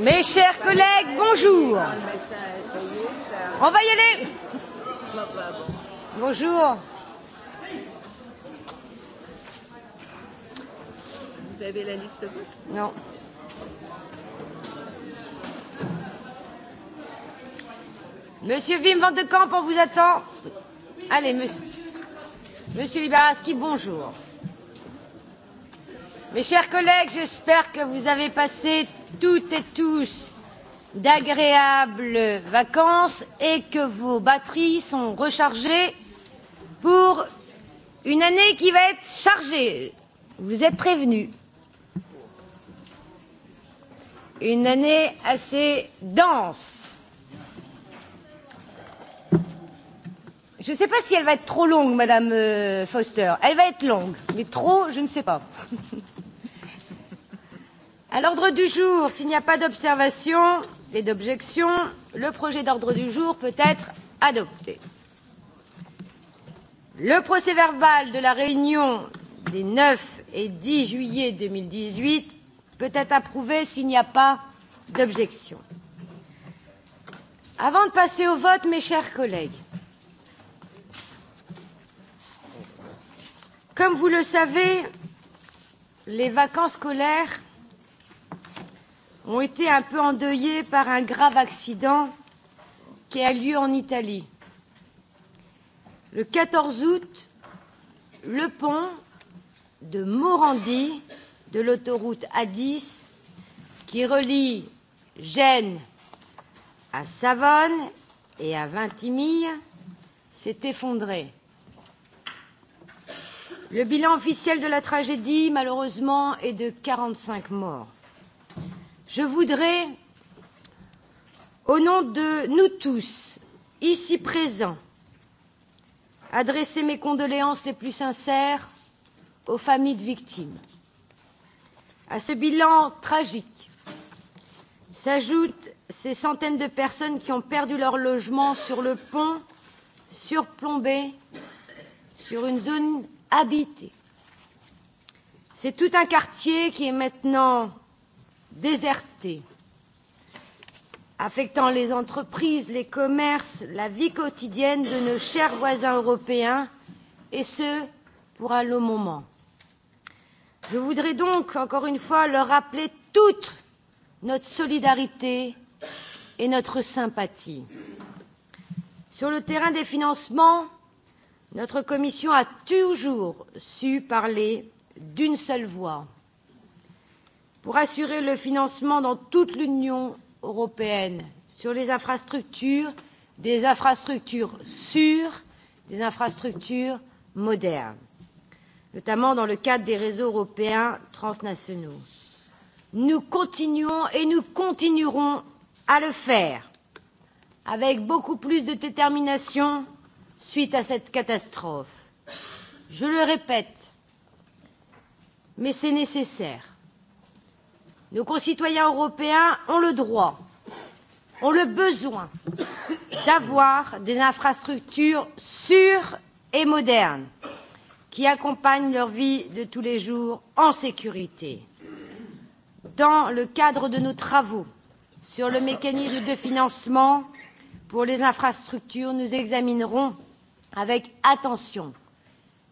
Mes chers collègues, bonjour. On va y aller. Bonjour. Vous avez la liste Non. Monsieur Wim van de Kamp, on vous attend. Allez, monsieur, monsieur Libaraski, bonjour. Mes chers collègues, j'espère que vous avez passé toutes et tous d'agréables vacances et que vos batteries sont rechargées pour une année qui va être chargée. Vous êtes prévenus. Une année assez dense. Je ne sais pas si elle va être trop longue, Madame euh, Foster. Elle va être longue, mais trop, je ne sais pas. À l'ordre du jour, s'il n'y a pas d'observation et d'objection, le projet d'ordre du jour peut être adopté. Le procès verbal de la réunion des 9 et 10 juillet 2018 peut être approuvé s'il n'y a pas d'objection. Avant de passer au vote, mes chers collègues, comme vous le savez, les vacances scolaires ont été un peu endeuillés par un grave accident qui a lieu en Italie. Le 14 août, le pont de Morandi de l'autoroute A10 qui relie Gênes à Savone et à Vintimille s'est effondré. Le bilan officiel de la tragédie, malheureusement, est de 45 morts. Je voudrais, au nom de nous tous, ici présents, adresser mes condoléances les plus sincères aux familles de victimes. À ce bilan tragique s'ajoutent ces centaines de personnes qui ont perdu leur logement sur le pont surplombé sur une zone habitée. C'est tout un quartier qui est maintenant désertés, affectant les entreprises, les commerces, la vie quotidienne de nos chers voisins européens, et ce, pour un long moment. Je voudrais donc, encore une fois, leur rappeler toute notre solidarité et notre sympathie. Sur le terrain des financements, notre commission a toujours su parler d'une seule voix pour assurer le financement dans toute l'Union européenne sur les infrastructures, des infrastructures sûres, des infrastructures modernes, notamment dans le cadre des réseaux européens transnationaux. Nous continuons et nous continuerons à le faire avec beaucoup plus de détermination suite à cette catastrophe. Je le répète, mais c'est nécessaire. Nos concitoyens européens ont le droit, ont le besoin d'avoir des infrastructures sûres et modernes qui accompagnent leur vie de tous les jours en sécurité. Dans le cadre de nos travaux sur le mécanisme de financement pour les infrastructures, nous examinerons avec attention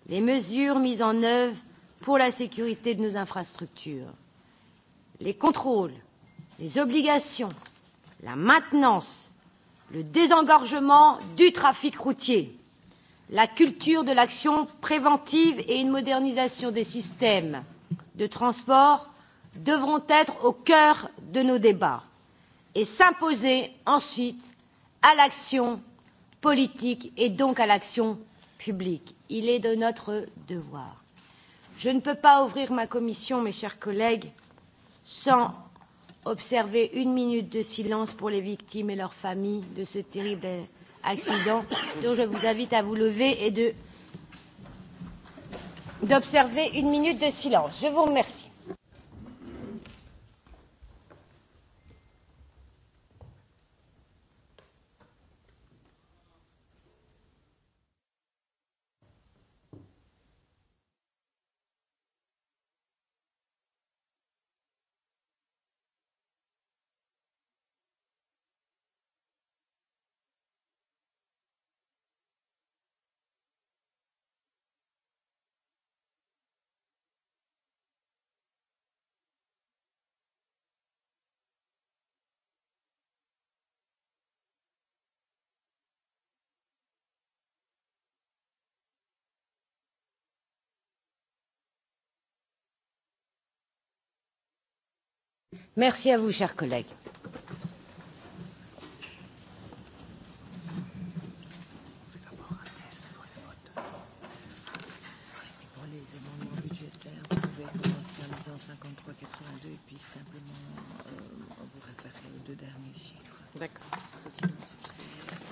les mesures mises en œuvre pour la sécurité de nos infrastructures les contrôles, les obligations, la maintenance, le désengorgement du trafic routier, la culture de l'action préventive et une modernisation des systèmes de transport devront être au cœur de nos débats et s'imposer ensuite à l'action politique et donc à l'action publique. Il est de notre devoir. Je ne peux pas ouvrir ma commission, mes chers collègues, sans observer une minute de silence pour les victimes et leurs familles de ce terrible accident. Donc je vous invite à vous lever et de d'observer une minute de silence. Je vous remercie. Merci à vous, chers collègues.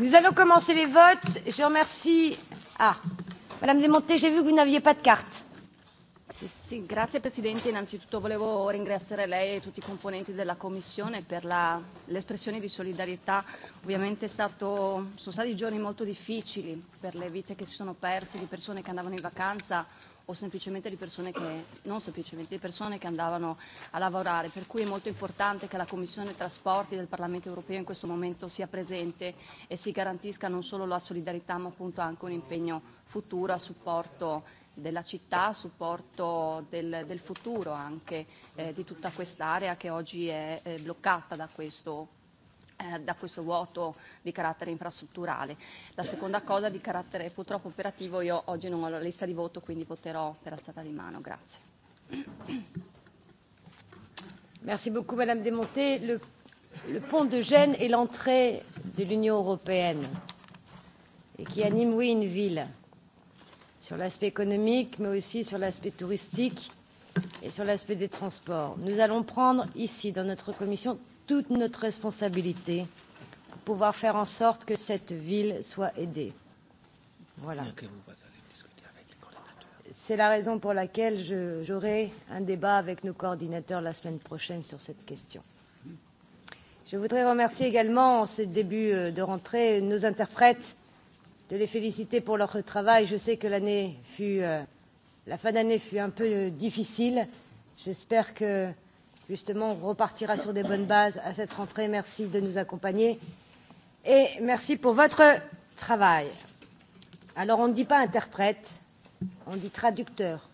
Nous allons commencer les votes. Je remercie. Ah, Madame Desmontées, j'ai vu que vous n'aviez pas de carte. Sì, grazie Presidente. Innanzitutto volevo ringraziare lei e tutti i componenti della Commissione per la, l'espressione di solidarietà. Ovviamente è stato, sono stati giorni molto difficili per le vite che si sono perse, di persone che andavano in vacanza o semplicemente di persone che, non semplicemente, di persone che andavano a lavorare. Per cui è molto importante che la Commissione Trasporti del Parlamento europeo in questo momento sia presente e si garantisca non solo la solidarietà ma appunto anche un impegno futuro a supporto della città a supporto del, del futuro anche eh, di tutta quest'area che oggi è eh, bloccata da questo eh, da questo vuoto di carattere infrastrutturale. La seconda cosa di carattere purtroppo operativo, io oggi non ho la lista di voto, quindi voterò per alzata di mano. Grazie. Merci beaucoup Madame Desmonté. Le, le pont de Gênes est l'entrée de l'Union européenne et qui anime, oui, une ville sur l'aspect économique, mais aussi sur l'aspect touristique et sur l'aspect des transports. Nous allons prendre ici, dans notre commission, toute notre responsabilité pour pouvoir faire en sorte que cette ville soit aidée. Voilà. C'est la raison pour laquelle j'aurai un débat avec nos coordinateurs la semaine prochaine sur cette question. Je voudrais remercier également, en ce début euh, de rentrée, nos interprètes de les féliciter pour leur travail. Je sais que l'année fut, euh, la fin d'année fut un peu euh, difficile. J'espère que justement on repartira sur des bonnes bases à cette rentrée. Merci de nous accompagner et merci pour votre travail. Alors on ne dit pas interprète, on dit traducteur.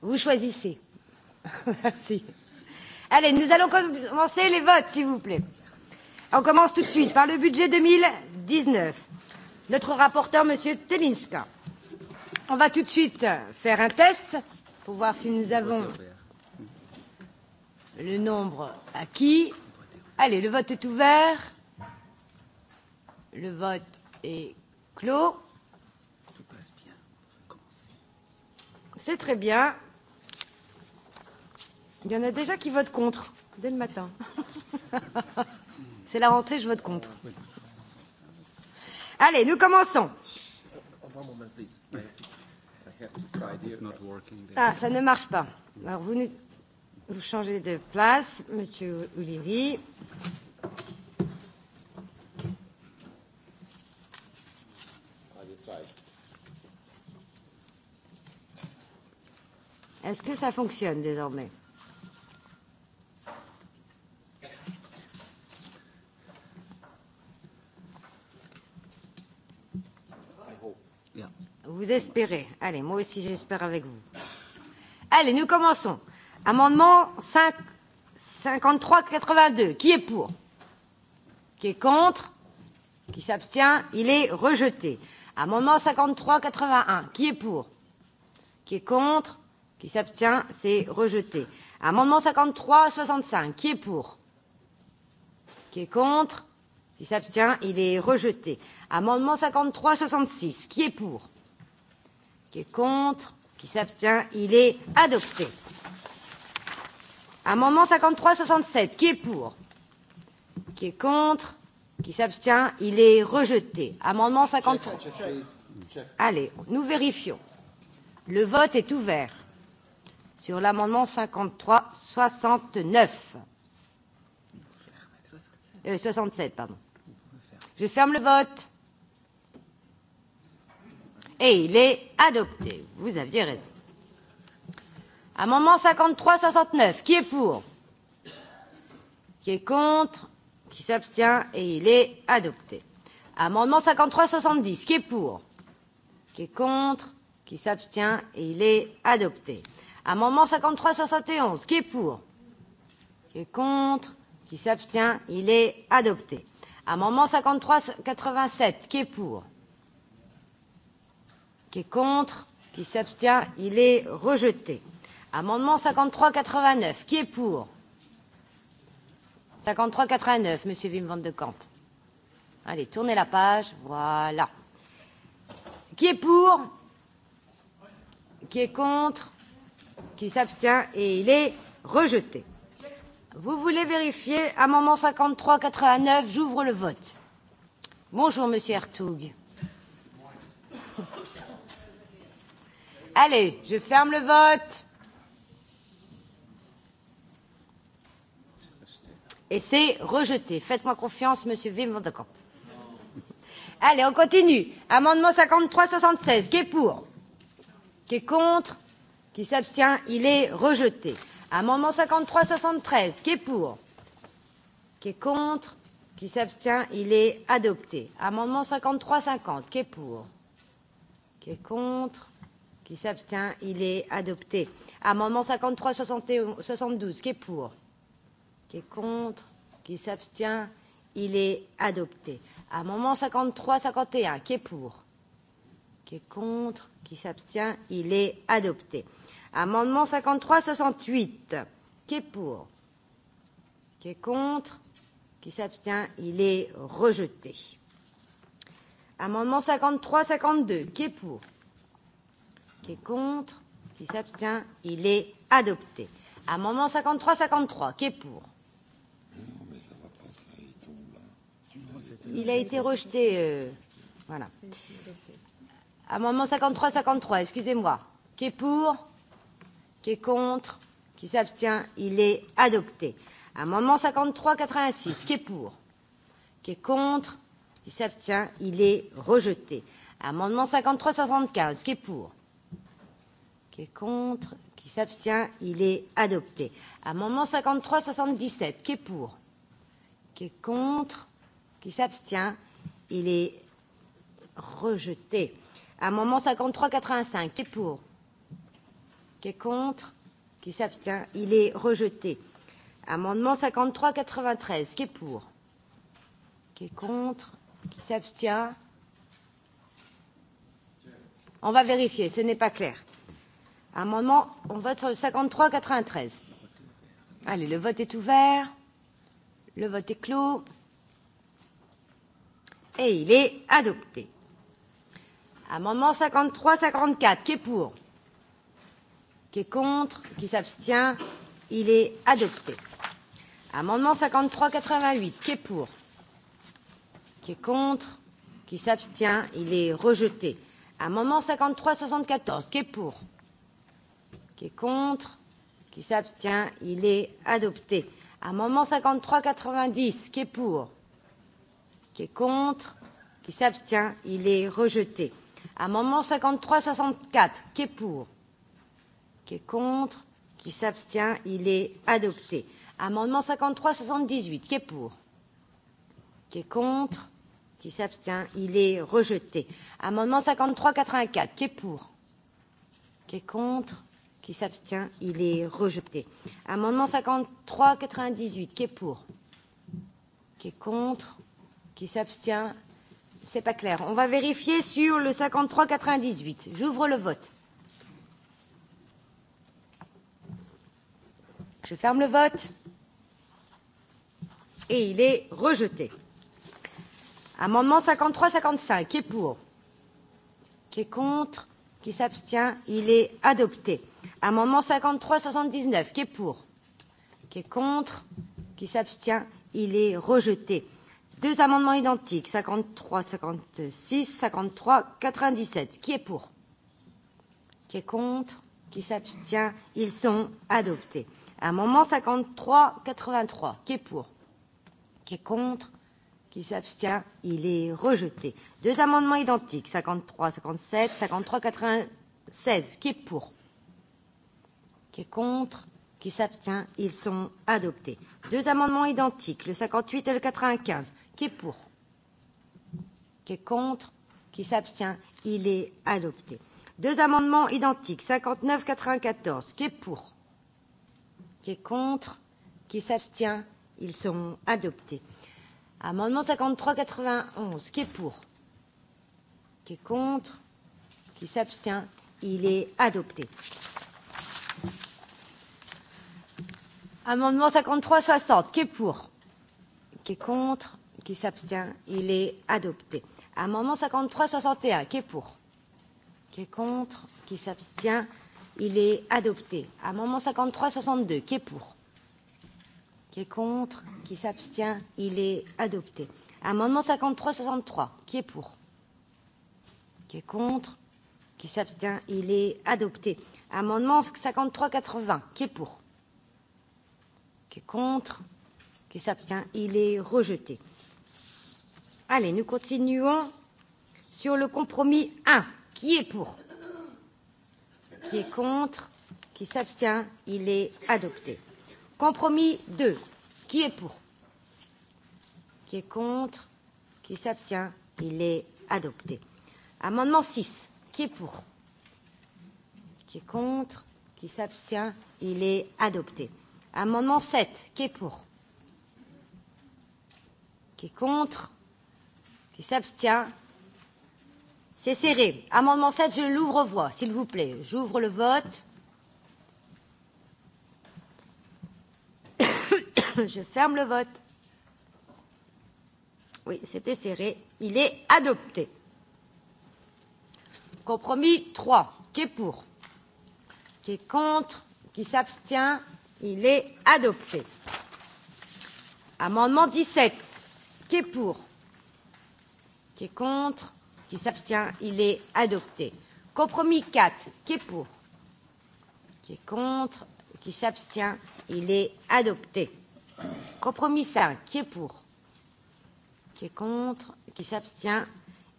Vous choisissez. merci. Allez, nous allons commencer les votes, s'il vous plaît. On commence tout de suite par le budget 2019. Notre rapporteur, Monsieur Telinska. On va tout de suite faire un test pour voir si nous avons le nombre acquis. Allez, le vote est ouvert. Le vote est clos. Tout passe bien. C'est très bien. Il y en a déjà qui votent contre dès le matin. C'est la rentrée, je vote contre. Allez, nous commençons. Ah, ça ne marche pas. Alors, vous, vous changez de place, Monsieur O'Leary. Est-ce que ça fonctionne désormais Vous espérez. Allez, moi aussi j'espère avec vous. Allez, nous commençons. Amendement 5, 53-82. Qui est pour Qui est contre Qui s'abstient Il est rejeté. Amendement 53-81. Qui est pour Qui est contre Qui s'abstient C'est rejeté. Amendement 53-65. Qui est pour Qui est contre Qui s'abstient Il est rejeté. Amendement 53-66. Qui est pour qui est contre, qui s'abstient, il est adopté. Amendement 53-67, qui est pour, qui est contre, qui s'abstient, il est rejeté. Amendement 53. Check, check, check. Allez, nous vérifions. Le vote est ouvert sur l'amendement 53-69. Euh, 67, pardon. Je ferme le vote et il est adopté. Vous aviez raison. Amendement 53-69, qui est pour Qui est contre Qui s'abstient Et il est adopté. Amendement 53-70, qui est pour Qui est contre Qui s'abstient Et il est adopté. Amendement 53-71, qui est pour Qui est contre Qui s'abstient Il est adopté. Amendement 53-87, qui est pour qui est contre, qui s'abstient, il est rejeté. Amendement 5389, qui est pour 5389, Monsieur Wim van de Kamp. Allez, tournez la page, voilà. Qui est pour Qui est contre Qui s'abstient Et il est rejeté. Vous voulez vérifier Amendement 5389, j'ouvre le vote. Bonjour Monsieur Hertoug. Allez, je ferme le vote. Et c'est rejeté. Faites-moi confiance, Monsieur Wim van de Kamp. Allez, on continue. Amendement 53-76, qui est pour Qui est contre Qui s'abstient Il est rejeté. Amendement 53-73, qui est pour Qui est contre Qui s'abstient Il est adopté. Amendement 53-50, qui est pour Qui est contre qui s'abstient, il est adopté. Amendement 53 72 qui est pour qui est contre qui s'abstient, il est adopté. Amendement 53 51 qui est pour qui est contre qui s'abstient, il est adopté. Amendement 53 68 qui est pour qui est contre qui s'abstient, il est rejeté. Amendement 53 52 qui est pour qui est contre, qui s'abstient, il est adopté. Amendement 53-53, qui est pour Il a été rejeté. Euh, voilà. Amendement 53-53, excusez-moi. Qui est pour Qui est contre Qui s'abstient Il est adopté. Amendement 53-86, qui est pour Qui est contre Qui s'abstient Il est rejeté. Amendement 53-75, qui est pour qui est contre, qui s'abstient, il est adopté. Amendement 53-77, qui est pour, qui est contre, qui s'abstient, il est rejeté. Amendement 53-85, qui est pour, qui est contre, qui s'abstient, il est rejeté. Amendement 53-93, qui est pour, qui est contre, qui s'abstient. On va vérifier, ce n'est pas clair. Amendement, on vote sur le 53-93. Allez, le vote est ouvert. Le vote est clos. Et il est adopté. Amendement 53-54, qui est pour Qui est contre Qui s'abstient Il est adopté. Amendement 53-88, qui est pour Qui est contre Qui s'abstient Il est rejeté. Amendement 53-74, qui est pour qui est contre, qui s'abstient, il est adopté. Amendement 53-90, qui est pour, qui est contre, qui s'abstient, il est rejeté. Amendement 53-64, qui est pour, qui est contre, qui s'abstient, il est adopté. Amendement 53-78, qui est pour, qui est contre, qui s'abstient, il est rejeté. Amendement 53-84, qui est pour, qui est contre, qui s'abstient, il est rejeté. Amendement 53 98 qui est pour qui est contre qui s'abstient c'est pas clair. On va vérifier sur le 53 98. J'ouvre le vote. Je ferme le vote. Et il est rejeté. Amendement 53-55, qui est pour Qui est contre Qui s'abstient Il est adopté. Amendement 53-79, qui est pour Qui est contre Qui s'abstient Il est rejeté. Deux amendements identiques, 53, 56, 53, 97. Qui est pour Qui est contre Qui s'abstient Ils sont adoptés. Amendement 53, 83. Qui est pour Qui est contre Qui s'abstient Il est rejeté. Deux amendements identiques, 53, 57, 53, 96. Qui est pour Qui est contre Qui s'abstient Ils sont adoptés. Deux amendements identiques, le 58 et le 95. Qui est pour Qui est contre Qui s'abstient Il est adopté. Deux amendements identiques, 59-94. Qui est pour Qui est contre Qui s'abstient Ils sont adoptés. Amendement 53-91. Qui est pour Qui est contre Qui s'abstient Il est adopté. Amendement 53-60, qui est pour Qui est contre Qui s'abstient Il est adopté. Amendement 53-61, qui est pour Qui est contre Qui s'abstient Il est adopté. Amendement 53-62, qui est pour Qui est contre Qui s'abstient Il est adopté. Amendement 53-63, qui est pour Qui est contre Qui s'abstient Il est adopté. Amendement 53-80, qui est pour qui est contre, qui s'abstient, il est rejeté. Allez, nous continuons sur le compromis 1. Qui est pour Qui est contre Qui s'abstient Il est adopté. Compromis 2. Qui est pour Qui est contre Qui s'abstient Il est adopté. Amendement 6. Qui est pour Qui est contre Qui s'abstient Il est adopté. Amendement 7, qui est pour Qui est contre Qui s'abstient C'est serré. Amendement 7, je l'ouvre aux voix, s'il vous plaît. J'ouvre le vote. je ferme le vote. Oui, c'était serré. Il est adopté. Compromis 3, qui est pour Qui est contre Qui s'abstient Il est adopté. Amendement 17. Qui est pour Qui est contre Qui s'abstient Il est adopté. Compromis 4. Qui est pour Qui est contre Qui s'abstient Il est adopté. Compromis 5. Qui est pour Qui est contre Qui s'abstient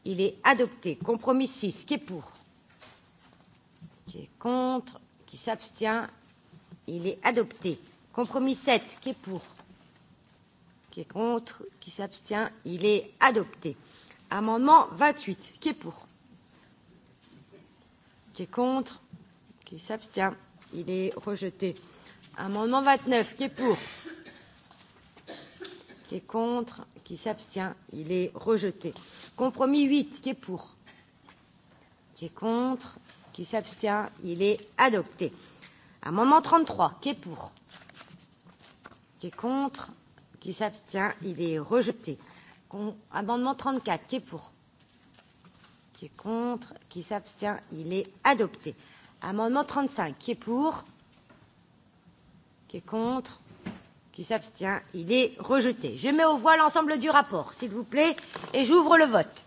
Il est adopté. Compromis 6. Qui est pour Qui est contre Qui s'abstient Il est adopté. Compromis 7, qui est pour Qui est contre Qui s'abstient Il est adopté. Amendement 28, qui est pour Qui est contre Qui s'abstient Il est rejeté. Amendement 29, qui est pour Qui est contre Qui s'abstient Il est rejeté. Compromis 8, qui est pour Qui est contre Qui s'abstient Il est adopté. Amendement 33, qui est pour Qui est contre Qui s'abstient Il est rejeté. Con... Amendement 34, qui est pour Qui est contre Qui s'abstient Il est adopté. Amendement 35, qui est pour Qui est contre Qui s'abstient Il est rejeté. Je mets au voie l'ensemble du rapport, s'il vous plaît, et j'ouvre le vote.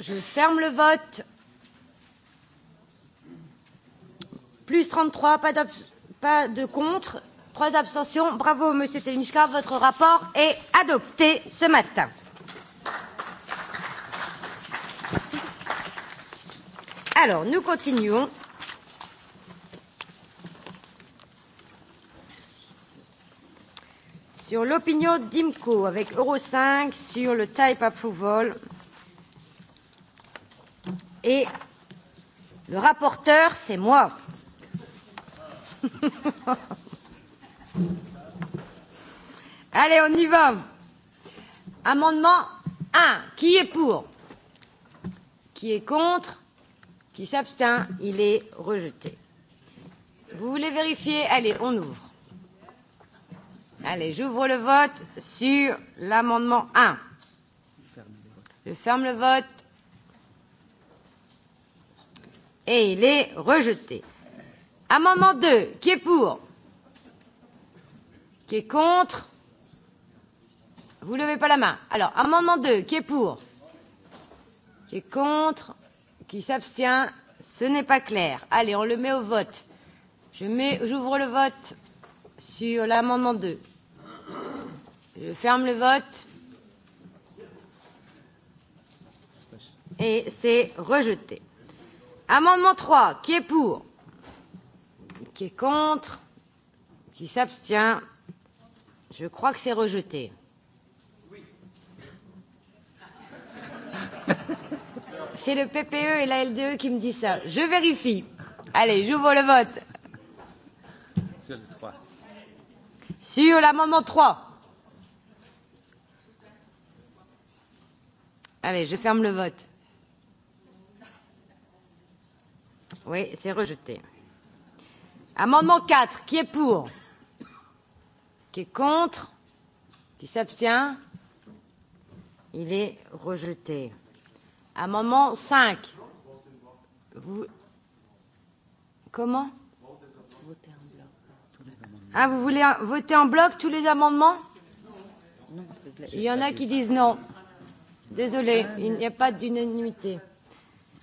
Je ferme le vote. Plus 33, pas, pas de contre, trois abstentions. Bravo, Monsieur Telmichka, votre rapport est adopté ce matin. Alors, nous continuons. Sur l'opinion d'IMCO avec Euro 5 sur le type approval et le rapporteur, c'est moi. Allez, on y va. Amendement 1. Qui est pour Qui est contre Qui s'abstient Il est rejeté. Vous voulez vérifier Allez, on ouvre. Allez, j'ouvre le vote sur l'amendement 1. Je ferme le vote et il est rejeté. Amendement 2, qui est pour Qui est contre Vous ne levez pas la main. Alors, amendement 2, qui est pour Qui est contre Qui s'abstient Ce n'est pas clair. Allez, on le met au vote. Je mets, j'ouvre le vote sur l'amendement 2. Je ferme le vote. Et c'est rejeté. Amendement 3, qui est pour Qui est contre Qui s'abstient Je crois que c'est rejeté. Oui. C'est le PPE et la LDE qui me dit ça. Je vérifie. Allez, j'ouvre le vote. Sur le 3. Sur l'amendement 3. Allez, je ferme le vote. Oui, c'est rejeté. Amendement 4, qui est pour Qui est contre Qui s'abstient Il est rejeté. Amendement 5. Vous... Comment Ah, vous voulez voter en bloc tous les amendements Il y en a qui disent non. Désolé, il n'y a pas d'unanimité.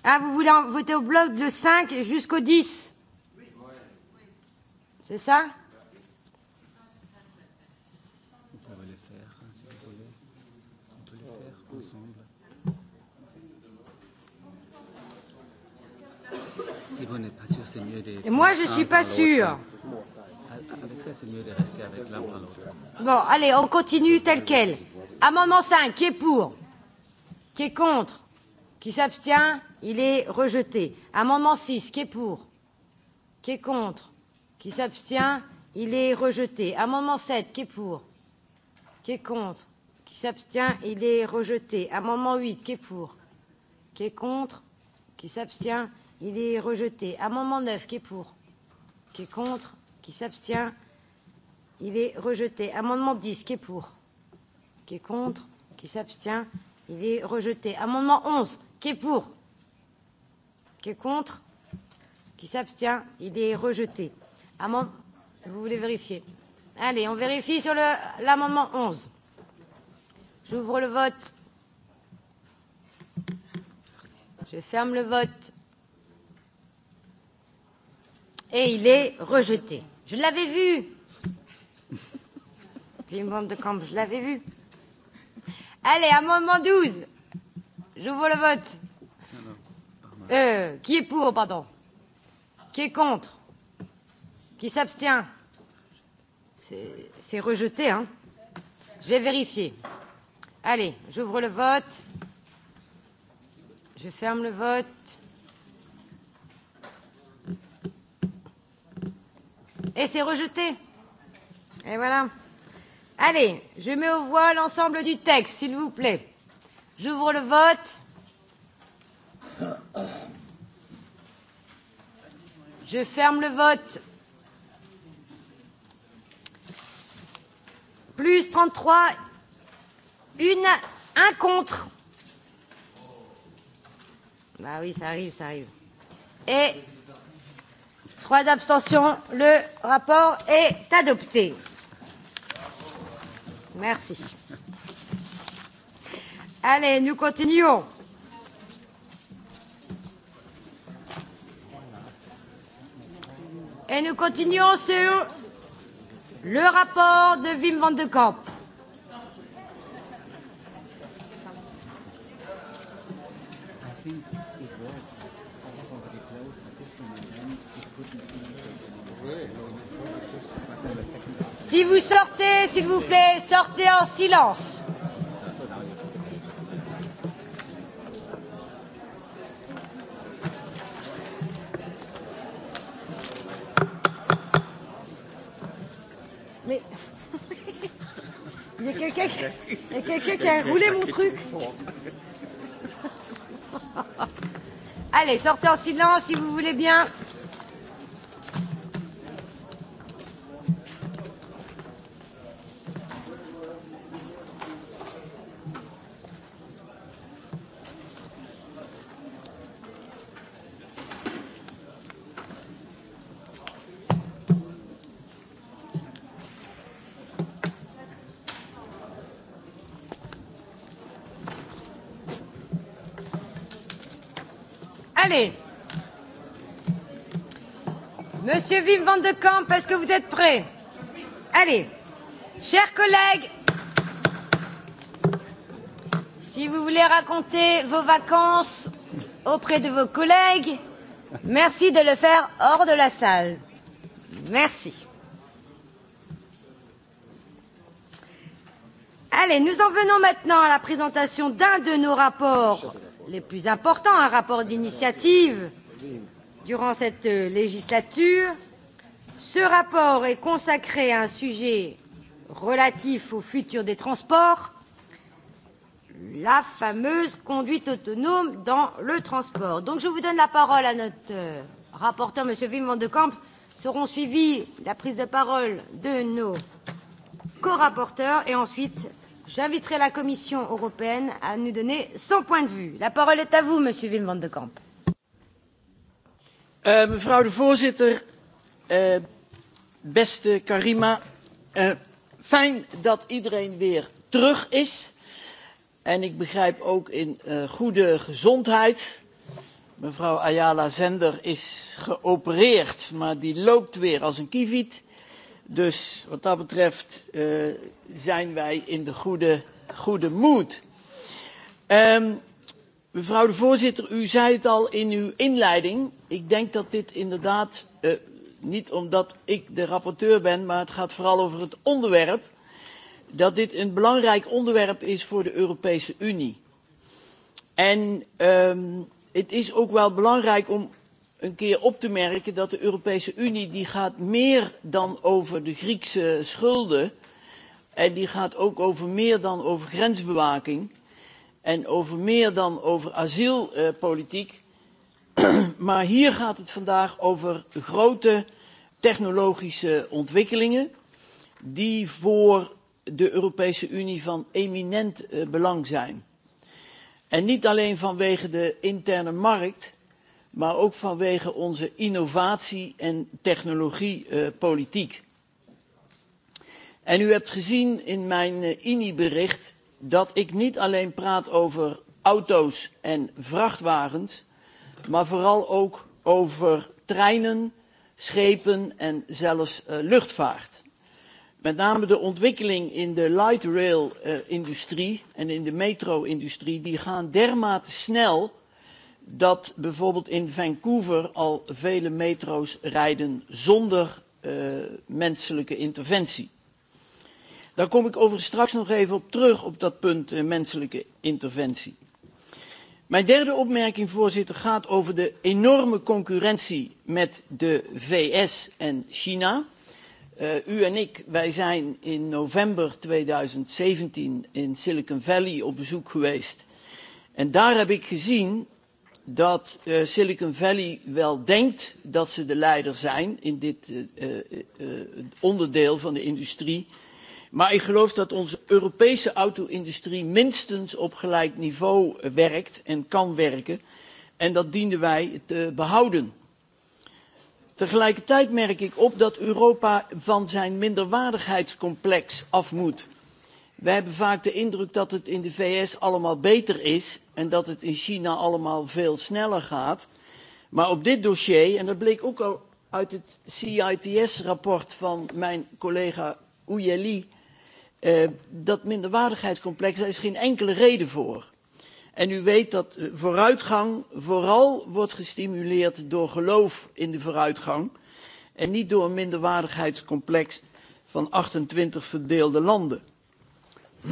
Ah, vous voulez en voter au bloc de 5 jusqu'au 10 C'est ça Vous pouvez les faire, si vous voulez. On peut les faire ensemble. Si vous n'êtes pas sûr, c'est mieux de... Et moi, je ne suis pas sûr. Avec ça, c'est mieux de rester avec l'un par l'autre. Bon, allez, on continue tel quel. Amendement 5, qui est pour Qui est contre Qui s'abstient Il est rejeté. Amendement 6, qui est pour Qui est contre Qui s'abstient Il est rejeté. Amendement 7, qui est pour Qui est contre Qui s'abstient Il est rejeté. Amendement 8, qui est pour Qui est contre Qui s'abstient Il est rejeté. Amendement 9, qui est pour Qui est contre Qui s'abstient Il est rejeté. Amendement 10, qui est pour Qui est contre Qui s'abstient Il est rejeté. Amendement 11, qui est pour Qui est contre Qui s'abstient Il est rejeté. Amend... Vous voulez vérifier Allez, on vérifie sur l'amendement 11. J'ouvre le vote. Je ferme le vote. Et il est rejeté. Je l'avais vu. Piment de camp, je l'avais vu. Allez, amendement 12. J'ouvre le vote. Euh, qui est pour, pardon Qui est contre Qui s'abstient C'est rejeté, hein Je vais vérifier. Allez, j'ouvre le vote. Je ferme le vote. Et c'est rejeté. Et voilà. Allez, je mets au voix l'ensemble du texte, s'il vous plaît. J'ouvre le vote. Je ferme le vote. Plus 33, une, un contre. Bah oui, ça arrive, ça arrive. Et trois abstentions. Le rapport est adopté. Merci. Allez, nous continuons. Et nous continuons sur le rapport de Wim van de Kamp. Si vous sortez, s'il vous plaît, sortez en silence. Vous voulez mon truc Allez, sortez en silence si vous voulez bien. Monsieur Wim van de Kamp, est-ce que vous êtes prêt Allez, chers collègues, si vous voulez raconter vos vacances auprès de vos collègues, merci de le faire hors de la salle. Merci. Allez, nous en venons maintenant à la présentation d'un de nos rapports les plus importants, un rapport d'initiative durant cette euh, législature. Ce rapport est consacré à un sujet relatif au futur des transports, la fameuse conduite autonome dans le transport. Donc je vous donne la parole à notre euh, rapporteur, M. Wim van de Kamp. Seront suivies la prise de parole de nos co-rapporteurs et ensuite j'inviterai la Commission européenne à nous donner son point de vue. La parole est à vous, Monsieur Wim van de Kamp. Uh, mevrouw de voorzitter, uh, beste Karima, uh, fijn dat iedereen weer terug is. En ik begrijp ook in uh, goede gezondheid. Mevrouw Ayala Zender is geopereerd, maar die loopt weer als een kieviet. Dus wat dat betreft uh, zijn wij in de goede, goede moed. Um, mevrouw de voorzitter, u zei het al in uw inleiding ik denk dat dit inderdaad, eh, niet omdat ik de rapporteur ben, maar het gaat vooral over het onderwerp, dat dit een belangrijk onderwerp is voor de Europese Unie. En eh, het is ook wel belangrijk om een keer op te merken dat de Europese Unie die gaat meer dan over de Griekse schulden en die gaat ook over meer dan over grensbewaking en over meer dan over asielpolitiek. Eh, maar hier gaat het vandaag over grote technologische ontwikkelingen die voor de Europese Unie van eminent eh, belang zijn. En niet alleen vanwege de interne markt, maar ook vanwege onze innovatie- en technologiepolitiek. Eh, en u hebt gezien in mijn eh, INI-bericht dat ik niet alleen praat over auto's en vrachtwagens, maar vooral ook over treinen, schepen en zelfs uh, luchtvaart. Met name de ontwikkeling in de light rail uh, industrie en in de metro industrie, die gaan dermate snel dat bijvoorbeeld in Vancouver al vele metro's rijden zonder uh, menselijke interventie. Daar kom ik over straks nog even op terug, op dat punt uh, menselijke interventie mijn derde opmerking voorzitter gaat over de enorme concurrentie met de vs en china. Uh, u en ik wij zijn in november 2017 in Silicon Valley op bezoek geweest. En daar heb ik gezien dat uh, Silicon Valley wel denkt dat ze de leider zijn in dit uh, uh, uh, onderdeel van de industrie. Uh, Maar ik geloof dat onze Europese auto-industrie minstens op gelijk niveau werkt en kan werken. En dat dienden wij te behouden. Tegelijkertijd merk ik op dat Europa van zijn minderwaardigheidscomplex af moet. Wij hebben vaak de indruk dat het in de VS allemaal beter is en dat het in China allemaal veel sneller gaat. Maar op dit dossier, en dat bleek ook al uit het CITS-rapport van mijn collega Oujeli, Uh, dat minderwaardigheidscomplex, daar is geen enkele reden voor. En u weet dat eh, vooruitgang vooral wordt gestimuleerd door geloof in de vooruitgang. En niet door een minderwaardigheidscomplex van 28 verdeelde landen.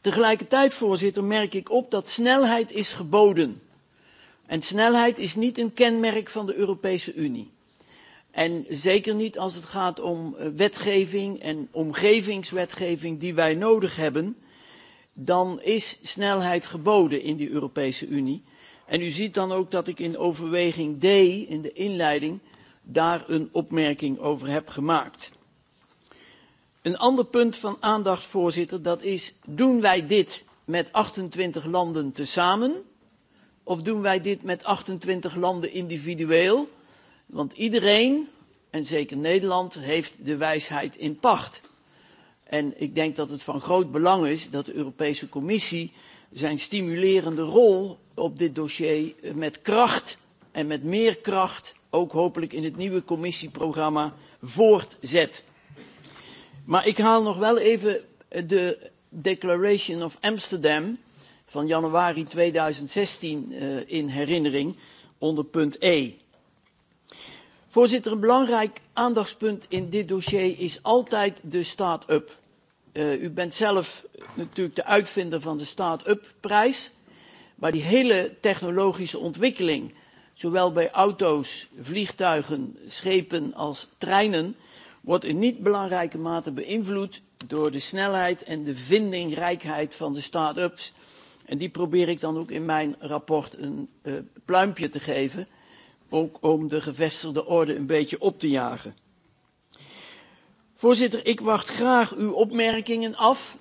Tegelijkertijd, voorzitter, merk ik op dat snelheid is geboden. En snelheid is niet een kenmerk van de Europese Unie. En zeker niet als het gaat om eh, wetgeving en omgevingswetgeving die wij nodig hebben, dan is snelheid geboden in die Europese Unie. En u ziet dan ook dat ik in overweging D, in de inleiding, daar een opmerking over heb gemaakt. Een ander punt van aandacht, voorzitter, dat is, doen wij dit met 28 landen tezamen? Of doen wij dit met 28 landen individueel? Want iedereen, en zeker Nederland, heeft de wijsheid in pacht. En ik denk dat het van groot belang is dat de Europese Commissie zijn stimulerende rol op dit dossier eh, met kracht en met meer kracht ook hopelijk in het nieuwe commissieprogramma voortzet. Maar ik haal nog wel even eh, de Declaration of Amsterdam van januari 2016 uh, eh, in herinnering onder punt E. Voorzitter, een belangrijk aandachtspunt in dit dossier is altijd de start-up. Uh, u bent zelf natuurlijk de uitvinder van de start-up prijs. Maar die hele technologische ontwikkeling, zowel bij auto's, vliegtuigen, schepen als treinen, wordt in niet belangrijke mate beïnvloed door de snelheid en de vindingrijkheid van de start-ups. En die probeer ik dan ook in mijn rapport een uh, pluimpje te geven ook om de gevestigde orde een beetje op te jagen. Voorzitter, ik wacht graag uw opmerkingen af.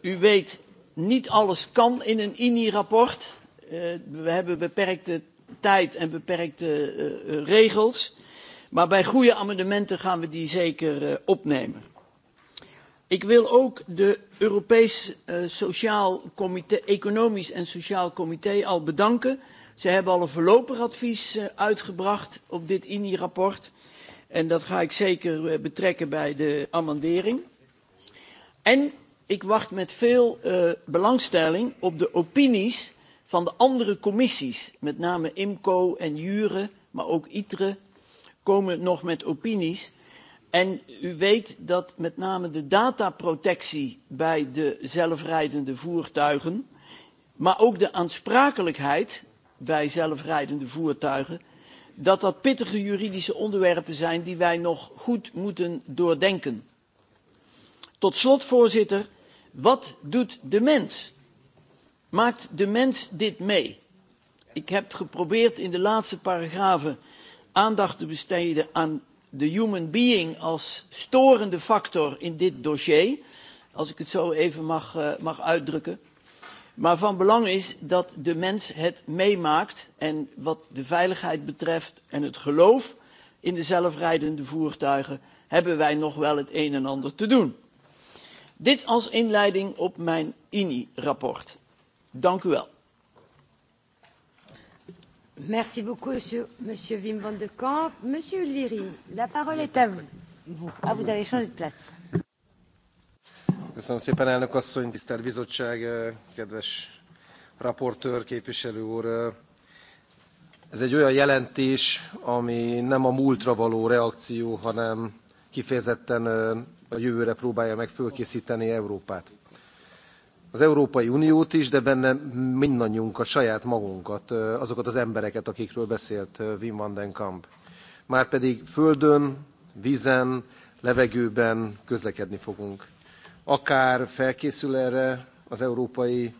U weet, niet alles kan in een INI-rapport. Uh, we hebben beperkte tijd en beperkte uh, regels. Maar bij goede amendementen gaan we die zeker uh, opnemen. Ik wil ook de Europees uh, Sociaal Comité, Economisch en Sociaal Comité al bedanken Ze hebben al een voorlopig advies eh, uitgebracht op dit INI-rapport. En dat ga ik zeker eh, betrekken bij de amendering. En ik wacht met veel uh, belangstelling op de opinies van de andere commissies. Met name IMCO en Jure, maar ook ITRE komen nog met opinies. En u weet dat met name de dataprotectie bij de zelfrijdende voertuigen, maar ook de aansprakelijkheid bij zelfrijdende voertuigen, dat dat pittige juridische onderwerpen zijn die wij nog goed moeten doordenken. Tot slot, voorzitter, wat doet de mens? Maakt de mens dit mee? Ik heb geprobeerd in de laatste paragrafen aandacht te besteden aan de human being als storende factor in dit dossier, als ik het zo even mag, uh, mag uitdrukken. Maar van belang is dat de mens het meemaakt. En wat de veiligheid betreft en het geloof in de zelfrijdende voertuigen hebben wij nog wel het een en ander te doen. Dit als inleiding op mijn INI-rapport. Dank u wel. Merci beaucoup, monsieur, monsieur Wim van de Kamp. Monsieur Liri, la parole est à vous. vous. Ah, vous avez changé de place. Köszönöm szépen, elnök asszony, tisztelt bizottság, eh, kedves raportőr, képviselő úr. Eh, ez egy olyan jelentés, ami nem a múltra való reakció, hanem kifejezetten eh, a jövőre próbálja meg fölkészíteni Európát. Az Európai Uniót is, de benne mindannyiunkat, saját magunkat, azokat az embereket, akikről beszélt Wim van den Kamp. Márpedig földön, vízen, levegőben közlekedni fogunk akár felkészül erre az európai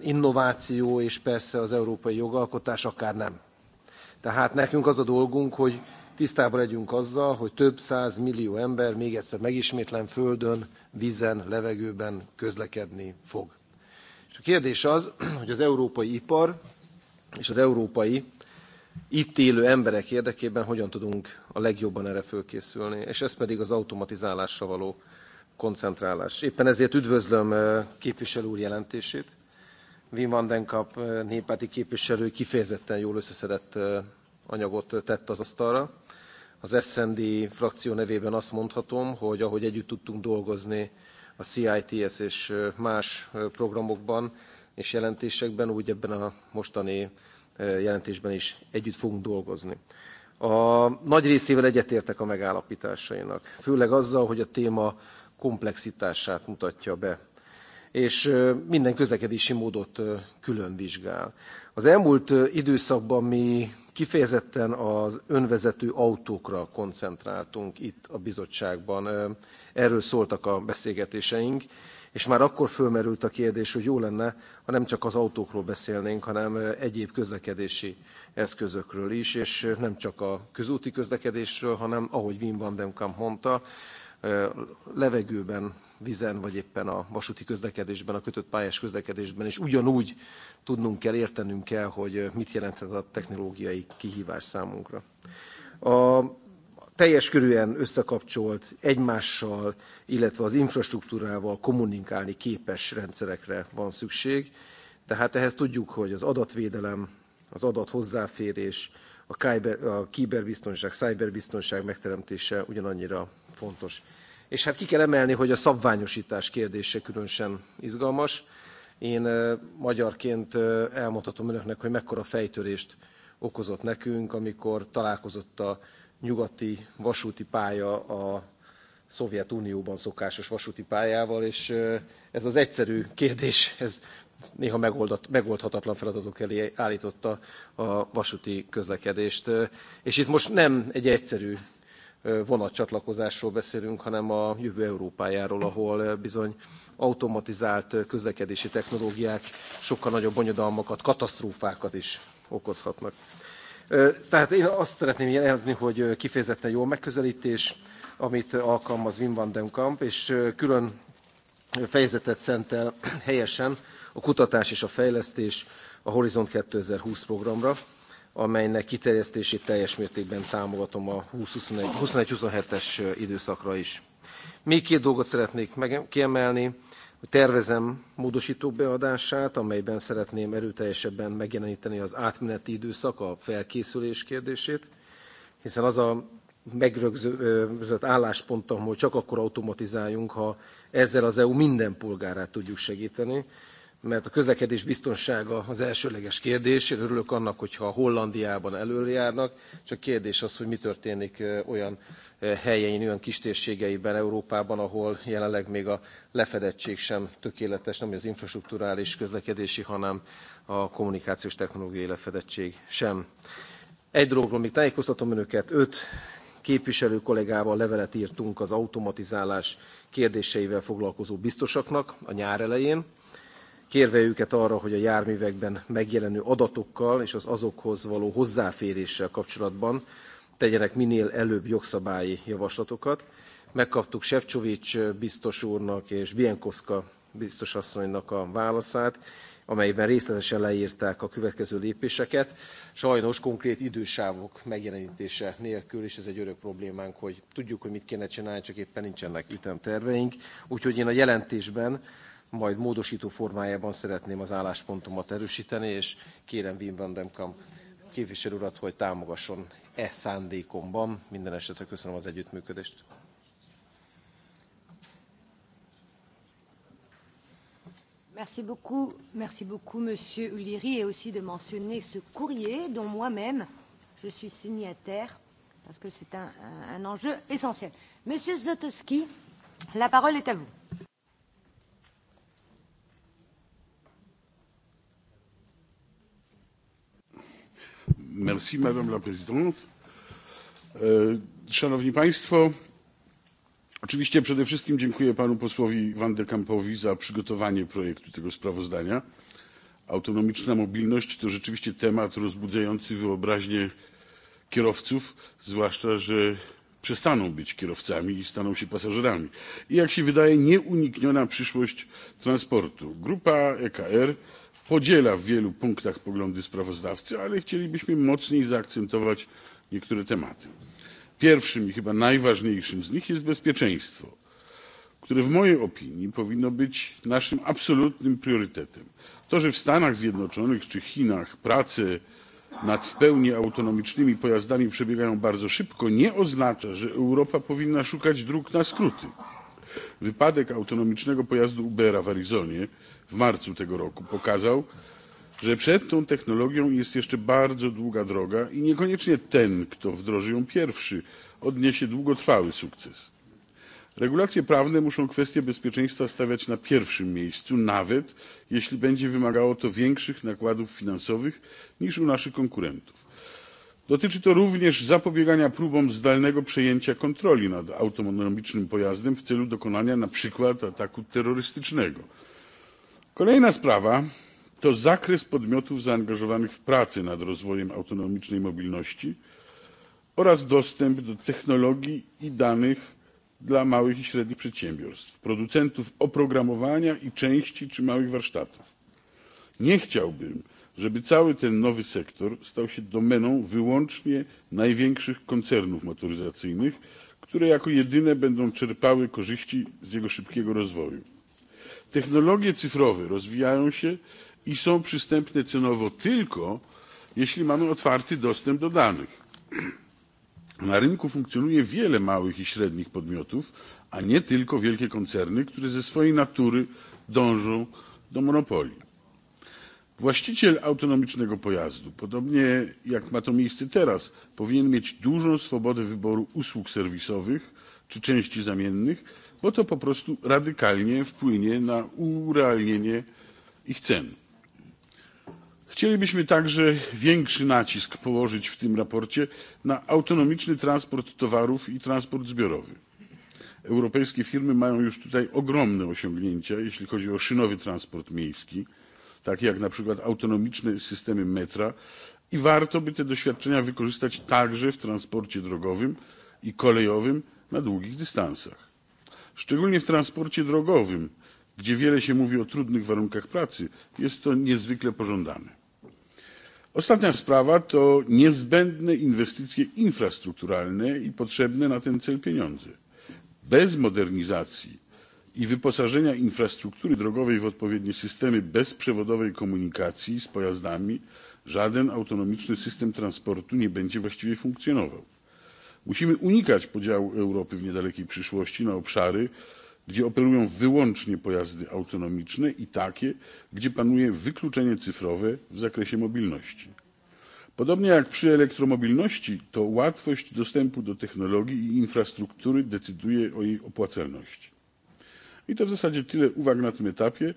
innováció, és persze az európai jogalkotás, akár nem. Tehát nekünk az a dolgunk, hogy tisztában legyünk azzal, hogy több száz millió ember még egyszer megismétlen földön, vízen, levegőben közlekedni fog. És a kérdés az, hogy az európai ipar és az európai itt élő emberek érdekében hogyan tudunk a legjobban erre fölkészülni, és ez pedig az automatizálással való koncentrálás. Éppen ezért üdvözlöm képviselő úr jelentését. Wim van den Kamp néppárti képviselő kifejezetten jól összeszedett anyagot tett az asztalra. Az SND frakció nevében azt mondhatom, hogy ahogy együtt tudtunk dolgozni a CITS és más programokban és jelentésekben, úgy ebben a mostani jelentésben is együtt fogunk dolgozni. A nagy részével egyetértek a megállapításainak, főleg azzal, hogy a téma komplexitását mutatja be és minden közlekedési módot külön vizsgál. Az elmúlt időszakban mi kifejezetten az önvezető autókra koncentráltunk itt a bizottságban. Erről szóltak a beszélgetéseink, és már akkor fölmerült a kérdés, hogy jó lenne, ha nem csak az autókról beszélnénk, hanem egyéb közlekedési eszközökről is, és nem csak a közúti közlekedésről, hanem ahogy Wim van den Kamp mondta, levegőben, vizen, vagy éppen a vasúti közlekedésben, a kötött pályás közlekedésben, és ugyanúgy tudnunk kell, értenünk kell, hogy mit jelent ez a technológiai kihívás számunkra. A teljes körűen összekapcsolt, egymással, illetve az infrastruktúrával kommunikálni képes rendszerekre van szükség. Tehát ehhez tudjuk, hogy az adatvédelem, az adat hozzáférés, a, kyber, a kiberbiztonság, cyberbiztonság megteremtése ugyanannyira fontos. És hát ki kell emelni, hogy a szabványosítás kérdése különösen izgalmas. Én magyarként elmondhatom önöknek, hogy mekkora fejtörést okozott nekünk, amikor találkozott a nyugati vasúti pálya a Szovjetunióban szokásos vasúti pályával, és ez az egyszerű kérdés, ez néha megoldat, megoldhatatlan feladatok elé állította a vasúti közlekedést. És itt most nem egy egyszerű vonatcsatlakozásról beszélünk, hanem a jövő Európájáról, ahol bizony automatizált közlekedési technológiák sokkal nagyobb bonyodalmakat, katasztrófákat is okozhatnak. Tehát én azt szeretném jelezni, hogy kifejezetten jó megközelítés, amit alkalmaz Wim van den Kamp, és külön fejezetet szentel helyesen a kutatás és a fejlesztés a Horizont 2020 programra, amelynek kiterjesztését teljes mértékben támogatom a 21-27-es időszakra is. Még két dolgot szeretnék kiemelni. Tervezem módosító beadását, amelyben szeretném erőteljesebben megjeleníteni az átmeneti időszak, a felkészülés kérdését, hiszen az a megrögzött álláspontom, hogy csak akkor automatizáljunk, ha ezzel az EU minden polgárát tudjuk segíteni, mert a közlekedés biztonsága az elsőleges kérdés. Én örülök annak, hogyha Hollandiában előjárnak, csak kérdés az, hogy mi történik olyan helyein, olyan kistérségeiben Európában, ahol jelenleg még a lefedettség sem tökéletes, nem az infrastruktúrális közlekedési, hanem a kommunikációs technológiai lefedettség sem. Egy dologról még tájékoztatom önöket, öt képviselő kollégával levelet írtunk az automatizálás kérdéseivel foglalkozó biztosaknak a nyár elején kérve őket arra, hogy a járművekben megjelenő adatokkal és az azokhoz való hozzáféréssel kapcsolatban tegyenek minél előbb jogszabályi javaslatokat. Megkaptuk Sefcsovics biztos úrnak és Bienkowska biztos asszonynak a válaszát, amelyben részletesen leírták a következő lépéseket. Sajnos konkrét idősávok megjelenítése nélkül, és ez egy örök problémánk, hogy tudjuk, hogy mit kéne csinálni, csak éppen nincsenek ütemterveink. Úgyhogy én a jelentésben majd módosító formájában szeretném az álláspontomat erősíteni, és kérem Wim van den Kamp képviselő urat, hogy támogasson e szándékomban. Minden esetre köszönöm az együttműködést. Merci beaucoup, merci beaucoup, Monsieur Uliry, et aussi de mentionner ce courrier dont moi-même je suis signataire, parce que c'est un, un, un enjeu essentiel. Monsieur Zlotowski, la parole est à vous. Merci, Madame la Présidente. E, Szanowni Państwo, oczywiście przede wszystkim dziękuję panu posłowi van de Kampowi za przygotowanie projektu tego sprawozdania. Autonomiczna mobilność to rzeczywiście temat rozbudzający wyobraźnię kierowców, zwłaszcza, że przestaną być kierowcami i staną się pasażerami. I jak się wydaje, nieunikniona przyszłość transportu. Grupa EKR podziela w wielu punktach poglądy sprawozdawcy ale chcielibyśmy mocniej zaakcentować niektóre tematy. pierwszym i chyba najważniejszym z nich jest bezpieczeństwo które w mojej opinii powinno być naszym absolutnym priorytetem. to że w stanach zjednoczonych czy chinach prace nad w pełni autonomicznymi pojazdami przebiegają bardzo szybko nie oznacza że europa powinna szukać dróg na skróty. wypadek autonomicznego pojazdu ubera w arizonie w marcu tego roku pokazał, że przed tą technologią jest jeszcze bardzo długa droga i niekoniecznie ten, kto wdroży ją pierwszy, odniesie długotrwały sukces. Regulacje prawne muszą kwestię bezpieczeństwa stawiać na pierwszym miejscu, nawet jeśli będzie wymagało to większych nakładów finansowych niż u naszych konkurentów. Dotyczy to również zapobiegania próbom zdalnego przejęcia kontroli nad autonomicznym pojazdem w celu dokonania na przykład ataku terrorystycznego kolejna sprawa to zakres podmiotów zaangażowanych w prace nad rozwojem autonomicznej mobilności oraz dostęp do technologii i danych dla małych i średnich przedsiębiorstw producentów oprogramowania i części czy małych warsztatów. nie chciałbym żeby cały ten nowy sektor stał się domeną wyłącznie największych koncernów motoryzacyjnych które jako jedyne będą czerpały korzyści z jego szybkiego rozwoju. Technologie cyfrowe rozwijają się i są przystępne cenowo tylko, jeśli mamy otwarty dostęp do danych. Na rynku funkcjonuje wiele małych i średnich podmiotów, a nie tylko wielkie koncerny, które ze swojej natury dążą do monopolii. Właściciel autonomicznego pojazdu, podobnie jak ma to miejsce teraz, powinien mieć dużą swobodę wyboru usług serwisowych czy części zamiennych, bo to po prostu radykalnie wpłynie na urealnienie ich cen. Chcielibyśmy także większy nacisk położyć w tym raporcie na autonomiczny transport towarów i transport zbiorowy. Europejskie firmy mają już tutaj ogromne osiągnięcia, jeśli chodzi o szynowy transport miejski, takie jak na przykład autonomiczne systemy metra i warto by te doświadczenia wykorzystać także w transporcie drogowym i kolejowym na długich dystansach szczególnie w transporcie drogowym gdzie wiele się mówi o trudnych warunkach pracy jest to niezwykle pożądane. ostatnia sprawa to niezbędne inwestycje infrastrukturalne i potrzebne na ten cel pieniądze. bez modernizacji i wyposażenia infrastruktury drogowej w odpowiednie systemy bezprzewodowej komunikacji z pojazdami żaden autonomiczny system transportu nie będzie właściwie funkcjonował musimy unikać podziału europy w niedalekiej przyszłości na obszary gdzie operują wyłącznie pojazdy autonomiczne i takie gdzie panuje wykluczenie cyfrowe w zakresie mobilności. podobnie jak przy elektromobilności to łatwość dostępu do technologii i infrastruktury decyduje o jej opłacalności. i to w zasadzie tyle uwag na tym etapie.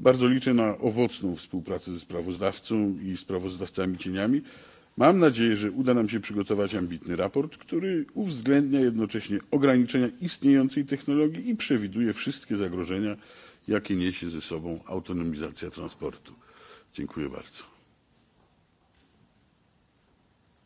bardzo liczę na owocną współpracę ze sprawozdawcą i sprawozdawcami cieniami Mam nadzieję, że uda nam się przygotować ambitny raport, który uwzględnia jednocześnie ograniczenia istniejącej technologii i przewiduje wszystkie zagrożenia, jakie niesie ze sobą autonomizacja transportu. Dziękuję bardzo.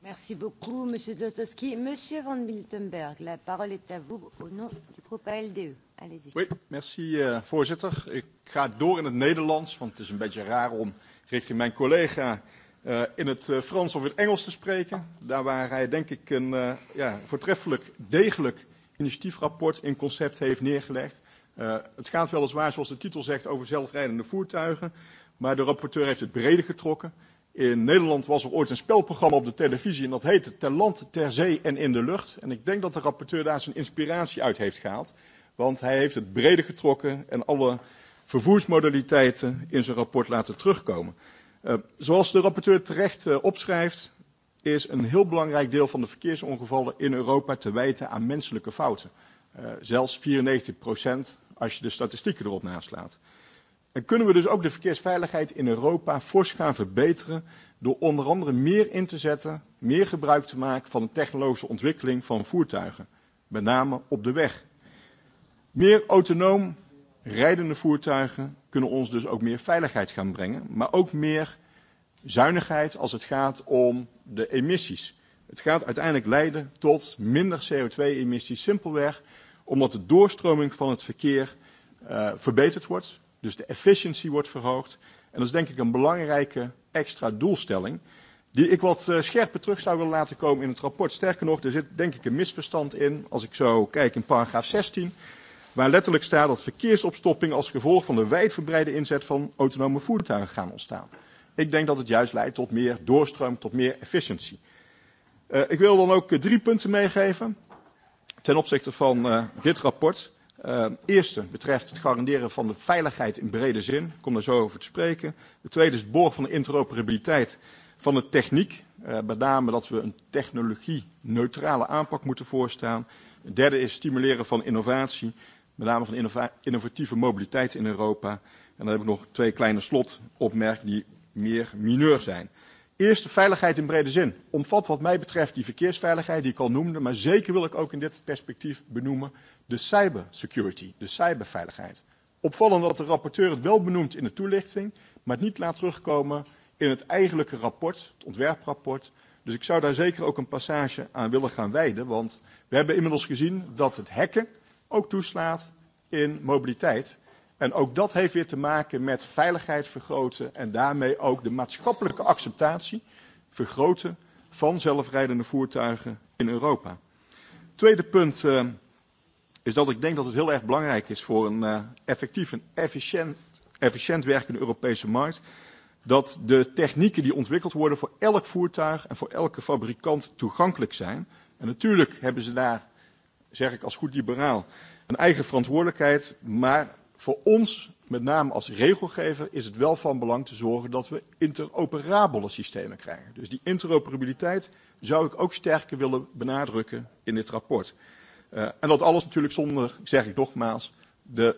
Merci beaucoup, Monsieur Zlotowski. Monsieur Van Miltenberg, la parole est à vous au nom du groupe ALDE. Allez-y. Oui, merci, uh, voorzitter. Ik ga door in het Nederlands, want het is een beetje raar om richting mijn collega uh, uh, in het uh, Frans of het Engels te spreken. Daar waar hij denk ik een uh, ja, voortreffelijk, degelijk initiatiefrapport in concept heeft neergelegd. Uh, het gaat weliswaar, zoals de titel zegt, over zelfrijdende voertuigen. Maar de rapporteur heeft het breder getrokken. In Nederland was er ooit een spelprogramma op de televisie en dat heette Ter land, ter zee en in de lucht. En ik denk dat de rapporteur daar zijn inspiratie uit heeft gehaald. Want hij heeft het breder getrokken en alle vervoersmodaliteiten in zijn rapport laten terugkomen. Uh, zoals de rapporteur terecht uh, opschrijft, is een heel belangrijk deel van de verkeersongevallen in Europa te wijten aan menselijke fouten. Uh, zelfs 94 procent als je de statistieken erop naslaat. En kunnen we dus ook de verkeersveiligheid in Europa fors gaan verbeteren door onder andere meer in te zetten, meer gebruik te maken van de technologische ontwikkeling van voertuigen, met name op de weg. Meer autonoom rijdende voertuigen kunnen ons dus ook meer veiligheid gaan brengen, maar ook meer zuinigheid als het gaat om de emissies. Het gaat uiteindelijk leiden tot minder CO2-emissies, simpelweg omdat de doorstroming van het verkeer uh, verbeterd wordt. Dus de efficiëntie wordt verhoogd. En dat is denk ik een belangrijke extra doelstelling, die ik wat uh, scherper terug zou willen laten komen in het rapport. Sterker nog, er zit denk ik een misverstand in. Als ik zo kijk in paragraaf 16, waar letterlijk staat dat verkeersopstoppingen als gevolg van de wijdverbreide inzet van autonome voertuigen gaan ontstaan. Ik denk dat het juist leidt tot meer doorstroom, tot meer efficiëntie. Uh, ik wil dan ook uh, drie punten meegeven ten opzichte van uh, dit rapport. Uh, eerste betreft het garanderen van de veiligheid in brede zin. Ik kom daar zo over te spreken. Het tweede is het borg van de interoperabiliteit van de techniek. Uh, met name dat we een technologie-neutrale aanpak moeten voorstaan. Het derde is stimuleren van innovatie met name van innova innovatieve mobiliteit in Europa. En dan heb ik nog twee kleine slotopmerkingen die meer mineur zijn. Eerst de veiligheid in brede zin. Omvat wat mij betreft die verkeersveiligheid die ik al noemde, maar zeker wil ik ook in dit perspectief benoemen de cybersecurity, de cyberveiligheid. Opvallend dat de rapporteur het wel benoemt in de toelichting, maar het niet laat terugkomen in het eigenlijke rapport, het ontwerprapport. Dus ik zou daar zeker ook een passage aan willen gaan wijden, want we hebben inmiddels gezien dat het hacken ook toeslaat in mobiliteit. En ook dat heeft weer te maken met veiligheid vergroten en daarmee ook de maatschappelijke acceptatie vergroten van zelfrijdende voertuigen in Europa. Tweede punt uh, is dat ik denk dat het heel erg belangrijk is voor een uh, effectief en efficiënt, efficiënt werkende Europese markt dat de technieken die ontwikkeld worden voor elk voertuig en voor elke fabrikant toegankelijk zijn. En natuurlijk hebben ze daar zeg ik als goed liberaal, een eigen verantwoordelijkheid. Maar voor ons, met name als regelgever, is het wel van belang te zorgen dat we interoperabele systemen krijgen. Dus die interoperabiliteit zou ik ook sterker willen benadrukken in dit rapport. Uh, en dat alles natuurlijk zonder, zeg ik nogmaals, de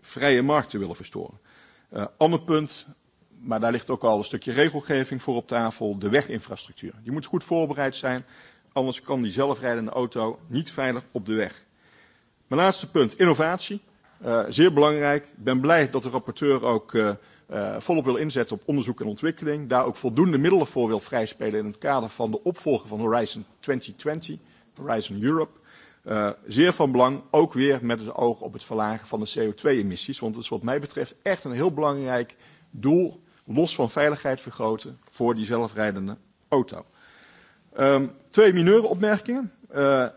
vrije markt te willen verstoren. Uh, ander punt, maar daar ligt ook al een stukje regelgeving voor op tafel, de weginfrastructuur. Die moet goed voorbereid zijn. Anders kan die zelfrijdende auto niet veilig op de weg. Mijn laatste punt, innovatie. Uh, zeer belangrijk. Ik ben blij dat de rapporteur ook uh, uh, volop wil inzetten op onderzoek en ontwikkeling. Daar ook voldoende middelen voor wil vrijspelen in het kader van de opvolger van Horizon 2020, Horizon Europe. Uh, zeer van belang, ook weer met het oog op het verlagen van de CO2-emissies. Want dat is wat mij betreft echt een heel belangrijk doel, los van veiligheid vergroten, voor die zelfrijdende auto. Um, twee mineure opmerkingen. Eén,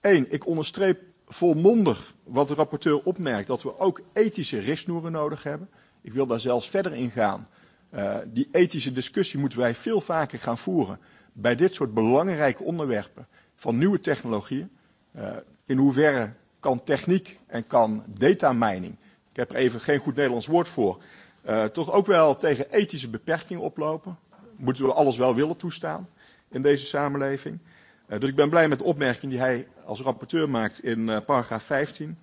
eh, uh, ik onderstreep volmondig wat de rapporteur opmerkt, dat we ook ethische richtsnoeren nodig hebben. Ik wil daar zelfs verder in gaan. Uh, die ethische discussie moeten wij veel vaker gaan voeren bij dit soort belangrijke onderwerpen van nieuwe technologieën. Uh, in hoeverre kan techniek en kan datamining, ik heb er even geen goed Nederlands woord voor, uh, toch ook wel tegen ethische beperkingen oplopen? Moeten we alles wel willen toestaan? Uh, in deze samenleving. Uh, dus ik ben blij met de opmerking die hij als rapporteur maakt in uh, paragraaf 15.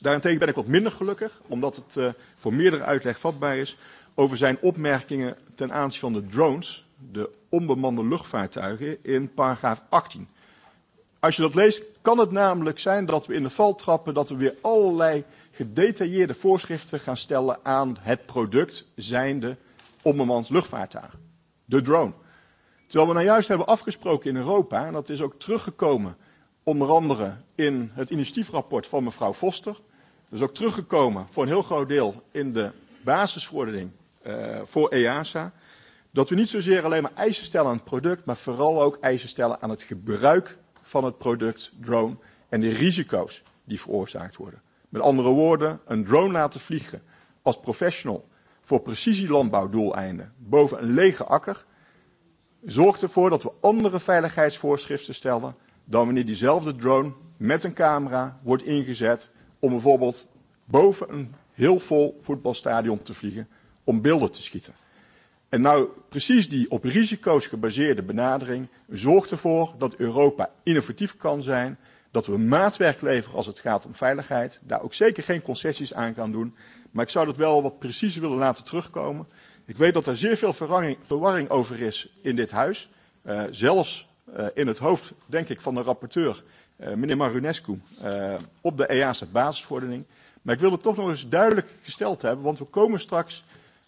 Daarentegen ben ik wat minder gelukkig, omdat het uh, voor meerdere uitleg vatbaar is, over zijn opmerkingen ten aanzien van de drones, de onbemande luchtvaartuigen, in paragraaf 18. Als je dat leest, kan het namelijk zijn dat we in de val trappen dat we weer allerlei gedetailleerde voorschriften gaan stellen aan het product zijnde onbemand luchtvaartuig, de drone. Terwijl we nou juist hebben afgesproken in Europa, en dat is ook teruggekomen onder andere in het initiatiefrapport van mevrouw Foster. Dat is ook teruggekomen voor een heel groot deel in de basisverordening uh, voor EASA. Dat we niet zozeer alleen maar eisen stellen aan het product, maar vooral ook eisen stellen aan het gebruik van het product drone en de risico's die veroorzaakt worden. Met andere woorden, een drone laten vliegen als professional voor precisielandbouwdoeleinden boven een lege akker zorgt ervoor dat we andere veiligheidsvoorschriften stellen dan wanneer diezelfde drone met een camera wordt ingezet om bijvoorbeeld boven een heel vol voetbalstadion te vliegen om beelden te schieten. En nou, precies die op risico's gebaseerde benadering zorgt ervoor dat Europa innovatief kan zijn, dat we maatwerk leveren als het gaat om veiligheid, daar ook zeker geen concessies aan kan doen. Maar ik zou dat wel wat preciezer willen laten terugkomen, Ik weet dat er zeer veel verwarring, verwarring over is in dit huis. Uh, zelfs uh, in het hoofd, denk ik, van de rapporteur, uh, meneer Marunescu, uh, op de EA's basisverordening. Maar ik wil het toch nog eens duidelijk gesteld hebben, want we komen straks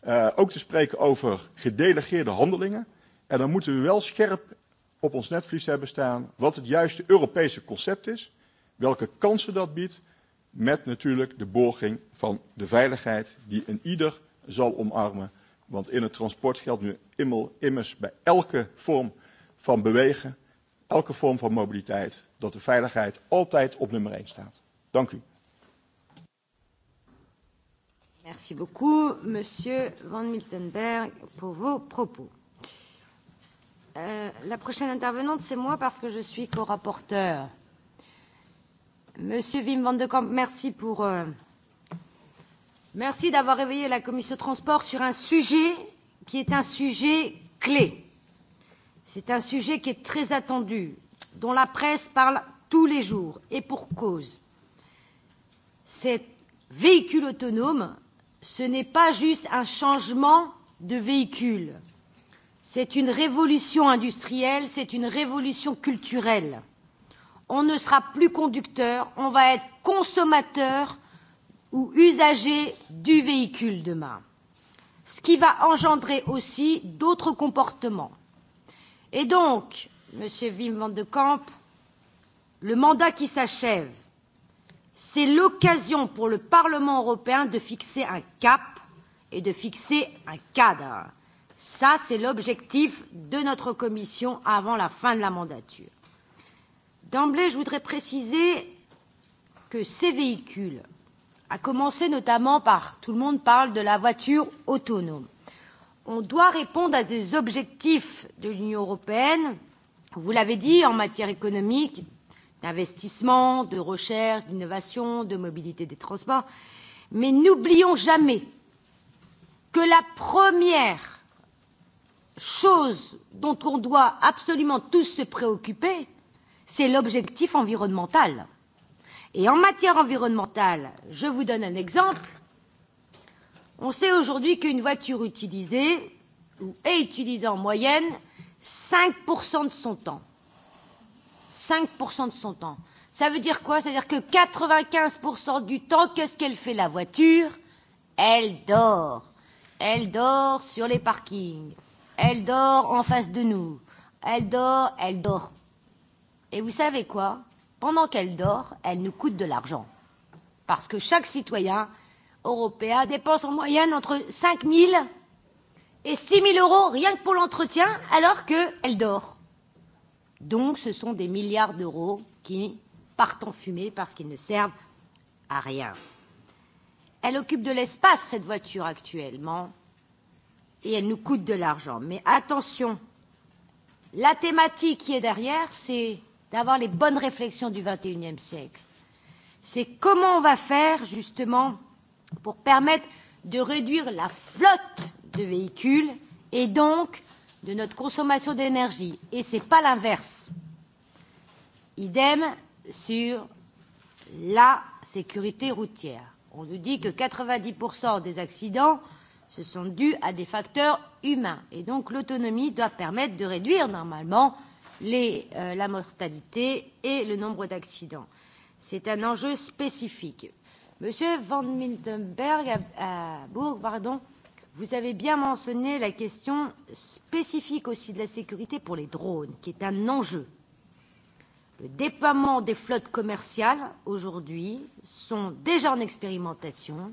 uh, ook te spreken over gedelegeerde handelingen. En dan moeten we wel scherp op ons netvlies hebben staan wat het juiste Europese concept is, welke kansen dat biedt, met natuurlijk de borging van de veiligheid die een ieder zal omarmen Want in het transport geldt nu immers bij elke vorm van bewegen, elke vorm van mobiliteit, dat de veiligheid altijd op nummer 1 staat. Dank u. Merci beaucoup, Monsieur Van Miltenberg, pour vos propos. Euh, la prochaine intervenante, c'est moi parce que je suis co-rapporteur. Monsieur Wim van de Kamp, merci pour euh, Merci d'avoir réveillé la commission transport sur un sujet qui est un sujet clé. C'est un sujet qui est très attendu, dont la presse parle tous les jours, et pour cause. Ces véhicules autonomes, ce n'est pas juste un changement de véhicule. C'est une révolution industrielle, c'est une révolution culturelle. On ne sera plus conducteur, on va être consommateur ou usagers du véhicule demain, ce qui va engendrer aussi d'autres comportements. Et donc, Monsieur Wim van de Kamp, le mandat qui s'achève, c'est l'occasion pour le Parlement européen de fixer un cap et de fixer un cadre. Ça, c'est l'objectif de notre commission avant la fin de la mandature. D'emblée, je voudrais préciser que ces véhicules à commencer notamment par tout le monde parle de la voiture autonome. On doit répondre à des objectifs de l'Union européenne, vous l'avez dit, en matière économique, d'investissement, de recherche, d'innovation, de mobilité des transports, mais n'oublions jamais que la première chose dont on doit absolument tous se préoccuper, c'est l'objectif environnemental. Euh, Et en matière environnementale, je vous donne un exemple. On sait aujourd'hui qu'une voiture utilisée ou est utilisée en moyenne 5% de son temps. 5% de son temps. Ça veut dire quoi Ça veut dire que 95% du temps, qu'est-ce qu'elle fait la voiture Elle dort. Elle dort sur les parkings. Elle dort en face de nous. Elle dort, elle dort. Et vous savez quoi pendant qu'elle dort, elle nous coûte de l'argent. Parce que chaque citoyen européen dépense en moyenne entre 5 000 et 6 000 euros rien que pour l'entretien alors qu'elle dort. Donc ce sont des milliards d'euros qui partent en fumée parce qu'ils ne servent à rien. Elle occupe de l'espace, cette voiture actuellement, et elle nous coûte de l'argent. Mais attention, la thématique qui est derrière, c'est d'avoir les bonnes réflexions du XXIe siècle. C'est comment on va faire justement pour permettre de réduire la flotte de véhicules et donc de notre consommation d'énergie. Et ce n'est pas l'inverse. Idem sur la sécurité routière. On nous dit que 90% des accidents se sont dus à des facteurs humains. Et donc l'autonomie doit permettre de réduire normalement euh, les, euh, la mortalité et le nombre d'accidents. C'est un enjeu spécifique. Monsieur Van Miltenberg, à, à Bourg, pardon, vous avez bien mentionné la question spécifique aussi de la sécurité pour les drones, qui est un enjeu. Le déploiement des flottes commerciales aujourd'hui sont déjà en expérimentation.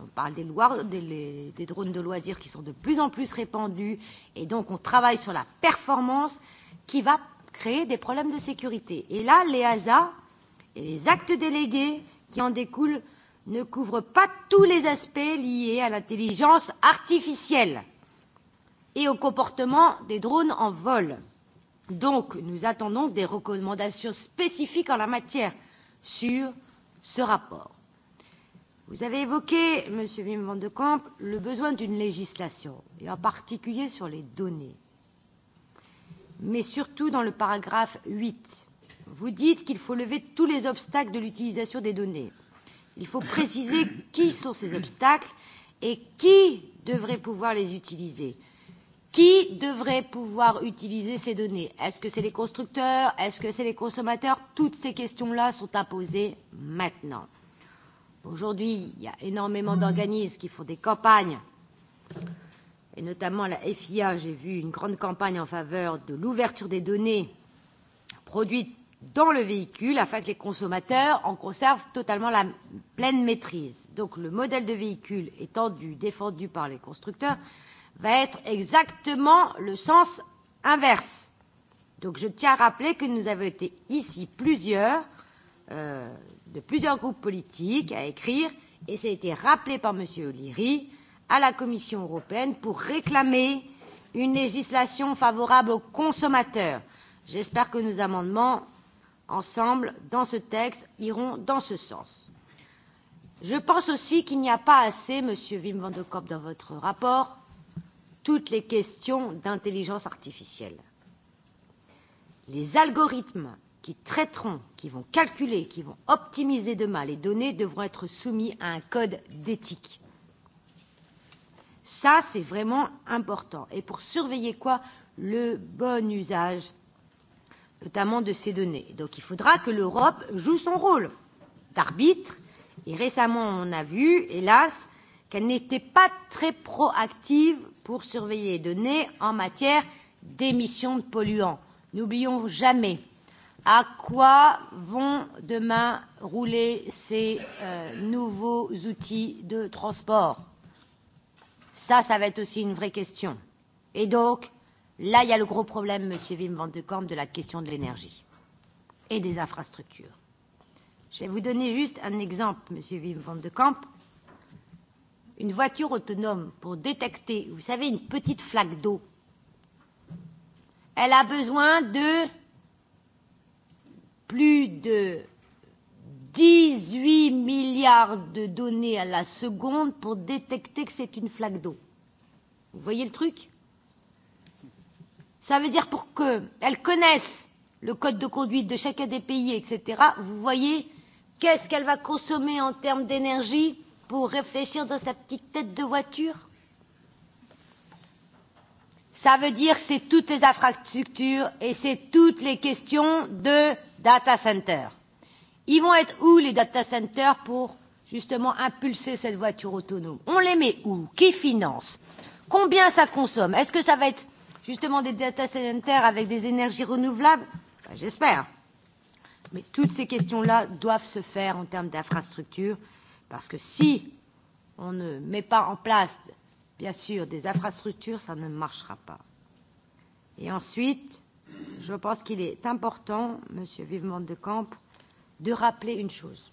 On parle des, lois, des, les, des drones de loisirs qui sont de plus en plus répandus et donc on travaille sur la performance qui va créer des problèmes de sécurité. Et là, les ASA et les actes délégués qui en découlent ne couvrent pas tous les aspects liés à l'intelligence artificielle et au comportement des drones en vol. Donc, nous attendons des recommandations spécifiques en la matière sur ce rapport. Vous avez évoqué, Monsieur Wim van de Kamp, le besoin d'une législation, et en particulier sur les données mais surtout dans le paragraphe 8. Vous dites qu'il faut lever tous les obstacles de l'utilisation des données. Il faut préciser qui sont ces obstacles et qui devrait pouvoir les utiliser. Qui devrait pouvoir utiliser ces données Est-ce que c'est les constructeurs Est-ce que c'est les consommateurs Toutes ces questions-là sont imposées maintenant. Aujourd'hui, il y a énormément hmm. d'organismes qui font des campagnes et notamment la FIA, j'ai vu une grande campagne en faveur de l'ouverture des données produites dans le véhicule afin que les consommateurs en conservent totalement la pleine maîtrise. Donc le modèle de véhicule étendu, défendu par les constructeurs, va être exactement le sens inverse. Donc je tiens à rappeler que nous avons été ici plusieurs, euh, de plusieurs groupes politiques à écrire, et ça a été rappelé par M. O'Leary, à la Commission européenne pour réclamer une législation favorable aux consommateurs. J'espère que nos amendements ensemble dans ce texte iront dans ce sens. Je pense aussi qu'il n'y a pas assez, Monsieur Wim van de Kopp, dans votre rapport, toutes les questions d'intelligence artificielle. Les algorithmes qui traiteront, qui vont calculer, qui vont optimiser demain les données devront être soumis à un code d'éthique. Ça, c'est vraiment important. Et pour surveiller quoi Le bon usage, notamment de ces données. Donc il faudra que l'Europe joue son rôle d'arbitre. Et récemment, on a vu, hélas, qu'elle n'était pas très proactive pour surveiller les données en matière d'émissions de polluants. N'oublions jamais à quoi vont demain rouler ces euh, nouveaux outils de transport Ça, ça va être aussi une vraie question. Et donc, là, il y a le gros problème, Monsieur Wim van de Kamp, de la question de l'énergie et des infrastructures. Je vais vous donner juste un exemple, Monsieur Wim van de Kamp. Une voiture autonome pour détecter, vous savez, une petite flaque d'eau. Elle a besoin de plus de 18 milliards de données à la seconde pour détecter que c'est une flaque d'eau. Vous voyez le truc Ça veut dire pour qu'elles connaissent le code de conduite de chacun des pays, etc., vous voyez qu'est-ce qu'elle va consommer en termes d'énergie pour réfléchir dans sa petite tête de voiture Ça veut dire c'est toutes les infrastructures et c'est toutes les questions de data center. Ils vont être où les data centers pour justement impulser cette voiture autonome On les met où Qui finance Combien ça consomme Est-ce que ça va être justement des data centers avec des énergies renouvelables ben, J'espère. Mais toutes ces questions-là doivent se faire en termes d'infrastructures, parce que si on ne met pas en place, bien sûr, des infrastructures, ça ne marchera pas. Et ensuite, je pense qu'il est important, Monsieur Vivement de Camp, de rappeler une chose.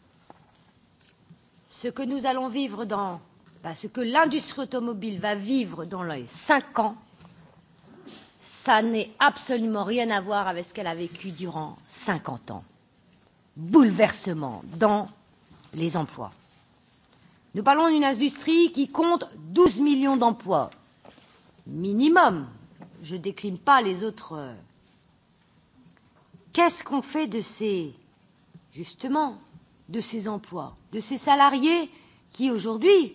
Ce que nous allons vivre dans, bah, ce que l'industrie automobile va vivre dans les cinq ans, ça n'est absolument rien à voir avec ce qu'elle a vécu durant 50 ans. Bouleversement dans les emplois. Nous parlons d'une industrie qui compte 12 millions d'emplois, minimum. Je ne décline pas les autres. Qu'est-ce qu'on fait de ces justement, de ces emplois, de ces salariés qui, aujourd'hui,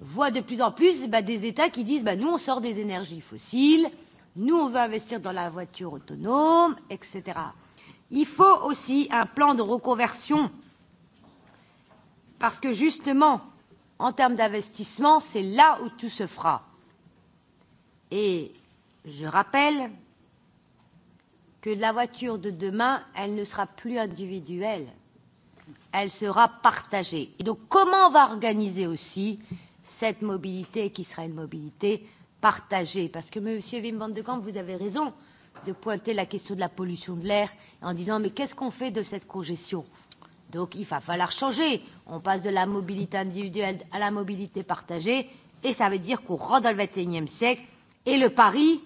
voient de plus en plus bah, des États qui disent bah, nous, on sort des énergies fossiles, nous, on veut investir dans la voiture autonome, etc. Il faut aussi un plan de reconversion, parce que, justement, en termes d'investissement, c'est là où tout se fera. Et je rappelle que la voiture de demain, elle ne sera plus individuelle, elle sera partagée. Et donc, comment on va organiser aussi cette mobilité qui sera une mobilité partagée Parce que, Monsieur Wim van de Kamp, vous avez raison de pointer la question de la pollution de l'air en disant mais qu'est-ce qu'on fait de cette congestion Donc, il va falloir changer. On passe de la mobilité individuelle à la mobilité partagée, et ça veut dire qu'on rentre dans le 21e siècle. Et le pari,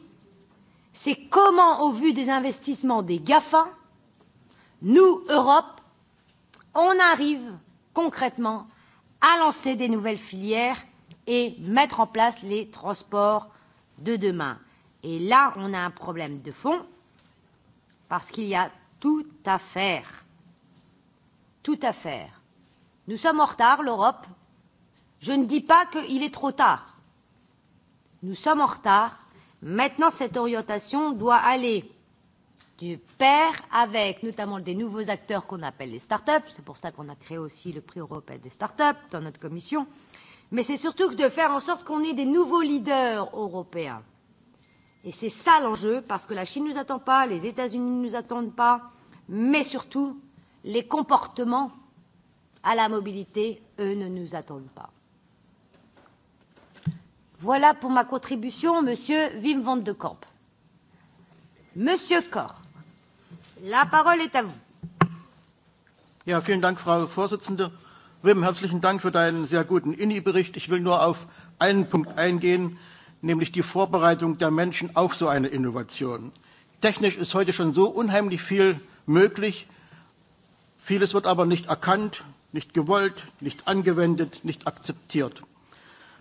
c'est comment, au vu des investissements des GAFA, nous, Europe, on arrive concrètement à lancer des nouvelles filières et mettre en place les transports de demain. Et là, on a un problème de fond, parce qu'il y a tout à faire. Tout à faire. Nous sommes en retard, l'Europe. Je ne dis pas qu'il est trop tard. Nous sommes en retard Maintenant, cette orientation doit aller du pair avec notamment des nouveaux acteurs qu'on appelle les start-up. C'est pour ça qu'on a créé aussi le prix européen des start-up dans notre commission. Mais c'est surtout de faire en sorte qu'on ait des nouveaux leaders européens. Et c'est ça l'enjeu, parce que la Chine ne nous attend pas, les États-Unis ne nous attendent pas, mais surtout, les comportements à la mobilité, eux, ne nous attendent pas. Voilà pour ma contribution, Monsieur Wim van de Kamp. Monsieur Koch, la parole est à vous. Ja, vielen Dank, Frau Vorsitzende. Wim, herzlichen Dank für deinen sehr guten INI-Bericht. Ich will nur auf einen Punkt eingehen, nämlich die Vorbereitung der Menschen auf so eine Innovation. Technisch ist heute schon so unheimlich viel möglich. Vieles wird aber nicht erkannt, nicht gewollt, nicht angewendet, nicht akzeptiert.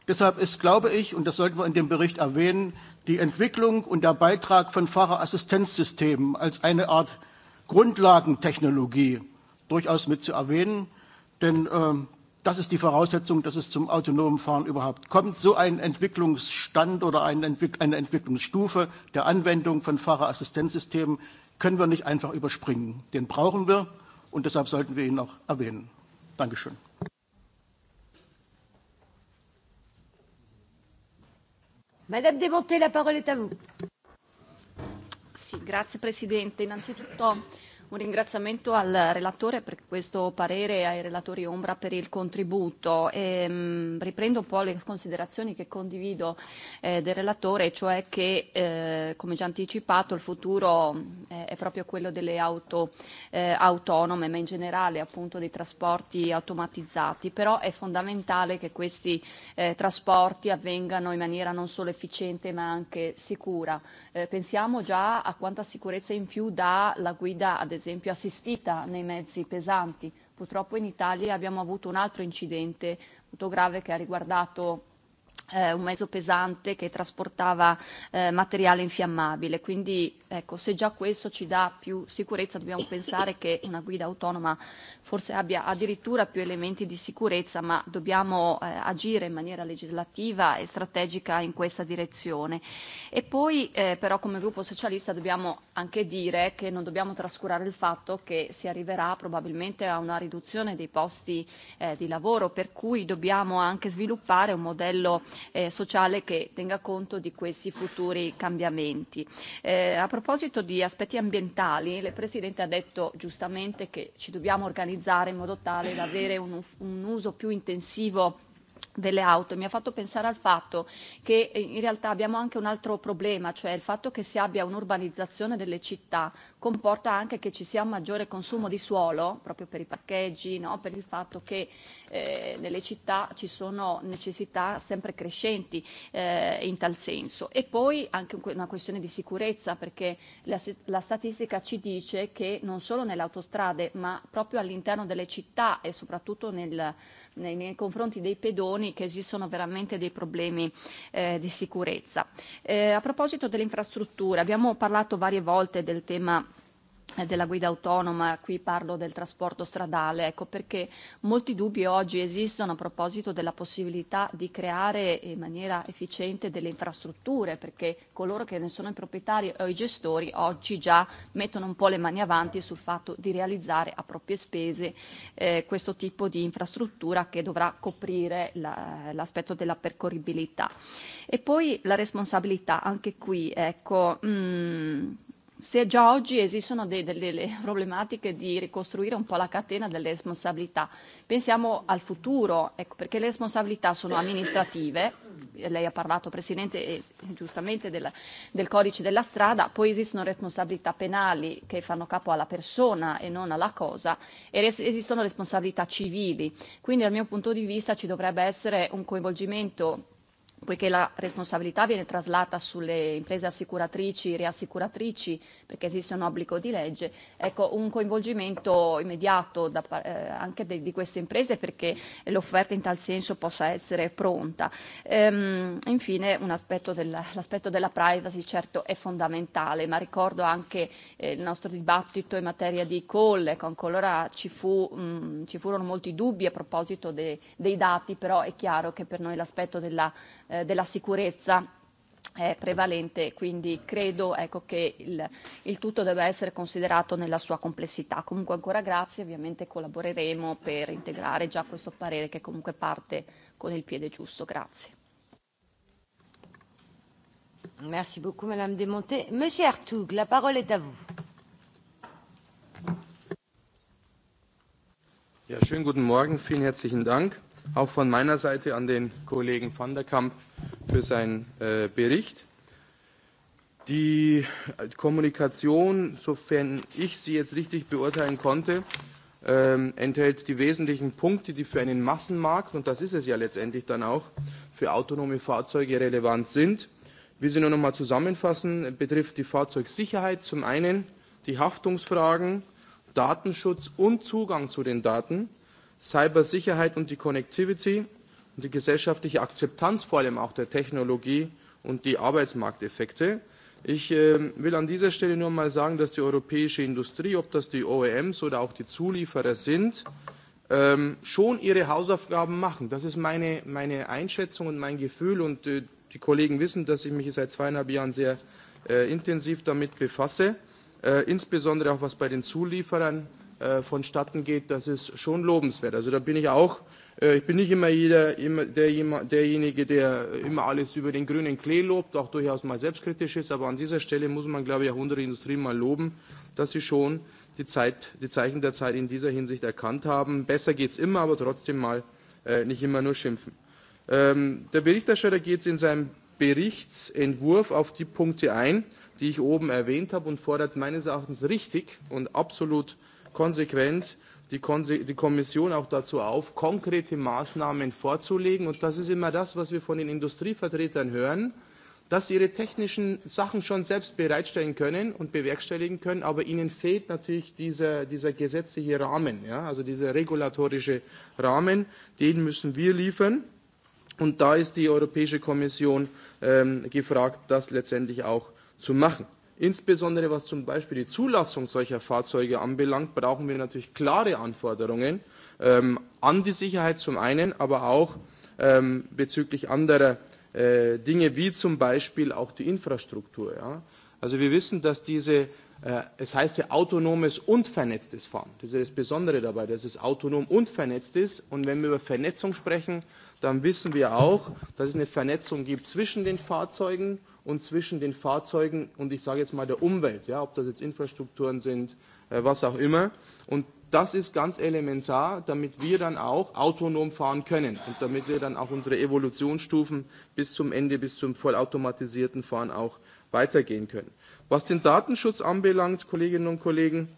Deshalb ist, glaube ich, und das sollten wir in dem Bericht erwähnen, die Entwicklung und der Beitrag von Fahrerassistenzsystemen als eine Art Grundlagentechnologie durchaus mit zu erwähnen, denn äh, das ist die Voraussetzung, dass es zum autonomen Fahren überhaupt kommt. So ein Entwicklungsstand oder eine, Entwick eine Entwicklungsstufe der Anwendung von Fahrerassistenzsystemen können wir nicht einfach überspringen. Den brauchen wir und deshalb sollten wir ihn auch erwähnen. Dankeschön. Madame Demonté, la parole est à vous. Sì, grazie Presidente. Innanzitutto Un ringraziamento al relatore per questo parere e ai relatori Ombra per il contributo. E, ehm, mh, riprendo un po' le considerazioni che condivido eh, del relatore, cioè che, eh, come già anticipato, il futuro eh, è proprio quello delle auto eh, autonome, ma in generale appunto dei trasporti automatizzati. Però è fondamentale che questi eh, trasporti avvengano in maniera non solo efficiente ma anche sicura. Eh, pensiamo già a quanta sicurezza in più dà la guida ad esempio esempio, assistita nei mezzi pesanti. Purtroppo in Italia abbiamo avuto un altro incidente molto grave che ha riguardato eh, un mezzo pesante che trasportava eh, materiale infiammabile, quindi Ecco, se già questo ci dà più sicurezza, dobbiamo pensare che una guida autonoma forse abbia addirittura più elementi di sicurezza, ma dobbiamo eh, agire in maniera legislativa e strategica in questa direzione. E poi eh, però come gruppo socialista dobbiamo anche dire che non dobbiamo trascurare il fatto che si arriverà probabilmente a una riduzione dei posti eh, di lavoro, per cui dobbiamo anche sviluppare un modello eh, sociale che tenga conto di questi futuri cambiamenti. Eh, a proposito di aspetti ambientali, la Presidente ha detto giustamente che ci dobbiamo organizzare in modo tale da avere un, un uso più intensivo delle auto mi ha fatto pensare al fatto che eh, in realtà abbiamo anche un altro problema, cioè il fatto che si abbia un'urbanizzazione delle città comporta anche che ci sia un maggiore consumo di suolo, proprio per i parcheggi, no? per il fatto che eh, nelle città ci sono necessità sempre crescenti eh, in tal senso. E poi anche una questione di sicurezza, perché la, la statistica ci dice che non solo nelle autostrade, ma proprio all'interno delle città e soprattutto nel nei, nei confronti dei pedoni che esistono veramente dei problemi eh, di sicurezza. Eh, a proposito delle infrastrutture, abbiamo parlato varie volte del tema Eh, della guida autonoma, qui parlo del trasporto stradale, ecco perché molti dubbi oggi esistono a proposito della possibilità di creare in maniera efficiente delle infrastrutture, perché coloro che ne sono i proprietari o i gestori oggi già mettono un po' le mani avanti sul fatto di realizzare a proprie spese eh, questo tipo di infrastruttura che dovrà coprire la, l'aspetto della percorribilità. E poi la responsabilità, anche qui, ecco, mh, mm, se già oggi esistono de- delle problematiche di ricostruire un po' la catena delle responsabilità, pensiamo al futuro, ecco, perché le responsabilità sono amministrative, lei ha parlato Presidente e, giustamente del, del codice della strada, poi esistono responsabilità penali che fanno capo alla persona e non alla cosa e res- esistono responsabilità civili, quindi dal mio punto di vista ci dovrebbe essere un coinvolgimento poiché la responsabilità viene traslata sulle imprese assicuratrici, e riassicuratrici, perché esiste un obbligo di legge, ecco, un coinvolgimento immediato da, eh, anche de, di queste imprese perché l'offerta in tal senso possa essere pronta. Ehm, infine, un aspetto del, l'aspetto della privacy certo è fondamentale, ma ricordo anche eh, il nostro dibattito in materia di call, ecco, ancora ci, fu, mh, ci furono molti dubbi a proposito de, dei dati, però è chiaro che per noi l'aspetto della eh, della sicurezza è prevalente, quindi credo ecco, che il, il tutto debba essere considerato nella sua complessità. Comunque ancora grazie, ovviamente collaboreremo per integrare già questo parere che comunque parte con il piede giusto. Grazie. Merci beaucoup Madame Desmonté. Monsieur Artoug, la parole est à vous. Ja, schönen guten Morgen, vielen herzlichen Dank auch von meiner Seite an den Kollegen van der Kamp für seinen äh, Bericht. Die Kommunikation, sofern ich sie jetzt richtig beurteilen konnte, ähm, enthält die wesentlichen Punkte, die für einen Massenmarkt, und das ist es ja letztendlich dann auch, für autonome Fahrzeuge relevant sind. Wir sie nur noch mal zusammenfassen, betrifft die Fahrzeugsicherheit zum einen, die Haftungsfragen, Datenschutz und Zugang zu den Daten, Cybersicherheit und die Connectivity und die gesellschaftliche Akzeptanz vor allem auch der Technologie und die Arbeitsmarkteffekte. Ich äh, will an dieser Stelle nur mal sagen, dass die europäische Industrie, ob das die OEMs oder auch die Zulieferer sind, ähm, schon ihre Hausaufgaben machen. Das ist meine, meine Einschätzung und mein Gefühl. Und äh, die Kollegen wissen, dass ich mich seit zweieinhalb Jahren sehr äh, intensiv damit befasse, äh, insbesondere auch was bei den Zulieferern äh, vonstatten geht, das ist schon lobenswert. Also da bin ich auch, äh, ich bin nicht immer, jeder, immer der, derjenige, der immer alles über den grünen Klee lobt, auch durchaus mal selbstkritisch ist, aber an dieser Stelle muss man, glaube ich, auch unsere Industrie mal loben, dass sie schon die, Zeit, die Zeichen der Zeit in dieser Hinsicht erkannt haben. Besser geht es immer, aber trotzdem mal äh, nicht immer nur schimpfen. Ähm, der Berichterstatter geht in seinem Berichtsentwurf auf die Punkte ein, die ich oben erwähnt habe und fordert meines Erachtens richtig und absolut konsequent die, Konse die Kommission auch dazu auf, konkrete Maßnahmen vorzulegen. Und das ist immer das, was wir von den Industrievertretern hören, dass sie ihre technischen Sachen schon selbst bereitstellen können und bewerkstelligen können, aber ihnen fehlt natürlich dieser, dieser gesetzliche Rahmen, ja, also dieser regulatorische Rahmen, den müssen wir liefern. Und da ist die Europäische Kommission ähm, gefragt, das letztendlich auch zu machen. Insbesondere was zum Beispiel die Zulassung solcher Fahrzeuge anbelangt, brauchen wir natürlich klare Anforderungen ähm, an die Sicherheit zum einen, aber auch ähm, bezüglich anderer äh, Dinge, wie zum Beispiel auch die Infrastruktur. Ja? Also wir wissen, dass diese äh, es heißt ja autonomes und vernetztes Fahren. Das ist das Besondere dabei, dass es autonom und vernetzt ist. Und wenn wir über Vernetzung sprechen, dann wissen wir auch, dass es eine Vernetzung gibt zwischen den Fahrzeugen und zwischen den Fahrzeugen und ich sage jetzt mal der Umwelt, ja, ob das jetzt Infrastrukturen sind, äh, was auch immer. Und das ist ganz elementar, damit wir dann auch autonom fahren können und damit wir dann auch unsere Evolutionsstufen bis zum Ende, bis zum vollautomatisierten Fahren auch weitergehen können. Was den Datenschutz anbelangt, Kolleginnen und Kollegen,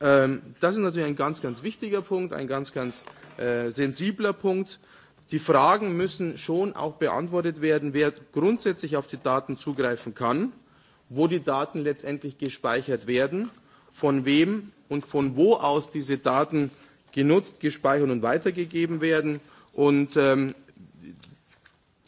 ähm, das ist natürlich ein ganz, ganz wichtiger Punkt, ein ganz, ganz äh, sensibler Punkt. Äh, Die Fragen müssen schon auch beantwortet werden, wer grundsätzlich auf die Daten zugreifen kann, wo die Daten letztendlich gespeichert werden, von wem und von wo aus diese Daten genutzt, gespeichert und weitergegeben werden. Und ähm,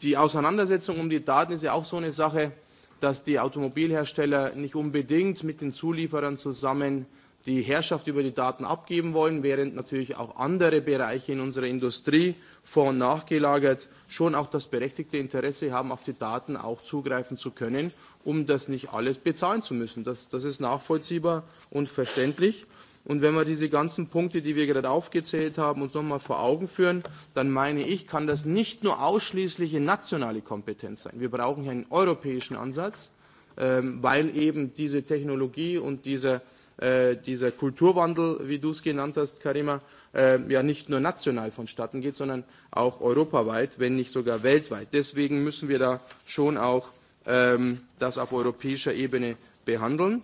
die Auseinandersetzung um die Daten ist ja auch so eine Sache, dass die Automobilhersteller nicht unbedingt mit den Zulieferern zusammen äh, die Herrschaft über die Daten abgeben wollen, während natürlich auch andere Bereiche in unserer Industrie vor und nachgelagert schon auch das berechtigte Interesse haben, auf die Daten auch zugreifen zu können, um das nicht alles bezahlen zu müssen. Das, das ist nachvollziehbar und verständlich. Und wenn wir diese ganzen Punkte, die wir gerade aufgezählt haben, uns nochmal vor Augen führen, dann meine ich, kann das nicht nur ausschließliche nationale Kompetenz sein. Wir brauchen hier einen europäischen Ansatz, ähm, weil eben diese Technologie und dieser äh, dieser Kulturwandel, wie du es genannt hast, Karima, äh, ja nicht nur national vonstatten geht, sondern auch europaweit, wenn nicht sogar weltweit. Deswegen müssen wir da schon auch ähm, das auf europäischer Ebene behandeln.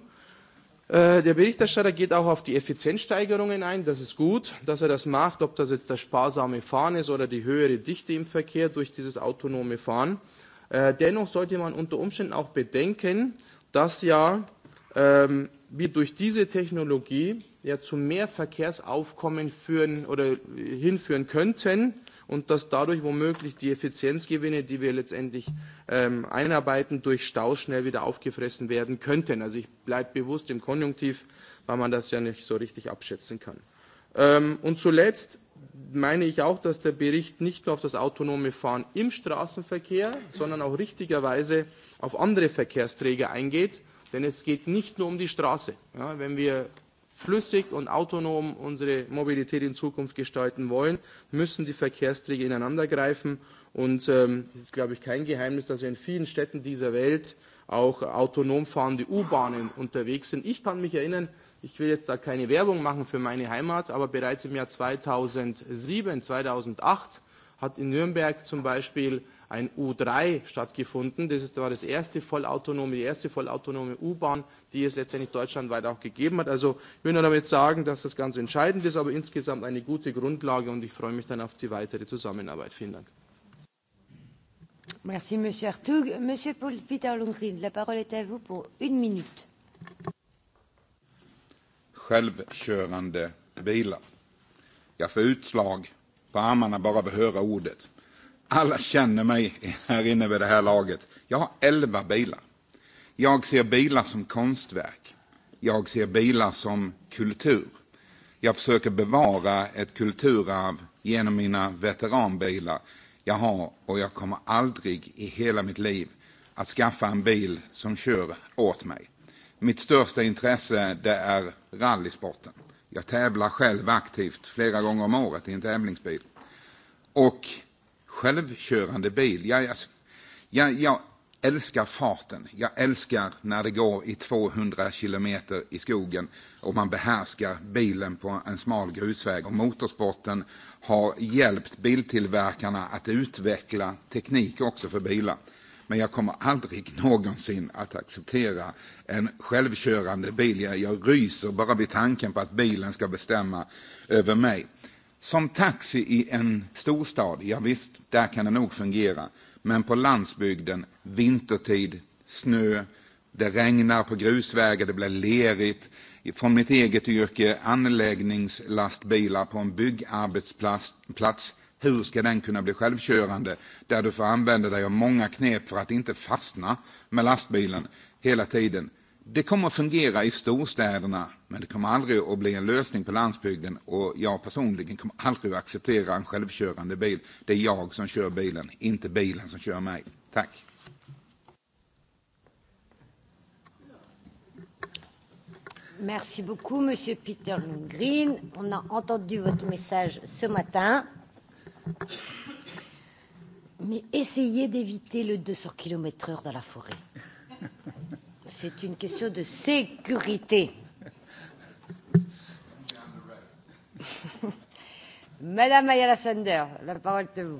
Äh, der Berichterstatter geht auch auf die Effizienzsteigerungen ein. Das ist gut, dass er das macht, ob das jetzt das sparsame Fahren ist oder die höhere Dichte im Verkehr durch dieses autonome Fahren. Äh, dennoch sollte man unter Umständen auch bedenken, dass ja ähm, wir durch diese Technologie ja zu mehr Verkehrsaufkommen führen oder hinführen könnten und dass dadurch womöglich die Effizienzgewinne, die wir letztendlich ähm, einarbeiten, durch Staus schnell wieder aufgefressen werden könnten. Also ich bleibe bewusst im Konjunktiv, weil man das ja nicht so richtig abschätzen kann. Ähm, und zuletzt meine ich auch, dass der Bericht nicht nur auf das autonome Fahren im Straßenverkehr, sondern auch richtigerweise auf andere Verkehrsträger eingeht Denn es geht nicht nur um die Straße. Ja, wenn wir flüssig und autonom unsere Mobilität in Zukunft gestalten wollen, müssen die Verkehrsträger ineinandergreifen. Und ähm, es ist, glaube ich, kein Geheimnis, dass wir in vielen Städten dieser Welt auch autonom fahrende U-Bahnen unterwegs sind. Ich kann mich erinnern, ich will jetzt da keine Werbung machen für meine Heimat, aber bereits im Jahr 2007, 2008 hat in Nürnberg zum Beispiel ein U3 stattgefunden. Das ist, war das erste vollautonome, die erste vollautonome U-Bahn, die es letztendlich deutschlandweit auch gegeben hat. Also ich will nur damit sagen, dass das ganz entscheidend ist, aber insgesamt eine gute Grundlage und ich freue mich dann auf die weitere Zusammenarbeit. Vielen Dank. Merci, Monsieur Artug. Monsieur Paul Peter Lundgren, la parole est à vous pour une minute. Självkörande bilar. Jag får utslag på armarna bara vi höra ordet. Alla känner mig här inne vid det här laget. Jag har elva bilar. Jag ser bilar som konstverk. Jag ser bilar som kultur. Jag försöker bevara ett kulturarv genom mina veteranbilar jag har och jag kommer aldrig i hela mitt liv att skaffa en bil som kör åt mig. Mitt största intresse det är rallysporten. Jag tävlar själv aktivt flera gånger om året i en tävlingsbil. Och självkörande bil, ja, jag, ja, jag älskar farten. Jag älskar när det går i 200 kilometer i skogen och man behärskar bilen på en smal grusväg. Och motorsporten har hjälpt biltillverkarna att utveckla teknik också för bilar. Men jag kommer aldrig någonsin att acceptera en självkörande bil. Jag, jag ryser bara vid tanken på att bilen ska bestämma över mig. Som taxi i en storstad, ja visst, där kan det nog fungera. Men på landsbygden, vintertid, snö, det regnar på grusvägar, det blir lerigt. Från mitt eget yrke, anläggningslastbilar på en byggarbetsplats. Hur ska den kunna bli självkörande där du får använda dig av många knep för att inte fastna med lastbilen hela tiden? Det kommer att fungera i storstäderna, men det kommer aldrig att bli en lösning på landsbygden och jag personligen kommer aldrig att acceptera en självkörande bil. Det är jag som kör bilen, inte bilen som kör mig. Tack! Merci beaucoup, Monsieur Peter Lundgren. On a entendu votre message ce matin. Mais essayez d'éviter le 200 km/h dans la forêt. C'est une question de sécurité. Madame Ayala Sander, la parole est à vous.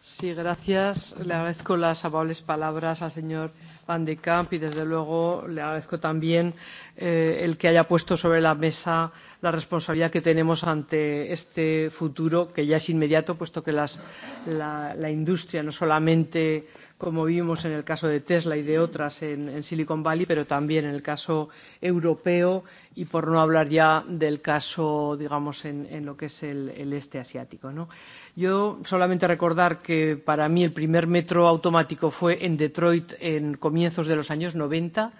Sí, gracias. Le agradezco las amables palabras al señor Van de Camp y, desde luego, le agradezco también eh, el que haya puesto sobre la mesa la responsabilidad que tenemos ante este futuro, que ya es inmediato, puesto que las, la, la industria no solamente como vimos en el caso de Tesla y de otras en, en Silicon Valley, pero también en el caso europeo y por no hablar ya del caso, digamos, en, en lo que es el, el este asiático. ¿no? Yo solamente recordar que para mí el primer metro automático fue en Detroit en comienzo comienzos de los años 90.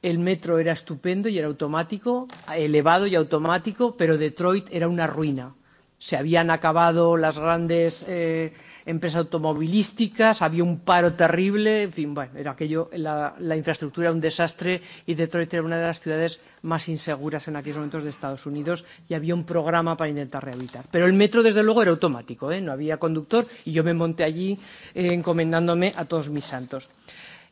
El metro era estupendo y era automático, elevado y automático, pero Detroit era una ruina. Se habían acabado las grandes eh, empresas automovilísticas, había un paro terrible, en fin, bueno, era aquello, la, la infraestructura era un desastre y Detroit era una de las ciudades más inseguras en aquellos momentos de Estados Unidos y había un programa para intentar rehabilitar. Pero el metro, desde luego, era automático, ¿eh? no había conductor y yo me monté allí eh, encomendándome a todos mis santos.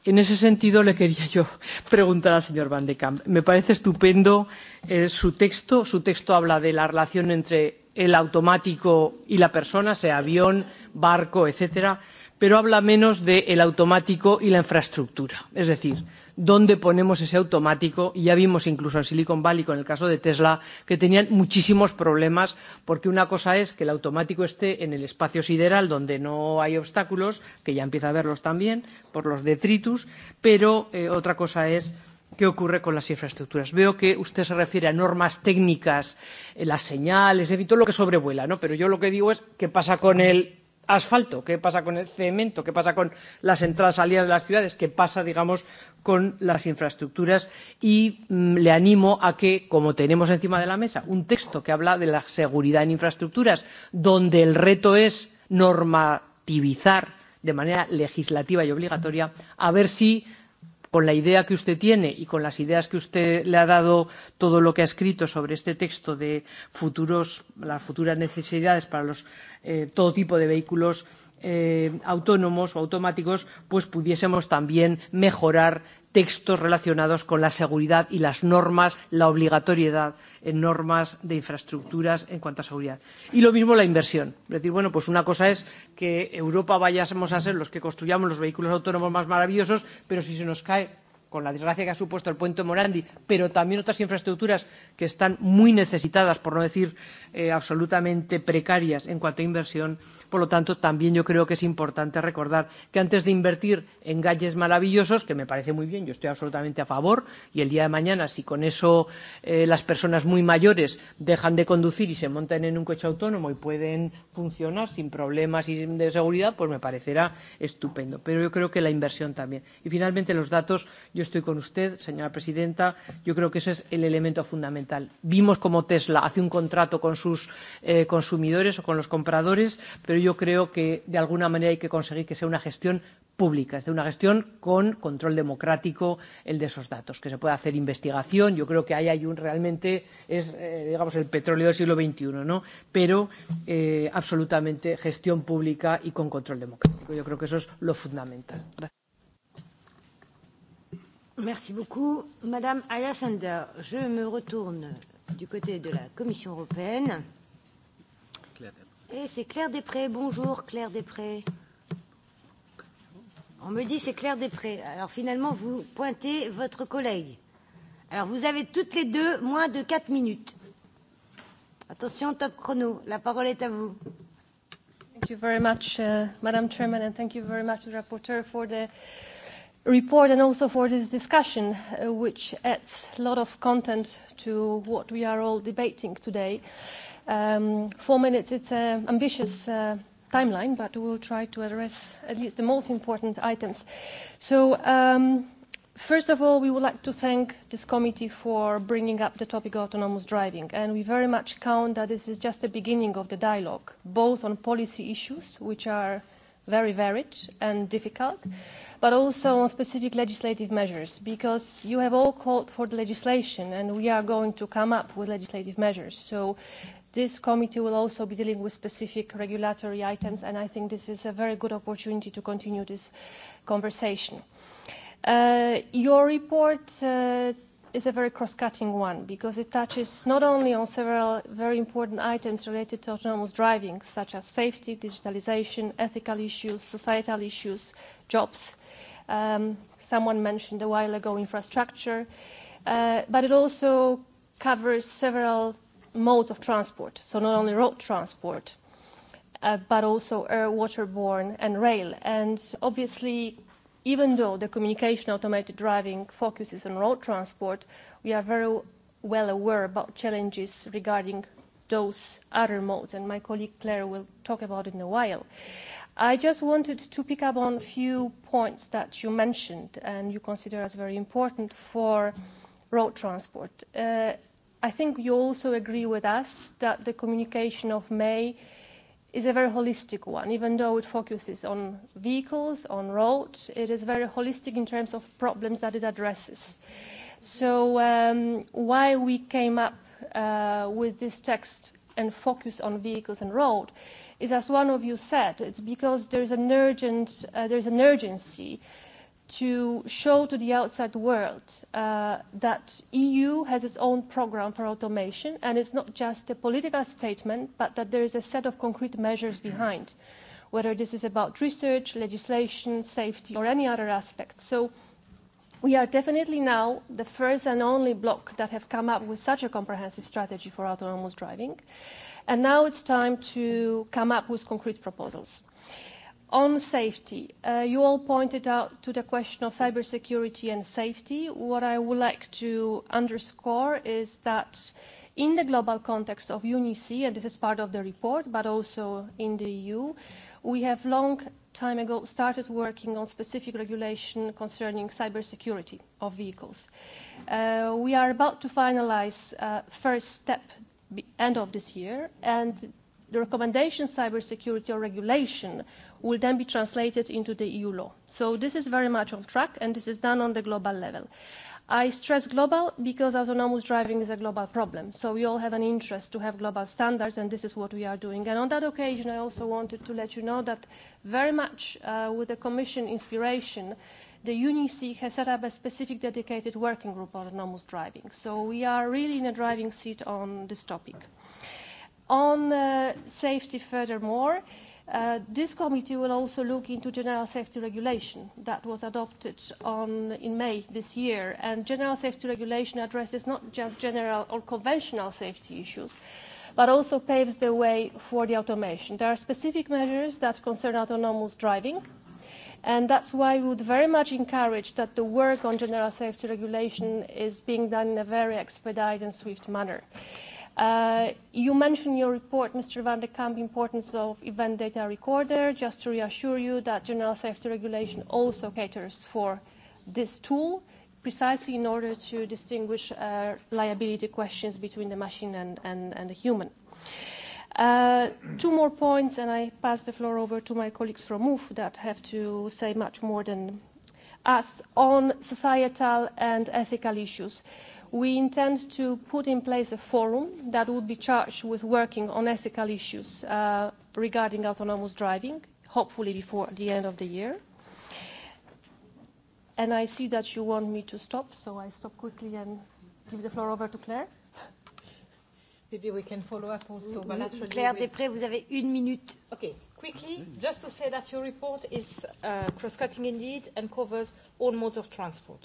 En ese sentido, le quería yo preguntar al señor Van de Kamp. Me parece estupendo eh, su texto. Su texto habla de la relación entre el automático y la persona, sea avión, barco, etcétera, pero habla menos del de automático y la infraestructura. Es decir, mm dónde ponemos ese automático. Y ya vimos incluso en Silicon Valley, con el caso de Tesla, que tenían muchísimos problemas, porque una cosa es que el automático esté en el espacio sideral, donde no hay obstáculos, que ya empieza a verlos también por los detritus, pero eh, otra cosa es qué ocurre con las infraestructuras. Veo que usted se refiere a normas técnicas, eh, las señales, en fin, todo lo que sobrevuela, ¿no? Pero yo lo que digo es qué pasa con el asfalto, qué pasa con el cemento, qué pasa con las entradas y salidas de las ciudades, qué pasa, digamos, con las infraestructuras. Y mm, le animo a que, como tenemos encima de la mesa un texto que habla de la seguridad en infraestructuras, donde el reto es normativizar de manera legislativa y obligatoria, a ver si con la idea que usted tiene y con las ideas que usted le ha dado todo lo que ha escrito sobre este texto de futuros, las futuras necesidades para los, eh, todo tipo de vehículos eh, autónomos o automáticos, pues pudiésemos también mejorar textos relacionados con la seguridad y las normas, la obligatoriedad en normas de infraestructuras en cuanto a seguridad. Y lo mismo la inversión. Es decir, bueno, pues una cosa es que Europa vayamos a ser los que construyamos los vehículos autónomos más maravillosos, pero si se nos cae con la desgracia que ha supuesto el puente Morandi, pero también otras infraestructuras que están muy necesitadas, por no decir eh, absolutamente precarias en cuanto a inversión. Por lo tanto, también yo creo que es importante recordar que antes de invertir en gadgets maravillosos, que me parece muy bien, yo estoy absolutamente a favor, y el día de mañana, si con eso eh, las personas muy mayores dejan de conducir y se montan en un coche autónomo y pueden funcionar sin problemas y de seguridad, pues me parecerá estupendo. Pero yo creo que la inversión también. Y finalmente, los datos Yo estoy con usted, señora presidenta. Yo creo que ese es el elemento fundamental. Vimos cómo Tesla hace un contrato con sus eh, consumidores o con los compradores, pero yo creo que de alguna manera hay que conseguir que sea una gestión públicas, de una gestión con control democrático el de esos datos, que se pueda hacer investigación. Yo creo que ahí hay un realmente es, eh, digamos, el petróleo del siglo XXI, ¿no? Pero eh, absolutamente gestión pública y con control democrático. Yo creo que eso es lo fundamental. Gracias. Merci beaucoup. Madame Ayassander, je me retourne du côté de la Commission européenne. Et c'est Claire Després. Bonjour Claire Després. On me dit c'est Claire Després. Alors finalement, vous pointez votre collègue. Alors vous avez toutes les deux moins de 4 minutes. Attention, top chrono. La parole est à vous. Thank you very much, uh, Madame Chairman, and thank you very much to the rapporteur for the uh, report and also for this discussion, uh, which adds a lot of content to what we are all debating today. Um, four minutes, it's an ambitious uh, timeline, but we will try to address at least the most important items. So, um, first of all, we would like to thank this committee for bringing up the topic of autonomous driving, and we very much count that this is just the beginning of the dialogue, both on policy issues, which are very varied and difficult, mm-hmm but also on specific legislative measures, because you have all called for the legislation and we are going to come up with legislative measures. So this committee will also be dealing with specific regulatory items, and I think this is a very good opportunity to continue this conversation. Uh, your report uh, is a very cross-cutting one because it touches not only on several very important items related to autonomous driving, such as safety, digitalization, ethical issues, societal issues, jobs. Um, someone mentioned a while ago infrastructure, uh, but it also covers several modes of transport, so not only road transport, uh, but also air, waterborne, and rail. And obviously, even though the communication automated driving focuses on road transport, we are very well aware about challenges regarding those other modes, and my colleague Claire will talk about it in a while. I just wanted to pick up on a few points that you mentioned and you consider as very important for road transport. Uh, I think you also agree with us that the communication of May uh, is a very holistic one. Even though it focuses on vehicles, on roads, it is very holistic in terms of problems that it addresses. So um, why we came up uh, with this text and focus on vehicles and road is, as one of you said, it's because there is an urgent, uh, there is an urgency uh, to show to the outside world uh, that EU has its own program for automation and it's not just a political statement, but that there is a set of concrete measures behind, whether this is about research, legislation, safety, or any other aspect. So we are definitely now the first and only bloc that have come up with such a comprehensive strategy for autonomous driving. And now it's time to come up with concrete proposals. On safety, uh, you all pointed out to the question of cybersecurity and safety. What I would like to underscore is that in the global context of UNICE, and this is part of the report, but also in the EU, we have long time ago started working on specific regulation concerning cybersecurity of vehicles. Uh, we are about to finalize uh, first step end of this year, and the recommendation cybersecurity or regulation will then be translated into the EU law. So this is very much on track, and this is done on the global level. I stress global because autonomous driving is a global problem. So we all have an interest to have global standards, and this is what we are doing. And on that occasion, I also wanted to let you know that very much uh, with the Commission inspiration, the UNEC has set up a specific dedicated working group on autonomous driving. So we are really in a driving seat on this topic. On uh, safety, furthermore, uh, Uh, this committee will also look into general safety regulation that was adopted on, in May this year. And general safety regulation addresses not just general or conventional safety issues, but also paves the way for the automation. There are specific measures that concern autonomous driving, and that's why we would very much encourage that the work on general safety regulation is being done in a very expedited and swift manner. Uh, Uh, you mentioned in your report, Mr. van de Kamp, importance of event data recorder. Just to reassure you that General Safety Regulation also caters for this tool, precisely in order to distinguish uh, liability questions between the machine and, and, and the human. Uh, two more points, and I pass the floor over to my colleagues from MOVE that have to say much more than us on societal and ethical issues. Uh, we intend to put in place a forum that would be charged with working on ethical issues uh, regarding autonomous driving, hopefully before the end of the year. And I see that you want me to stop, so I stop quickly and give the floor over to Claire. Maybe we can follow up also bilaterally. Mm-hmm. Claire Desprez, vous avez une minute. Okay. Quickly, just to say that your report is uh, cross-cutting indeed and covers all modes of transport.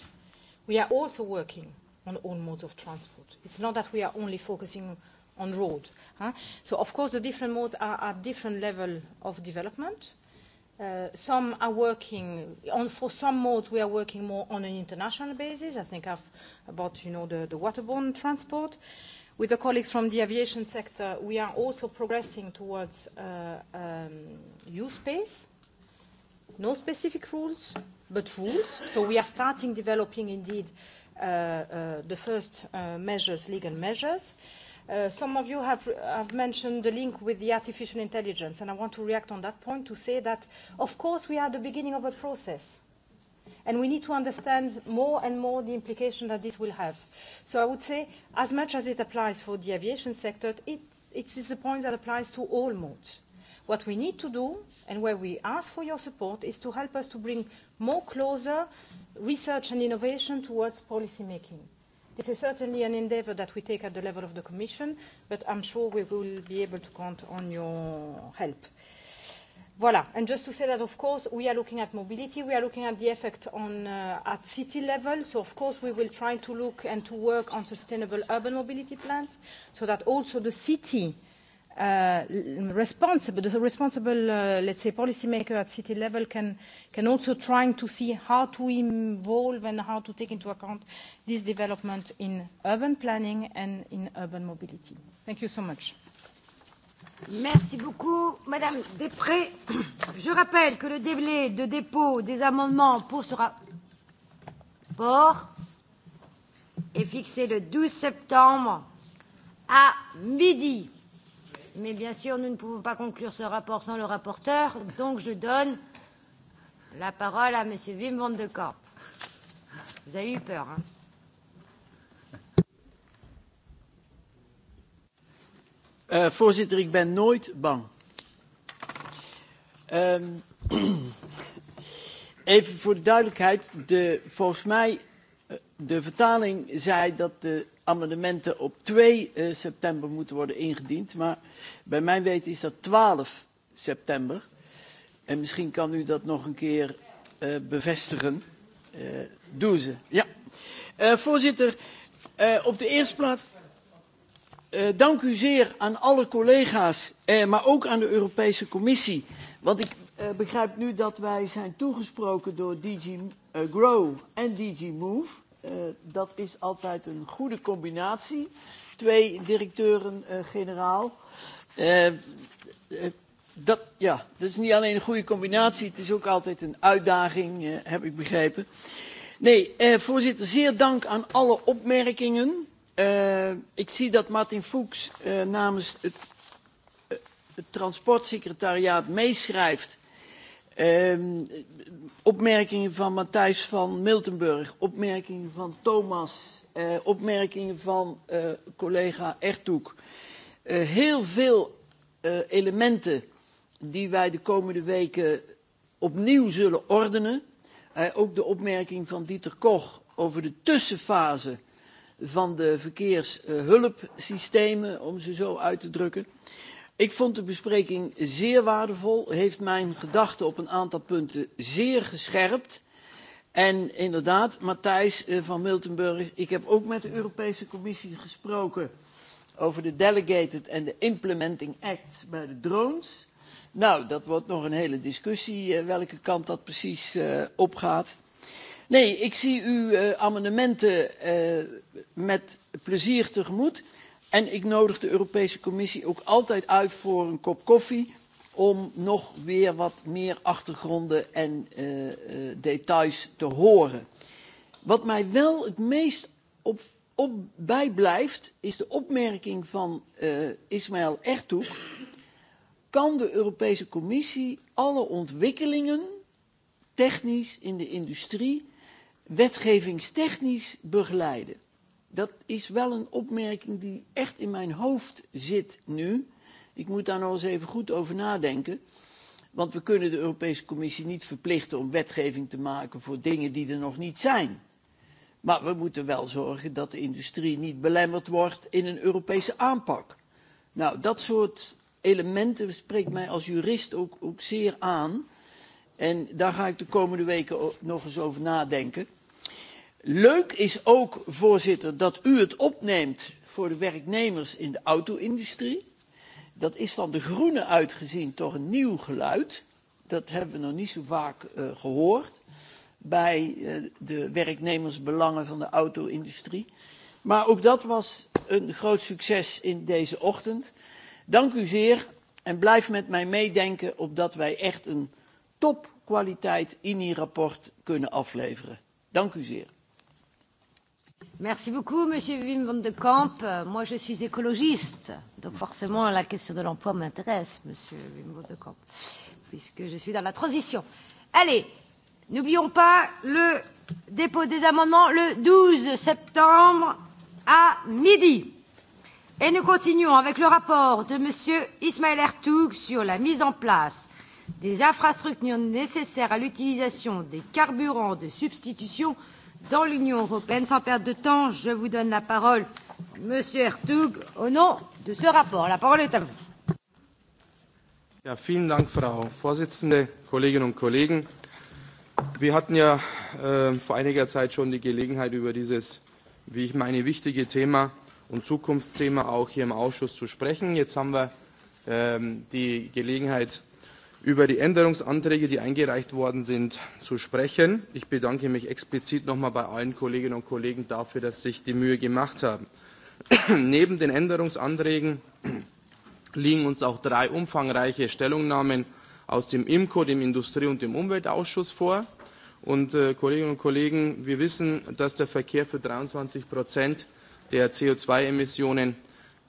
We are also working on all modes of transport. It's not that we are only focusing on road. Huh? So, of course, the different modes are at different level of development. Uh, some are working on, for some modes, we are working more on an international basis. I think I've about, you know, the, the waterborne transport. With the colleagues from the aviation sector, we are also progressing towards uh, um, use space. No specific rules, but rules. So we are starting developing indeed uh, uh, uh, the first uh, measures, legal measures. Uh, some of you have, have mentioned the link with the artificial intelligence, and I want to react on that point to say that, of course, we are at the beginning of a process. And we need to understand more and more the implication that this will have. So I would say, as much as it applies for the aviation sector, it, it is a point that applies to all modes. What we need to do, and where we ask for your support, is to help us to bring more closer research and innovation towards policy making. This is certainly an endeavor that we take at the level of the Commission, but I'm sure we will be able to count on your help. Voilà. And just to say that, of course, we are looking at mobility. We are looking at the effect on uh, at city level. So, of course, we will try to look and to work on sustainable urban mobility plans so that also the city uh, uh, responsible, the responsible, uh, let's say, policymaker at city level can, can also trying to see how to involve and how to take into account this development in urban planning and in urban mobility. Thank you so much. Merci beaucoup, Madame Després. Je rappelle que le délai de dépôt des amendements pour ce rapport est fixé le 12 septembre à midi mais bien sûr, nous ne pouvons pas conclure ce rapport sans le rapporteur, donc je donne la parole à Monsieur Wim van de Korp. Vous avez eu peur, hein Uh, voorzitter, ik ben nooit bang. Um, even voor de duidelijkheid, de, volgens mij, eh, de vertaling zei dat de amendementen op 2 uh, eh, september moeten worden ingediend. Maar bij mijn weten is dat 12 september. En misschien kan u dat nog een keer uh, bevestigen. Uh, eh, doe ze. Ja. Uh, voorzitter, uh, op de eerste plaats uh, dank u zeer aan alle collega's, uh, maar ook aan de Europese Commissie. Want ik uh, begrijp nu dat wij zijn toegesproken door DG uh, Grow en DG Move uh, dat is altijd een goede combinatie. Twee directeuren-generaal. Eh, uh, eh, uh, dat, ja, dat is niet alleen een goede combinatie, het is ook altijd een uitdaging, uh, heb ik begrepen. Nee, uh, voorzitter, zeer dank aan alle opmerkingen. Uh, ik zie dat Martin Fuchs uh, namens het, uh, het transportsecretariaat meeschrijft Um, opmerkingen van Matthijs van Miltenburg, opmerkingen van Thomas, uh, opmerkingen van uh, collega Ertoek. Uh, eh, heel veel uh, elementen die wij de komende weken opnieuw zullen ordenen. Uh, ook de opmerking van Dieter Koch over de tussenfase van de verkeershulpsystemen, uh, om ze zo uit te drukken. Uh, Ik vond de bespreking zeer waardevol, heeft mijn gedachten op een aantal punten zeer gescherpt. En inderdaad, Matthijs eh, van Miltenburg, ik heb ook met de Europese Commissie gesproken over de Delegated en de Implementing Acts bij de drones. Nou, dat wordt nog een hele discussie uh, welke kant dat precies uh, eh, opgaat. Nee, ik zie uw uh, amendementen uh, met plezier tegemoet. En ik nodig de Europese Commissie ook altijd uit voor een kop koffie om nog weer wat meer achtergronden en uh, uh, details te horen. Wat mij wel het meest op, op bijblijft is de opmerking van uh, Ismaël Ertoek. Kan de Europese Commissie alle ontwikkelingen technisch in de industrie wetgevingstechnisch begeleiden? Dat is wel een opmerking die echt in mijn hoofd zit nu. Ik moet daar nog eens even goed over nadenken. Want we kunnen de Europese Commissie niet verplichten om wetgeving te maken voor dingen die er nog niet zijn. Maar we moeten wel zorgen dat de industrie niet belemmerd wordt in een Europese aanpak. Nou, dat soort elementen spreekt mij als jurist ook, ook zeer aan. En daar ga ik de komende weken nog eens over nadenken. Leuk is ook, voorzitter, dat u het opneemt voor de werknemers in de auto-industrie. Dat is van de groenen uitgezien toch een nieuw geluid. Dat hebben we nog niet zo vaak uh, gehoord bij uh, de werknemersbelangen van de auto-industrie. Maar ook dat was een groot succes in deze ochtend. Dank u zeer en blijf met mij meedenken opdat wij echt een topkwaliteit INI-rapport kunnen afleveren. Dank u zeer. Merci beaucoup, Monsieur Wim van de Kamp. Moi, je suis écologiste, donc forcément, la question de l'emploi m'intéresse, Monsieur Wim van de Kamp, puisque je suis dans la transition. Allez, n'oublions pas le dépôt des amendements le 12 septembre à midi. Et nous continuons avec le rapport de Monsieur Ismaël Ertug sur la mise en place des infrastructures nécessaires à l'utilisation des carburants de substitution dans l'Union européenne. Sans perdre de temps, je vous donne la parole, Monsieur Hertug, au nom de ce rapport. La parole est à vous. Ja, vielen Dank, Frau Vorsitzende, Kolleginnen und Kollegen. Wir hatten ja äh, vor einiger Zeit schon die Gelegenheit, über dieses, wie ich meine, wichtige Thema und Zukunftsthema auch hier im Ausschuss zu sprechen. Jetzt haben wir ähm, die Gelegenheit, über die Änderungsanträge, die eingereicht worden sind, zu sprechen. Ich bedanke mich explizit nochmal bei allen Kolleginnen und Kollegen dafür, dass sich die Mühe gemacht haben. Neben den Änderungsanträgen liegen uns auch drei umfangreiche Stellungnahmen aus dem IMCO, dem Industrie- und dem Umweltausschuss vor. Und äh, Kolleginnen und Kollegen, wir wissen, dass der Verkehr für 23 Prozent der CO2-Emissionen,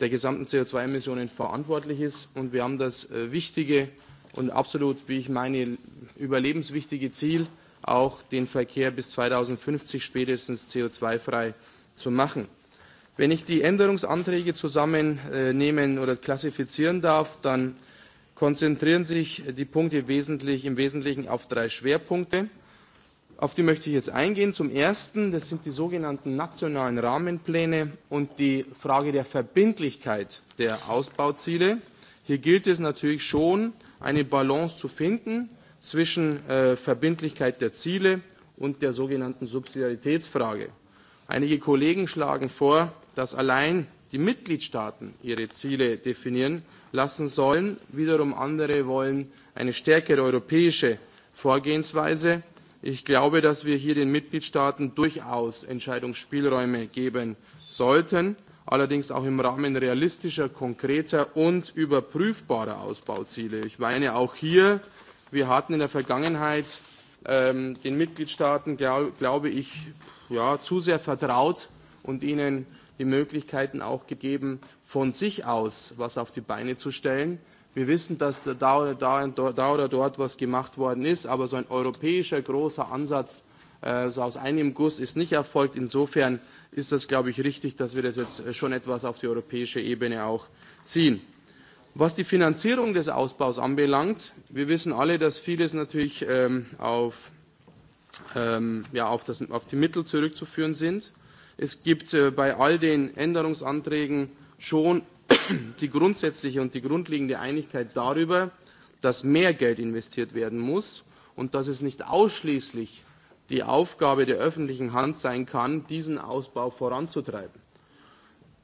der gesamten CO2-Emissionen verantwortlich ist. Und wir haben das äh, wichtige und absolut, wie ich meine, überlebenswichtige Ziel, auch den Verkehr bis 2050 spätestens CO2-frei zu machen. Wenn ich die Änderungsanträge zusammennehmen äh, oder klassifizieren darf, dann konzentrieren sich die Punkte wesentlich, im Wesentlichen auf drei Schwerpunkte. Auf die möchte ich jetzt eingehen. Zum Ersten, das sind die sogenannten nationalen Rahmenpläne und die Frage der Verbindlichkeit der Ausbauziele. Hier gilt es natürlich schon, eine Balance zu finden zwischen äh, Verbindlichkeit der Ziele und der sogenannten Subsidiaritätsfrage. Einige Kollegen schlagen vor, dass allein die Mitgliedstaaten ihre Ziele definieren lassen sollen. Wiederum andere wollen eine stärkere europäische Vorgehensweise. Ich glaube, dass wir hier den Mitgliedstaaten durchaus Entscheidungsspielräume geben sollten allerdings auch im Rahmen realistischer, konkreter und überprüfbarer Ausbauziele. Ich meine auch hier, wir hatten in der Vergangenheit ähm, den Mitgliedstaaten, glaub, glaube ich, ja, zu sehr vertraut und ihnen die Möglichkeiten auch gegeben, von sich aus was auf die Beine zu stellen. Wir wissen, dass da oder, da, da oder dort was gemacht worden ist, aber so ein europäischer großer Ansatz äh, so aus einem Guss ist nicht erfolgt. Insofern ist das, glaube ich, richtig, dass wir das jetzt schon etwas auf die europäische Ebene auch ziehen. Was die Finanzierung des Ausbaus anbelangt, wir wissen alle, dass vieles natürlich ähm, auf, ähm, ja, auf, das, auf die Mittel zurückzuführen sind. Es gibt äh, bei all den Änderungsanträgen schon die grundsätzliche und die grundlegende Einigkeit darüber, dass mehr Geld investiert werden muss und dass es nicht ausschließlich die Aufgabe der öffentlichen Hand sein kann, diesen Ausbau voranzutreiben.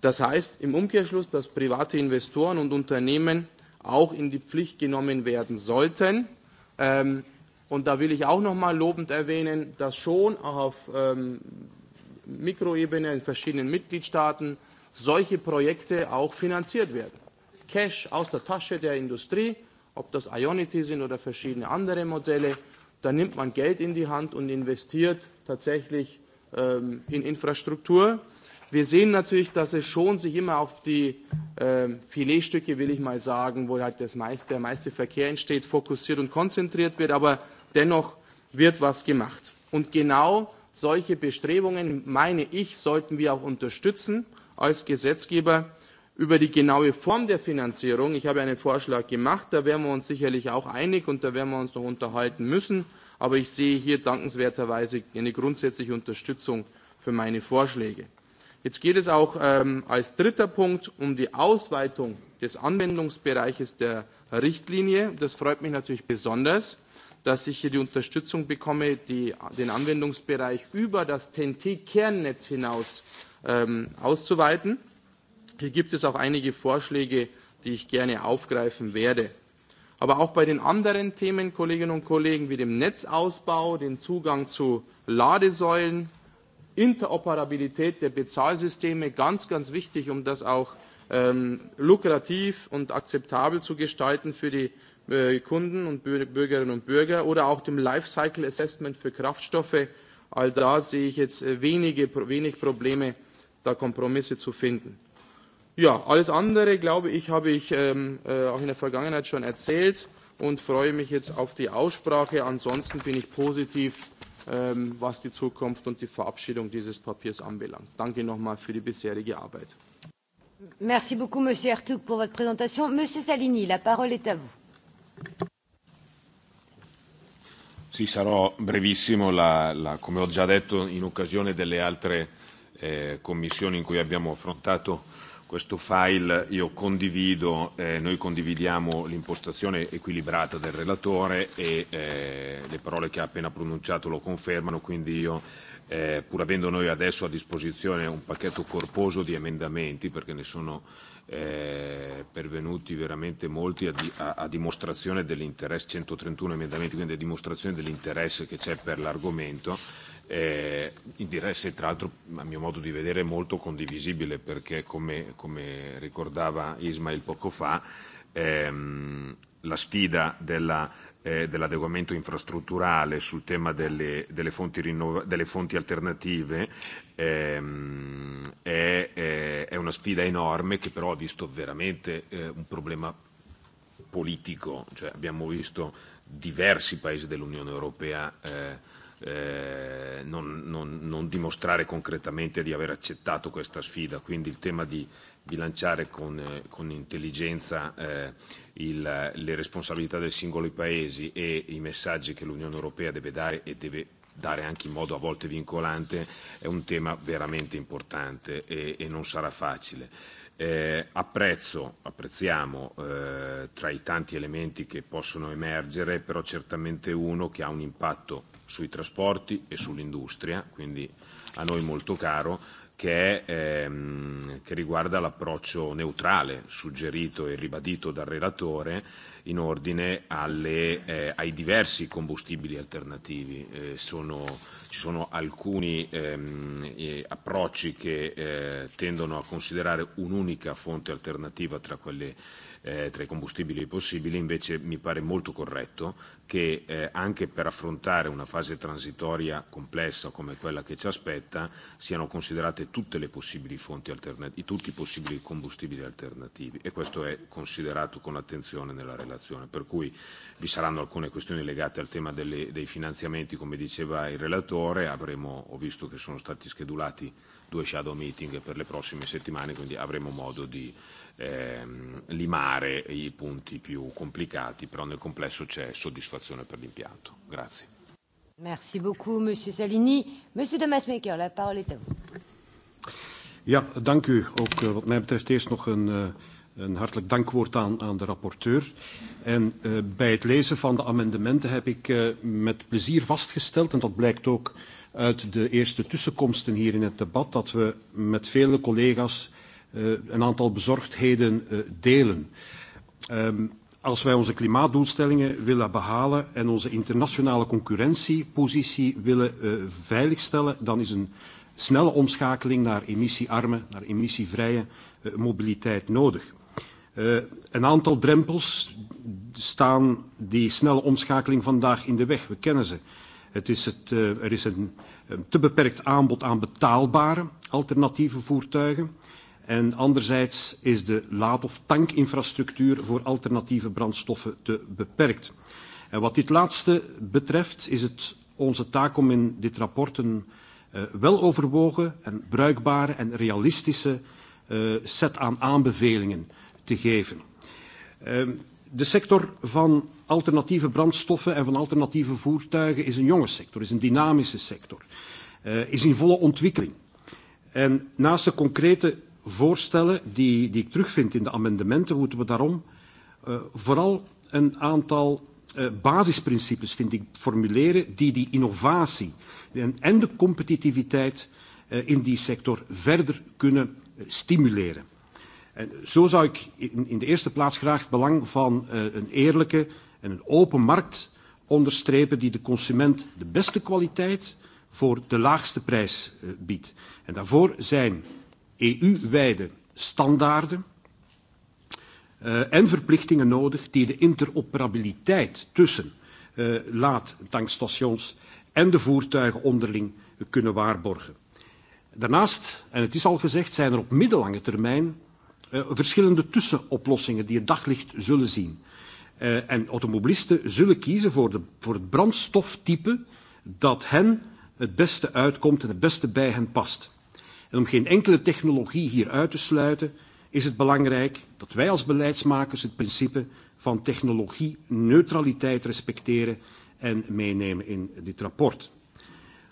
Das heißt im Umkehrschluss, dass private Investoren und Unternehmen auch in die Pflicht genommen werden sollten. Ähm, und da will ich auch nochmal lobend erwähnen, dass schon auf ähm, Mikroebene in verschiedenen Mitgliedstaaten solche Projekte auch finanziert werden. Cash aus der Tasche der Industrie, ob das Ionity sind oder verschiedene andere Modelle, Da nimmt man Geld in die Hand und investiert tatsächlich ähm, in Infrastruktur. Wir sehen natürlich, dass es schon sich immer auf die äh, Filetstücke, will ich mal sagen, wo halt das meiste, der meiste Verkehr entsteht, fokussiert und konzentriert wird, aber dennoch wird was gemacht. Und genau solche Bestrebungen, meine ich, sollten wir auch unterstützen als Gesetzgeber über die genaue Form der Finanzierung. Ich habe einen Vorschlag gemacht, da werden wir uns sicherlich auch einig und da werden wir uns noch unterhalten müssen. Aber ich sehe hier dankenswerterweise eine grundsätzliche Unterstützung für meine Vorschläge. Jetzt geht es auch ähm, als dritter Punkt um die Ausweitung des Anwendungsbereiches der Richtlinie. Das freut mich natürlich besonders, dass ich hier die Unterstützung bekomme, die, den Anwendungsbereich über das TNT-Kernnetz hinaus ähm, auszuweiten. Hier gibt es auch einige Vorschläge, die ich gerne aufgreifen werde. Aber auch bei den anderen Themen, Kolleginnen und Kollegen, wie dem Netzausbau, dem Zugang zu Ladesäulen, Interoperabilität der Bezahlsysteme, ganz, ganz wichtig, um das auch ähm, lukrativ und akzeptabel zu gestalten für die äh, Kunden und Bürgerinnen und Bürger oder auch dem Lifecycle Assessment für Kraftstoffe. All da sehe ich jetzt äh, wenige, wenig Probleme, da Kompromisse zu finden. Ja, alles andere, glaube ich, habe ich ähm, äh, auch in der Vergangenheit schon erzählt und freue mich jetzt auf die Aussprache. Ansonsten bin ich positiv, ähm, was die Zukunft und die Verabschiedung dieses Papiers anbelangt. Danke nochmal für die bisherige Arbeit. Merci beaucoup, Monsieur Ertug, pour votre présentation. Monsieur Salini, la parole est à vous. Sì, sarò brevissimo. La, la, come ho già detto in occasione delle altre eh, commissioni in cui abbiamo affrontato questo file io condivido, eh, noi condividiamo l'impostazione equilibrata del relatore e eh, le parole che ha appena pronunciato lo confermano, quindi io eh, pur avendo noi adesso a disposizione un pacchetto corposo di emendamenti, perché ne sono eh, pervenuti veramente molti a, di, a, a dimostrazione dell'interesse, 131 emendamenti, quindi a dimostrazione dell'interesse che c'è per l'argomento, eh, interesse tra l'altro a mio modo di vedere molto condivisibile perché come, come ricordava Ismail poco fa ehm, la sfida della, eh, dell'adeguamento infrastrutturale sul tema delle, delle, fonti, rinnova- delle fonti alternative ehm, è, è, è una sfida enorme che però ha visto veramente eh, un problema politico, cioè abbiamo visto diversi paesi dell'Unione Europea eh, eh, non, non, non dimostrare concretamente di aver accettato questa sfida. Quindi il tema di bilanciare con, eh, con intelligenza eh, il, le responsabilità dei singoli paesi e i messaggi che l'Unione Europea deve dare e deve dare anche in modo a volte vincolante è un tema veramente importante e, e non sarà facile. Eh, apprezzo, apprezziamo eh, tra i tanti elementi che possono emergere, però certamente uno che ha un impatto sui trasporti e sull'industria, quindi a noi molto caro, che, ehm, che riguarda l'approccio neutrale suggerito e ribadito dal relatore in ordine alle, eh, ai diversi combustibili alternativi. Eh, sono, ci sono alcuni ehm, eh, approcci che eh, tendono a considerare un'unica fonte alternativa tra quelle eh, tra i combustibili possibili, invece mi pare molto corretto che eh, anche per affrontare una fase transitoria complessa come quella che ci aspetta siano considerate tutte le possibili fonti alternative, tutti i possibili combustibili alternativi e questo è considerato con attenzione nella relazione. Per cui vi saranno alcune questioni legate al tema delle, dei finanziamenti, come diceva il relatore, avremo, ho visto che sono stati schedulati due shadow meeting per le prossime settimane, quindi avremo modo di ehm, limare i punti più complicati, però nel complesso c'è soddisfazione per l'impianto. Grazie. Merci beaucoup, Monsieur Salini. Monsieur de Maasmaker, la parole est à vous. Ja, dank u. Ook uh, wat mij betreft eerst nog een, uh, een hartelijk dankwoord aan, aan de rapporteur. En uh, bij het lezen van de amendementen heb ik uh, met plezier vastgesteld, en dat blijkt ook uit de eerste tussenkomsten hier in het debat, dat we met vele collega's uh, een aantal bezorgdheden uh, delen. Um, als wij onze klimaatdoelstellingen willen behalen en onze internationale concurrentiepositie willen uh, veiligstellen, dan is een snelle omschakeling naar emissiearme, naar emissievrije uh, mobiliteit nodig. Uh, een aantal drempels staan die snelle omschakeling vandaag in de weg. We kennen ze. Het is het, uh, er is een, een te beperkt aanbod aan betaalbare alternatieve voertuigen. En anderzijds is de laad- of tankinfrastructuur voor alternatieve brandstoffen te beperkt. En wat dit laatste betreft is het onze taak om in dit rapport een uh, weloverwogen en bruikbare en realistische uh, set aan aanbevelingen te geven. Uh, de sector van alternatieve brandstoffen en van alternatieve voertuigen is een jonge sector, is een dynamische sector, uh, is in volle ontwikkeling. En naast de concrete voorstellen die, die ik terugvind in de amendementen, moeten we daarom uh, vooral een aantal uh, basisprincipes, vind ik, formuleren die die innovatie en, en de competitiviteit uh, in die sector verder kunnen uh, stimuleren. En zo zou ik in, in de eerste plaats graag het belang van uh, een eerlijke en een open markt onderstrepen die de consument de beste kwaliteit voor de laagste prijs uh, biedt. En daarvoor zijn uh, EU-wijde standaarden uh, en verplichtingen nodig die de interoperabiliteit tussen uh, laadtankstations en de voertuigen onderling kunnen waarborgen. Daarnaast, en het is al gezegd, zijn er op middellange termijn uh, verschillende tussenoplossingen die het daglicht zullen zien. Uh, en automobilisten zullen kiezen voor, de, voor het brandstoftype dat hen het beste uitkomt en het beste bij hen past. En om geen enkele technologie hier uit te sluiten, is het belangrijk dat wij als beleidsmakers het principe van technologie-neutraliteit respecteren en meenemen in dit rapport.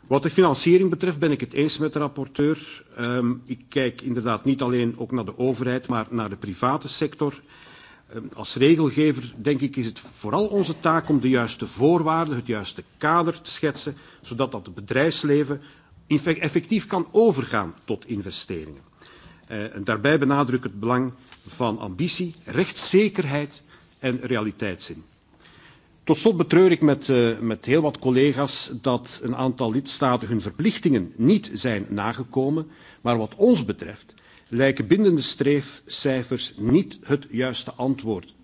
Wat de financiering betreft ben ik het eens met de rapporteur. Um, ik kijk inderdaad niet alleen ook naar de overheid, maar naar de private sector. Um, als regelgever, denk ik, is het vooral onze taak om de juiste voorwaarden, het juiste kader te schetsen, zodat dat het bedrijfsleven effectief kan overgaan tot investeringen. Uh, en daarbij benadruk ik het belang van ambitie, rechtszekerheid en realiteitszin. Tot slot betreur ik met, uh, met heel wat collega's dat een aantal lidstaten hun verplichtingen niet zijn nagekomen. Maar wat ons betreft lijken bindende streefcijfers niet het juiste antwoord.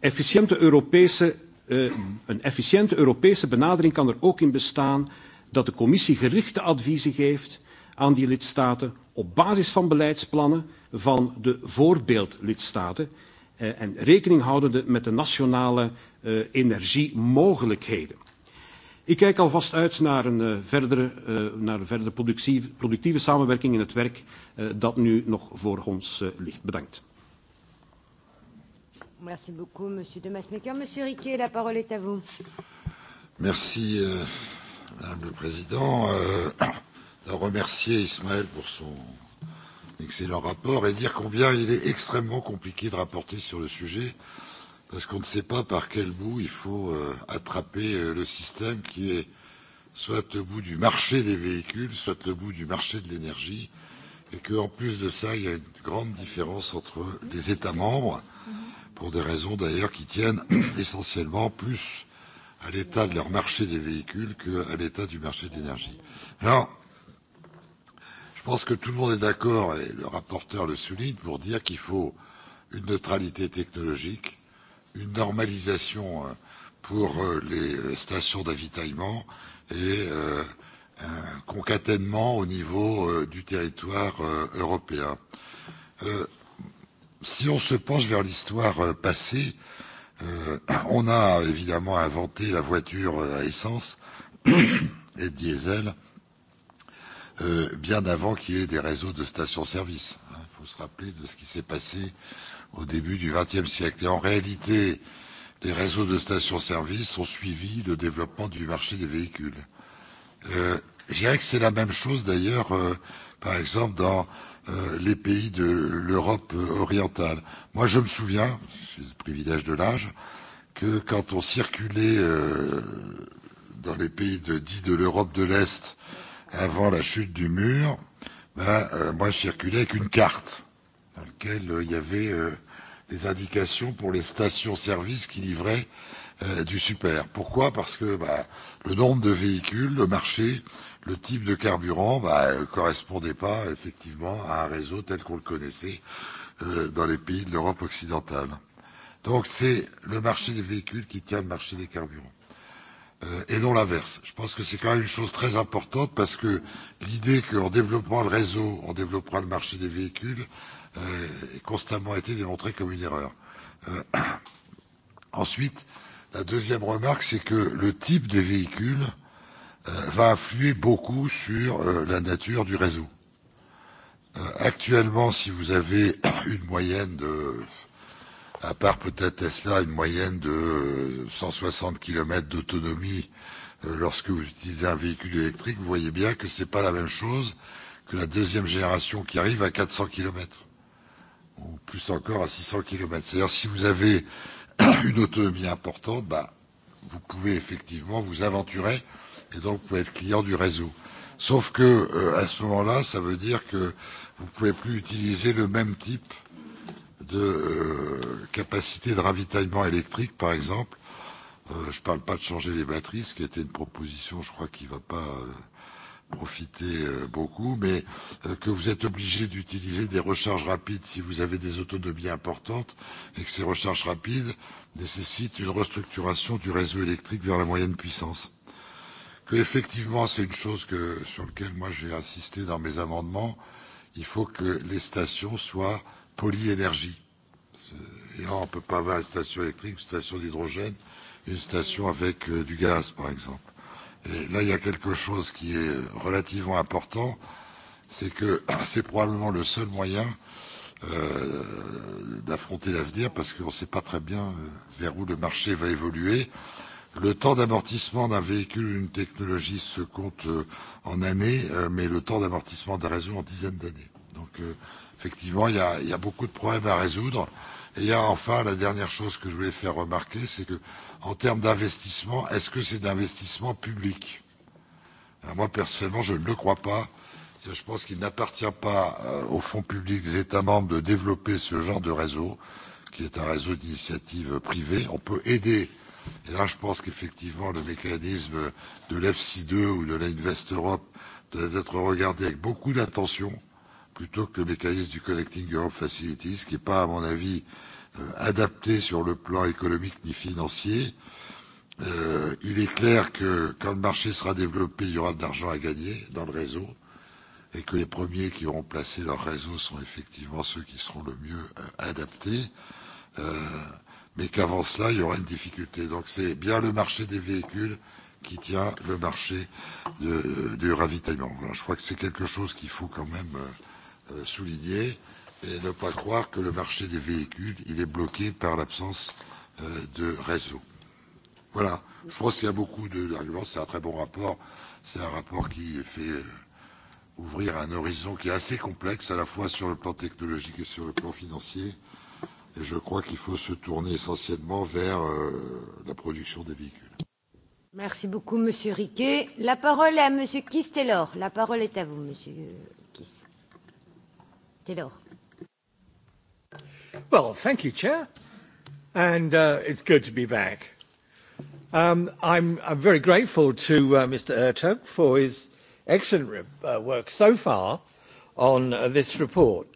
Efficiënte Europese, uh, een efficiënte Europese benadering kan er ook in bestaan dat de Commissie gerichte adviezen geeft aan die lidstaten op basis van beleidsplannen van de voorbeeldlidstaten eh, en rekening houdende met de nationale eh, energiemogelijkheden. Ik kijk alvast uit naar een uh, verdere, uh, naar een verdere productieve, productieve samenwerking in het werk uh, dat nu nog voor ons uh, ligt. Bedankt. Merci beaucoup, monsieur de Masmaker. Monsieur Riquet, la parole est à vous. Merci, euh, Madame le Président, euh, de remercier Ismaël pour son excellent rapport et dire combien il est extrêmement compliqué de rapporter sur le sujet, parce qu'on ne sait pas par quel bout il faut euh, attraper euh, le système qui est soit le bout du marché des véhicules, soit le bout du marché de l'énergie, et qu'en plus de ça, il y a une grande différence entre les États membres, pour des raisons d'ailleurs qui tiennent essentiellement plus à l'état de leur marché des véhicules qu'à l'état du marché de l'énergie. Alors, je pense que tout le monde est d'accord, et le rapporteur le souligne, pour dire qu'il faut une neutralité technologique, une normalisation euh, pour euh, les euh, stations d'avitaillement et un concaténement au niveau du territoire européen. Si on se penche vers l'histoire passée, euh, Euh, on a évidemment inventé la voiture euh, à essence et diesel euh, bien avant qu'il y ait des réseaux de stations-service. Il hein, faut se rappeler de ce qui s'est passé au début du XXe siècle. Et en réalité, les réseaux de stations-service ont suivi le développement du marché des véhicules. Euh, je dirais que c'est la même chose d'ailleurs, euh, par exemple, dans euh, les pays de l'Europe euh, orientale. Moi, je me souviens, c'est le privilège de l'âge, que quand on circulait euh, dans les pays de, dits de l'Europe de l'Est avant la chute du mur, ben, euh, moi, je circulais avec une carte dans laquelle euh, il y avait euh, des indications pour les stations-service qui livraient euh, euh, du super. Pourquoi Parce que bah, le nombre de véhicules, le marché, le type de carburant ne bah, euh, correspondait pas effectivement à un réseau tel qu'on le connaissait euh, dans les pays de l'Europe occidentale. Donc c'est le marché des véhicules qui tient le marché des carburants euh, et non l'inverse. Je pense que c'est quand même une chose très importante parce que l'idée qu'en développant le réseau, on développera le marché des véhicules, euh, est constamment été démontrée comme une erreur. Euh, ensuite, La deuxième remarque, c'est que le type des véhicules euh, va influer beaucoup sur euh, la nature du réseau. Euh, actuellement, si vous avez une moyenne de, à part peut-être Tesla, une moyenne de 160 euh, km d'autonomie euh, lorsque vous utilisez un véhicule électrique, vous voyez bien que ce n'est pas la même chose que la deuxième génération qui arrive à 400 km ou plus encore à 600 km. C'est-à-dire si vous avez euh, une autonomie importante, bah, vous pouvez effectivement vous aventurer et donc vous pouvez être client du réseau. Sauf que euh, à ce moment-là, ça veut dire que vous ne pouvez plus utiliser le même type de euh, capacité de ravitaillement électrique, par exemple. Euh, je ne parle pas de changer les batteries, ce qui était une proposition, je crois, qui ne va pas euh, profiter euh, beaucoup, mais euh, que vous êtes obligé d'utiliser des recharges rapides si vous avez des autonomies importantes et que ces recharges rapides nécessitent une restructuration du réseau électrique vers la moyenne puissance. Que effectivement, c'est une chose que, sur laquelle moi j'ai insisté dans mes amendements, il faut que les stations soient polyénergie. Et là, on ne peut pas avoir une station électrique, une station d'hydrogène, une station avec euh, du gaz, par exemple. Et là, il y a quelque chose qui est relativement important, c'est que c'est probablement le seul moyen euh, d'affronter l'avenir, parce qu'on ne sait pas très bien euh, vers où le marché va évoluer. Le temps d'amortissement d'un véhicule, une technologie se compte euh, en années, euh, mais le temps d'amortissement d'un réseau en dizaines d'années. Donc, euh, effectivement, il y, a, il y a beaucoup de problèmes à résoudre. Euh, Et enfin, la dernière chose que je voulais faire remarquer, c'est que, en termes d'investissement, est-ce que c'est d'investissement public Alors Moi, personnellement, je ne le crois pas. Je pense qu'il n'appartient pas euh, aux fonds publics des États membres de développer ce genre de réseau, qui est un réseau d'initiative privée. On peut aider. Et là, je pense qu'effectivement, le mécanisme de l'EFSI 2 ou de l'Invest Europe doit être regardé avec beaucoup d'attention. Euh, plutôt que le mécanisme du Collecting Europe Facilities, qui n'est pas, à mon avis, euh, adapté sur le plan économique ni financier. Euh, il est clair que quand le marché sera développé, il y aura de l'argent à gagner dans le réseau et que les premiers qui auront placé leur réseau sont effectivement ceux qui seront le mieux euh, adaptés. Euh, mais qu'avant cela, il y aura une difficulté. Donc c'est bien le marché des véhicules qui tient le marché de, euh, du ravitaillement. Voilà, je crois que c'est quelque chose qu'il faut quand même euh, euh, souligné et ne pas croire que le marché des véhicules, il est bloqué par l'absence euh, de réseau. Voilà. Je pense qu'il y a beaucoup d'arguments. C'est un très bon rapport. C'est un rapport qui fait euh, ouvrir un horizon qui est assez complexe, à la fois sur le plan technologique et sur le plan financier. Et je crois qu'il faut se tourner essentiellement vers euh, la production des véhicules. Merci beaucoup, Monsieur Riquet. La parole est à Monsieur Kistelor. La parole est à vous, Monsieur Kiss. Taylor. Well, thank you, Chair. And uh, it's good to be back. Um, I'm, I'm very grateful to uh, Mr. Ertug for his excellent uh, work so far on uh, this report.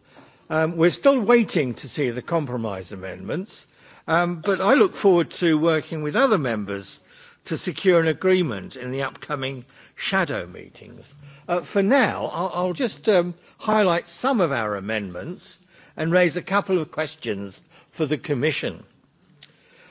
Um, we're still waiting to see the compromise amendments, um, but I look forward to working with other members to secure an agreement in the upcoming shadow meetings. Uh, for now, I'll, I'll just um, highlight some of our amendments and raise a couple of questions for the Commission.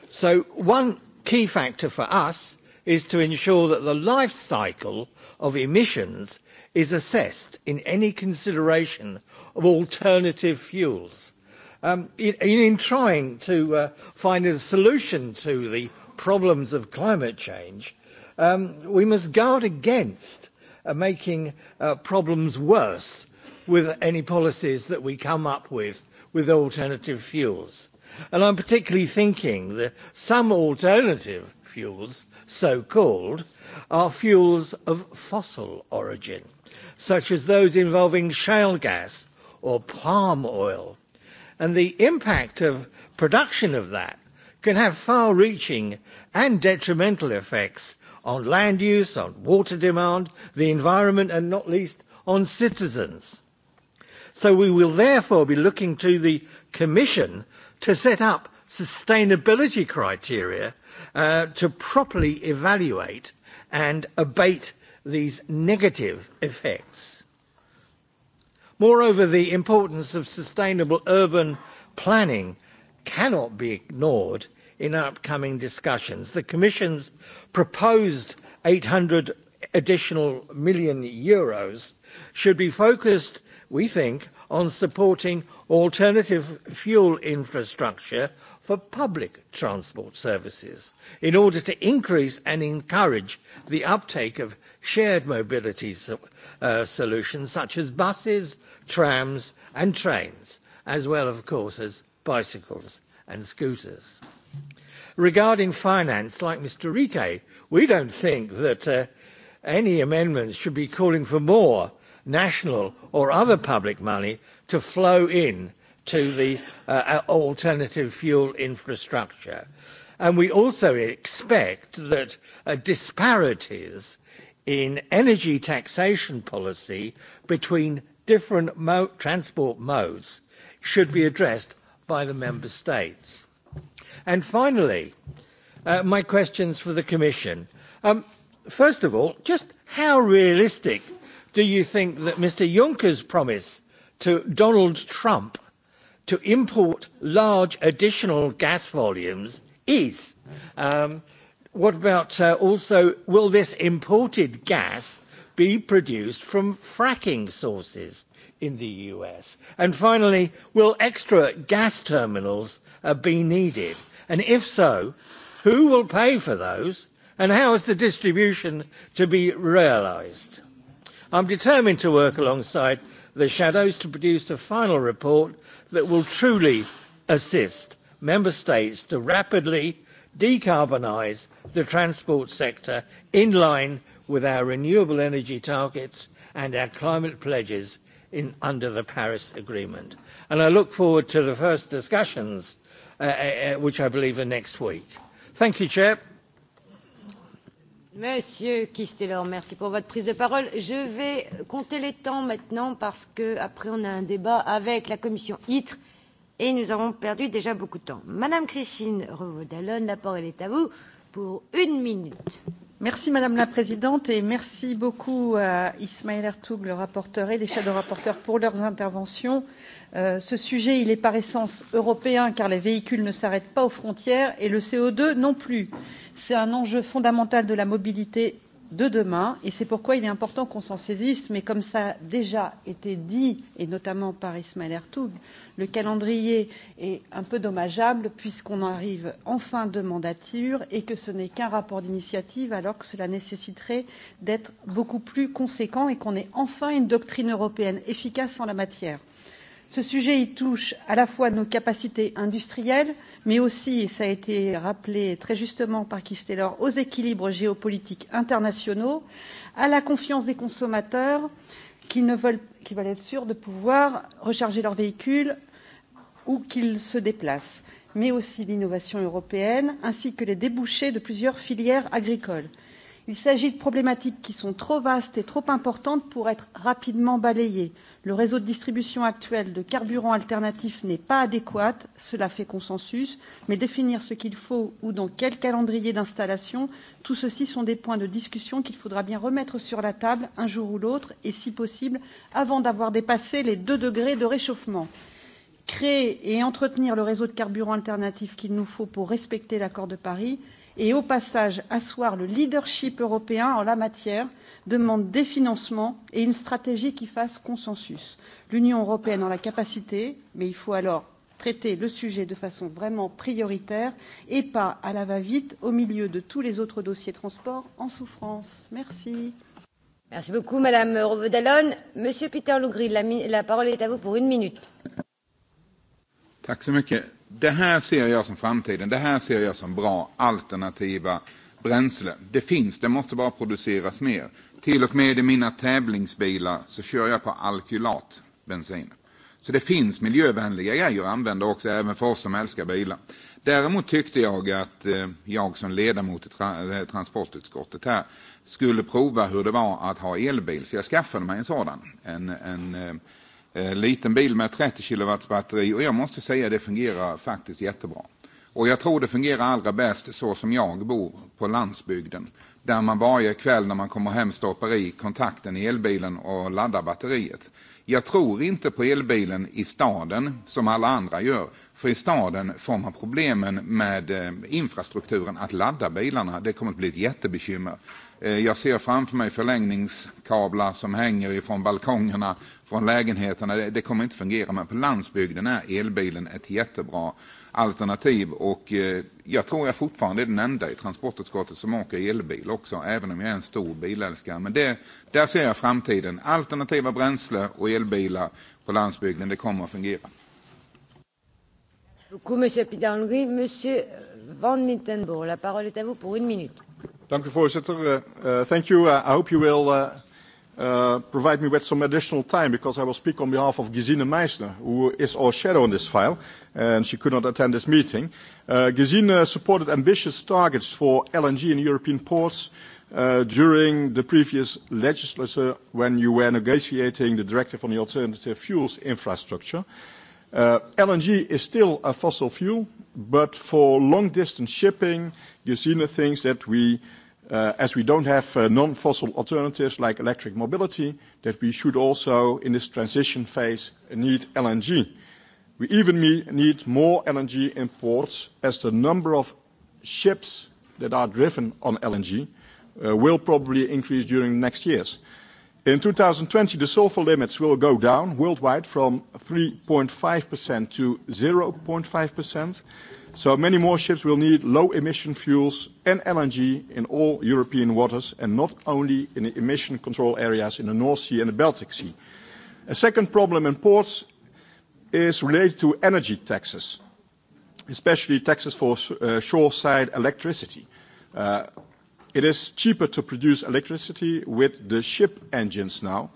So one key factor for us is to ensure that the life cycle of emissions is assessed in any consideration of alternative fuels. Um, in, in trying to uh, find a solution to the problems of climate change, um, we must guard against uh, making uh, problems worse with any policies that we come up with with alternative fuels. And I'm particularly thinking that some alternative fuels, so-called, are fuels of fossil origin, such as those involving shale gas or palm oil. And the impact of production of that can have far-reaching and detrimental effects on land use, on water demand, the environment, and not least on citizens. So we will therefore be looking to the Commission to set up sustainability criteria uh, to properly evaluate and abate these negative effects. Moreover, the importance of sustainable urban planning cannot be ignored in upcoming discussions. The Commission's proposed 800 additional million euros should be focused we think, on supporting alternative fuel infrastructure for public transport services in order to increase and encourage the uptake of shared mobility so, uh, solutions such as buses, trams and trains, as well, of course, as bicycles and scooters. Regarding finance, like Mr Rike, we don't think that uh, any amendments should be calling for more national or other public money to flow in to the uh, uh, alternative fuel infrastructure. And we also expect that uh, disparities in energy taxation policy between different mo- transport modes should be addressed by the member states. And finally, uh, my questions for the Commission. Um, first of all, just how realistic do you think that Mr Juncker's promise to Donald Trump to import large additional gas volumes is? Um, what about uh, also, will this imported gas be produced from fracking sources in the US? And finally, will extra gas terminals uh, be needed? And if so, who will pay for those? And how is the distribution to be realised? I'm determined to work alongside the shadows to produce a final report that will truly assist member states to rapidly decarbonise the transport sector in line with our renewable energy targets and our climate pledges in, under the Paris Agreement. And I look forward to the first discussions, uh, uh, uh which I believe are next week. Thank you, Chair. Monsieur Kistelor, merci pour votre prise de parole. Je vais compter les temps maintenant parce que après on a un débat avec la commission ITRE et nous avons perdu déjà beaucoup de temps. Madame Christine Revaud-Dallon, la parole est à vous pour une minute. Merci Madame la Présidente et merci beaucoup à Ismaël Ertoug, le rapporteur et les shadow rapporteurs pour leurs interventions. Euh, Euh, ce sujet, il est par essence européen car les véhicules ne s'arrêtent pas aux frontières et le CO2 non plus. C'est un enjeu fondamental de la mobilité de demain et c'est pourquoi il est important qu'on s'en saisisse. Mais comme ça a déjà été dit, et notamment par Ismaël Ertoug, le calendrier est un peu dommageable puisqu'on arrive en fin de mandature et que ce n'est qu'un rapport d'initiative alors que cela nécessiterait d'être beaucoup plus conséquent et qu'on ait enfin une doctrine européenne efficace en la matière. Ce sujet y touche à la fois nos capacités industrielles, mais aussi, et ça a été rappelé très justement par Kistelor, aux équilibres géopolitiques internationaux, à la confiance des consommateurs qui, ne veulent, qui veulent être sûrs de pouvoir recharger leur véhicule ou qu'ils se déplacent, mais aussi l'innovation européenne, ainsi que les débouchés de plusieurs filières agricoles. Il s'agit de problématiques qui sont trop vastes et trop importantes pour être rapidement balayées. Le réseau de distribution actuel de carburants alternatifs n'est pas adéquat, cela fait consensus, mais définir ce qu'il faut ou dans quel calendrier d'installation, tout ceci sont des points de discussion qu'il faudra bien remettre sur la table un jour ou l'autre, et si possible avant d'avoir dépassé les 2 degrés de réchauffement créer et entretenir le réseau de carburants alternatifs qu'il nous faut pour respecter l'accord de Paris et, au passage, asseoir le leadership européen en la matière demande des financements et une stratégie qui fasse consensus. L'Union européenne en a la capacité, mais il faut alors traiter le sujet de façon vraiment prioritaire et pas à la va-vite au milieu de tous les autres dossiers transport en souffrance. Merci. Merci beaucoup, Madame Rovodalon. Monsieur Peter Lugrid, la, la parole est à vous pour une minut. Tack så mycket. Det här ser jag som framtiden. Det här ser jag som bra alternativa bränslen. Det finns, det måste bara produceras mer till och med i mina tävlingsbilar så kör jag på alkylat bensin. Så det finns miljövänliga grejer att använda också, även för oss som älskar bilar. Däremot tyckte jag att eh, jag som ledamot i tra eh, transportutskottet här skulle prova hur det var att ha elbil, så jag skaffade mig en sådan. En, en eh, eh liten bil med 30 kilowatts batteri och jag måste säga det fungerar faktiskt jättebra. Och jag tror det fungerar allra bäst så som jag bor på landsbygden där man varje kväll när man kommer hem stoppar i kontakten i elbilen och laddar batteriet. Jag tror inte på elbilen i staden som alla andra gör. För i staden får man problemen med eh, infrastrukturen att ladda bilarna. Det kommer att bli ett jättebekymmer. Eh, jag ser framför mig förlängningskablar som hänger från balkongerna, från lägenheterna. Det kommer inte att fungera. Men på landsbygden är elbilen ett jättebra alternativ och eh, jag tror jag fortfarande är den enda i transportutskottet som åker elbil också, även om jag är en stor bilälskare. Men det, där ser jag framtiden. Alternativa bränslen och elbilar på landsbygden, det kommer att fungera. Beaucoup, monsieur Pidangri. Monsieur Van Mittenbourg, la parole est à vous pour une minute. Dank u, voorzitter. Uh, thank you. Uh, I hope you will uh, uh, provide me with some additional time because I will speak on behalf of Gesine Meissner, who is our shadow on this file, and she could not attend this meeting. Uh, Gesine supported ambitious targets for LNG in European ports uh, during the previous legislature when you were negotiating the directive on the alternative fuels infrastructure. Uh, LNG is still a fossil fuel, but for long-distance shipping, Gesine thinks that we uh, Uh, as we don't have uh, non-fossil alternatives like electric mobility, that we should also, in this transition phase, need LNG. We even need more LNG imports as the number of ships that are driven on LNG uh, will probably increase during next years. In 2020, the sulfur limits will go down worldwide from 3.5% to 0.5%. So many more ships will need low emission fuels and LNG in all European waters, and not only in the emission control areas in the North Sea and the Baltic Sea. A second problem in ports is related to energy taxes, especially taxes for uh, shoreside electricity. Uh, it is cheaper to produce electricity with the ship engines now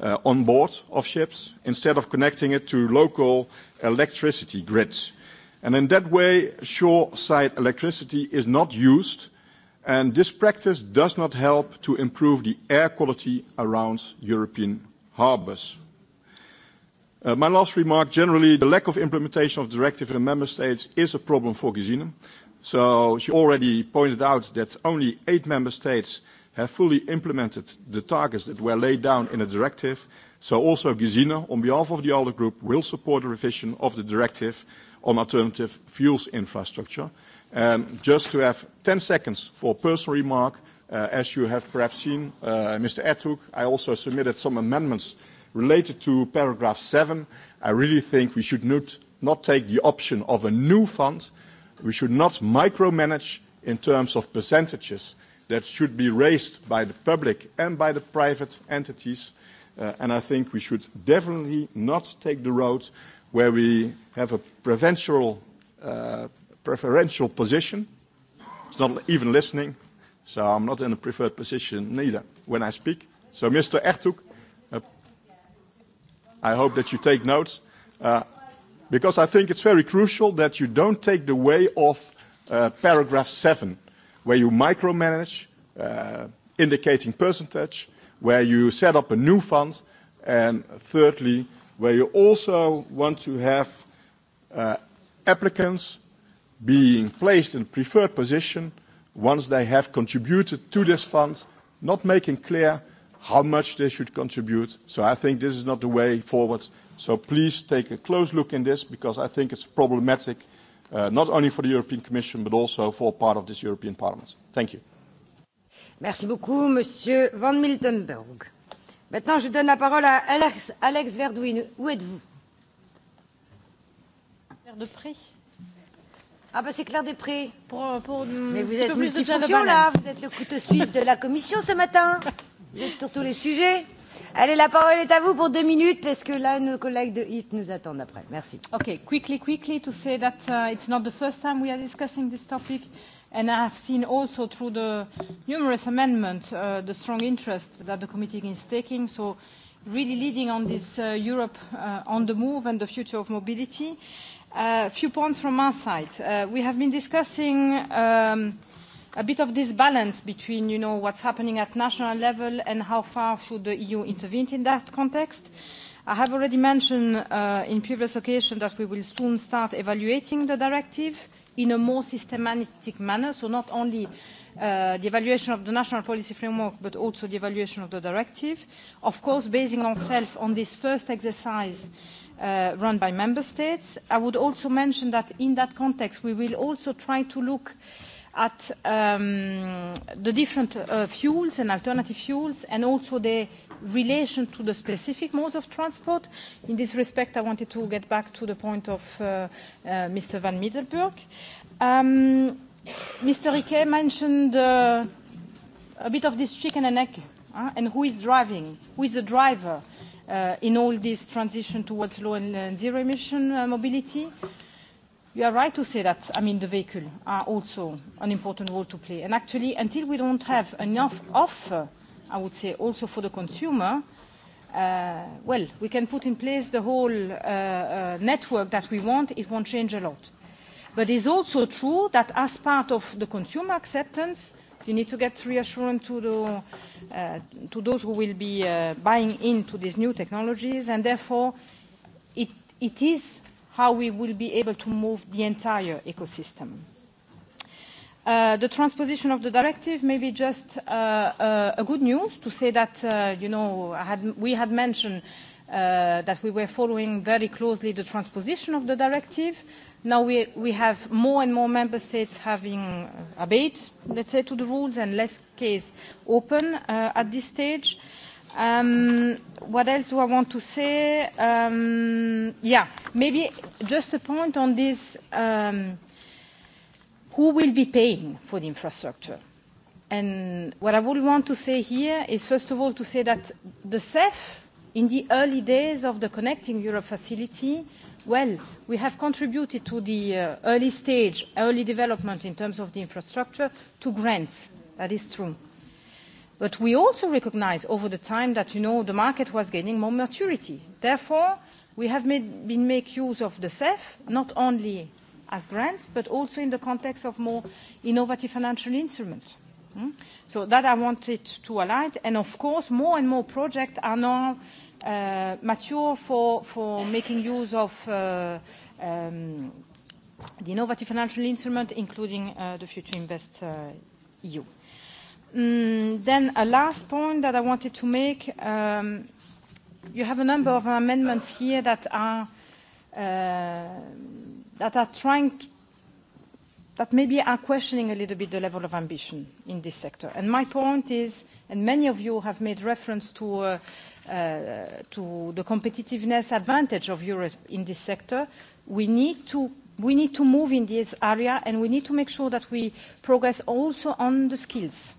uh, on board of ships instead of connecting it to local electricity grids. And in that way, shoreside electricity is not used, and this practice does not help to improve the air quality around European harbors. Uh, my last remark, generally, the lack of implementation of directive in member states is a problem for Gesine. So she already pointed out that only eight member states have fully implemented the targets that were laid down in the directive. So also Gesine, on behalf of the ALDE group, will support the revision of the directive on alternative fuels infrastructure. Um, just to have 10 seconds for personal remark, uh, as you have perhaps seen, uh, Mr. Ertug, I also submitted some amendments related to paragraph 7. I really think we should not, not take the option of a new fund. We should not micromanage in terms of percentages that should be raised by the public and by the private entities. Uh, and I think we should definitely not take the road where we have a preferential, uh, preferential position. It's not even listening, so I'm not in a preferred position neither when I speak. So, Mr. Ertug, uh, I hope that you take notes, uh, because I think it's very crucial that you don't take the way of uh, paragraph 7, where you micromanage, uh, indicating percentage, where you set up a new fund, and thirdly, where you also want to have uh, applicants being placed in preferred position once they have contributed to this fund, not making clear how much they should contribute. So I think this is not the way forward. So please take a close look in this because I think it's problematic uh, not only for the European Commission but also for part of this European Parliament. Thank you. Merci beaucoup, Monsieur Van Miltenberg. Maintenant, je donne la parole à Alex, Alex Verdouine. Où êtes-vous Claire Després. Ah bah c'est Claire Després. Pour, pour Mais vous êtes multifonction là, vous êtes le couteau suisse de la commission ce matin. Vous êtes sur tous les sujets. Allez, la parole est à vous pour deux minutes parce que là, nos collègues de HIT nous attendent après. Merci. Okay, quickly, quickly to say that uh, it's not the first time we are discussing this topic. Uh, And I have seen also through the numerous amendments uh, the strong interest that the committee is taking. So really leading on this uh, Europe uh, on the move and the future of mobility. A uh, few points from our side. Uh, we have been discussing um, a bit of this balance between you know, what's happening at national level and how far should the EU intervene in that context. I have already mentioned uh, in previous occasions that we will soon start evaluating the directive. Uh, in a more systematic manner, so not only uh, the evaluation of the national policy framework, but also the evaluation of the directive. Of course, basing ourselves on this first exercise uh, run by member states. I would also mention that in that context, we will also try to look at um, the different uh, fuels and alternative fuels and also the relation to the specific modes of transport. In this respect, I wanted to get back to the point of uh, uh, Mr. Van Middelburg. Um, Mr. Riquet mentioned uh, a bit of this chicken and egg, uh, and who is driving, who is the driver uh, in all this transition towards low and uh, zero emission uh, mobility. You are right to say that, I mean, the vehicle are also an important role to play. And actually, until we don't have enough offer I would say, also for the consumer, uh, well, we can put in place the whole uh, uh, network that we want. It won't change a lot. But it's also true that as part of the consumer acceptance, you need to get reassurance to, the, uh, to those who will be uh, buying into these new technologies, and therefore it, it is how we will be able to move the entire ecosystem. Uh, the transposition of the directive may be just uh, uh, a good news to say that, uh, you know, had, we had mentioned uh, that we were following very closely the transposition of the directive. Now we, we have more and more member states having obeyed, let's say, to the rules and less case open uh, at this stage. Um, what else do I want to say? Um, yeah, maybe just a point on this um, who will be paying for the infrastructure? And what I would want to say here is, first of all, to say that the CEF, in the early days of the Connecting Europe facility, well, we have contributed to the uh, early stage, early development in terms of the infrastructure to grants. That is true. But we also recognize over the time that, you know, the market was gaining more maturity. Therefore, we have made, been make use of the CEF, not only as grants, but also in the context of more innovative financial instruments. Mm? So that I wanted to highlight. And of course, more and more projects are now uh, mature for, for making use of uh, um, the innovative financial instrument, including uh, the Future Invest uh, EU. Mm, then a last point that I wanted to make, um, you have a number of amendments here that are uh, that are trying to, that maybe are questioning a little bit the level of ambition in this sector. And my point is, and many of you have made reference to, uh, uh, to the competitiveness advantage of Europe in this sector, we need to we need to move in this area and we need to make sure that we progress also on the skills.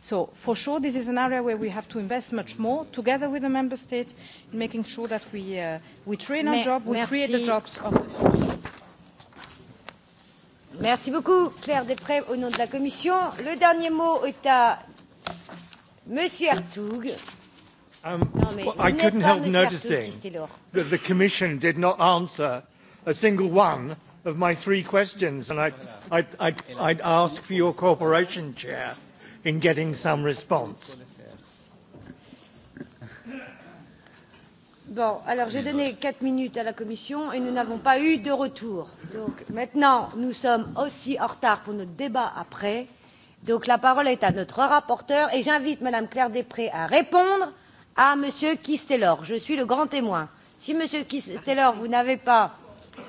So for sure this is an area where we have to invest much more together with the member states in making sure that we, uh, we train our job, we Merci. create the jobs of the future. Merci beaucoup, Claire Després, au nom de la Commission. Le dernier mot est à Monsieur Hertoug. Um, non, mais well, I couldn't help noticing that the Commission did not answer a single one of my three questions, and I'd, I'd, I'd, I'd ask for your cooperation, Chair, in getting some response. Bon, alors j'ai donné 4 minutes à la Commission et nous n'avons pas eu de retour. Donc maintenant, nous sommes aussi en retard pour notre débat après. Donc la parole est à notre rapporteur et j'invite Madame Claire Després à répondre à Monsieur Kistelor. Je suis le grand témoin. Si Monsieur Kistelor, vous n'avez pas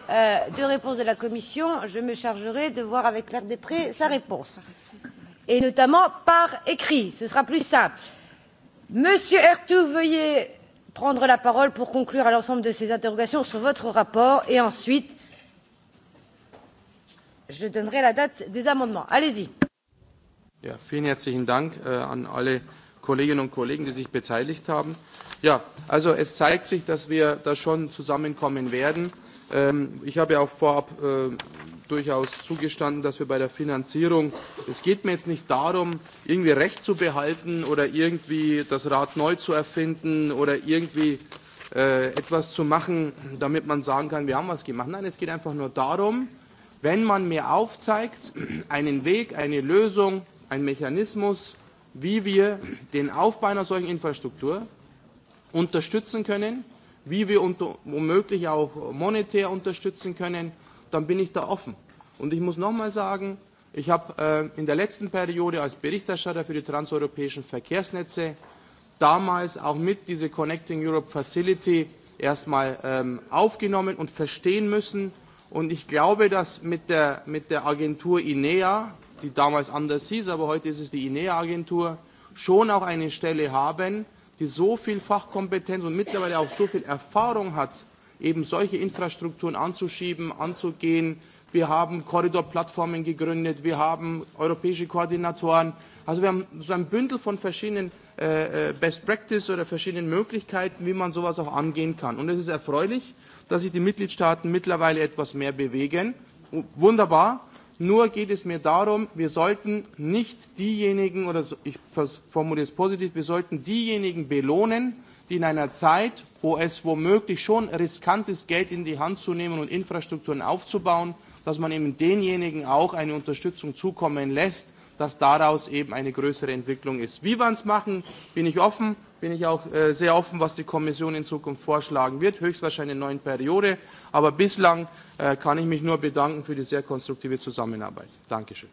euh, de réponse de la Commission, je me chargerai de voir avec Claire Després sa réponse. Et notamment par écrit, ce sera plus simple. Monsieur Ertug, veuillez prendre la parole pour conclure à l'ensemble de ces interrogations sur votre rapport et ensuite je donnerai la date des amendements. Allez y. Ja, vielen herzlichen Dank äh, an alle Kolleginnen und Kollegen, die sich beteiligt haben. Ja, also es zeigt sich, dass wir da schon zusammenkommen werden. Ähm, ich habe auch vorab äh, durchaus zugestanden, dass wir bei der Finanzierung, es geht mir jetzt nicht darum, irgendwie Recht zu behalten oder irgendwie das Rad neu zu erfinden oder irgendwie äh, etwas zu machen, damit man sagen kann, wir haben was gemacht. Nein, es geht einfach nur darum, wenn man mir aufzeigt, einen Weg, eine Lösung, einen Mechanismus, wie wir den Aufbau einer solchen Infrastruktur unterstützen können, wie wir unter, womöglich auch monetär unterstützen können, dann bin ich da offen. Und ich muss nochmal sagen, ich habe äh, in der letzten Periode als Berichterstatter für die transeuropäischen Verkehrsnetze damals auch mit diese Connecting Europe Facility erstmal ähm, aufgenommen und verstehen müssen. Und ich glaube, dass mit der, mit der Agentur INEA, die damals anders hieß, aber heute ist es die INEA-Agentur, schon auch eine Stelle haben, die so viel Fachkompetenz und mittlerweile auch so viel Erfahrung hat eben solche Infrastrukturen anzuschieben, anzugehen. Wir haben Korridorplattformen gegründet, wir haben europäische Koordinatoren. Also wir haben so ein Bündel von verschiedenen äh, äh, Best Practice oder verschiedenen Möglichkeiten, wie man sowas auch angehen kann. Und es ist erfreulich, dass sich die Mitgliedstaaten mittlerweile etwas mehr bewegen. Oh, wunderbar. Nur geht es mir darum, wir sollten nicht diejenigen, oder ich formuliere es positiv, wir sollten diejenigen belohnen, die in einer Zeit, wo es womöglich schon riskant ist, Geld in die Hand zu nehmen und Infrastrukturen aufzubauen, dass man eben denjenigen auch eine Unterstützung zukommen lässt, dass daraus eben eine größere Entwicklung ist. Wie wir es machen, bin ich offen, bin ich auch äh, sehr offen, was die Kommission in Zukunft vorschlagen wird, höchstwahrscheinlich in der neuen Periode. Aber bislang äh, kann ich mich nur bedanken für die sehr konstruktive Zusammenarbeit. Dankeschön.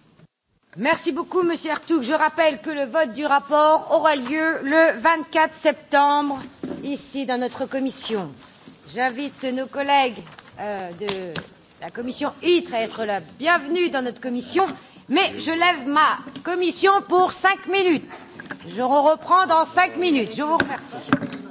Merci beaucoup, Monsieur Artug. Je rappelle que le vote du rapport aura lieu le 24 septembre, ici, dans notre commission. J'invite nos collègues euh, de la commission ITRE à être la bienvenue dans notre commission, mais je lève ma commission pour cinq minutes. Je reprends dans cinq minutes. Je vous remercie.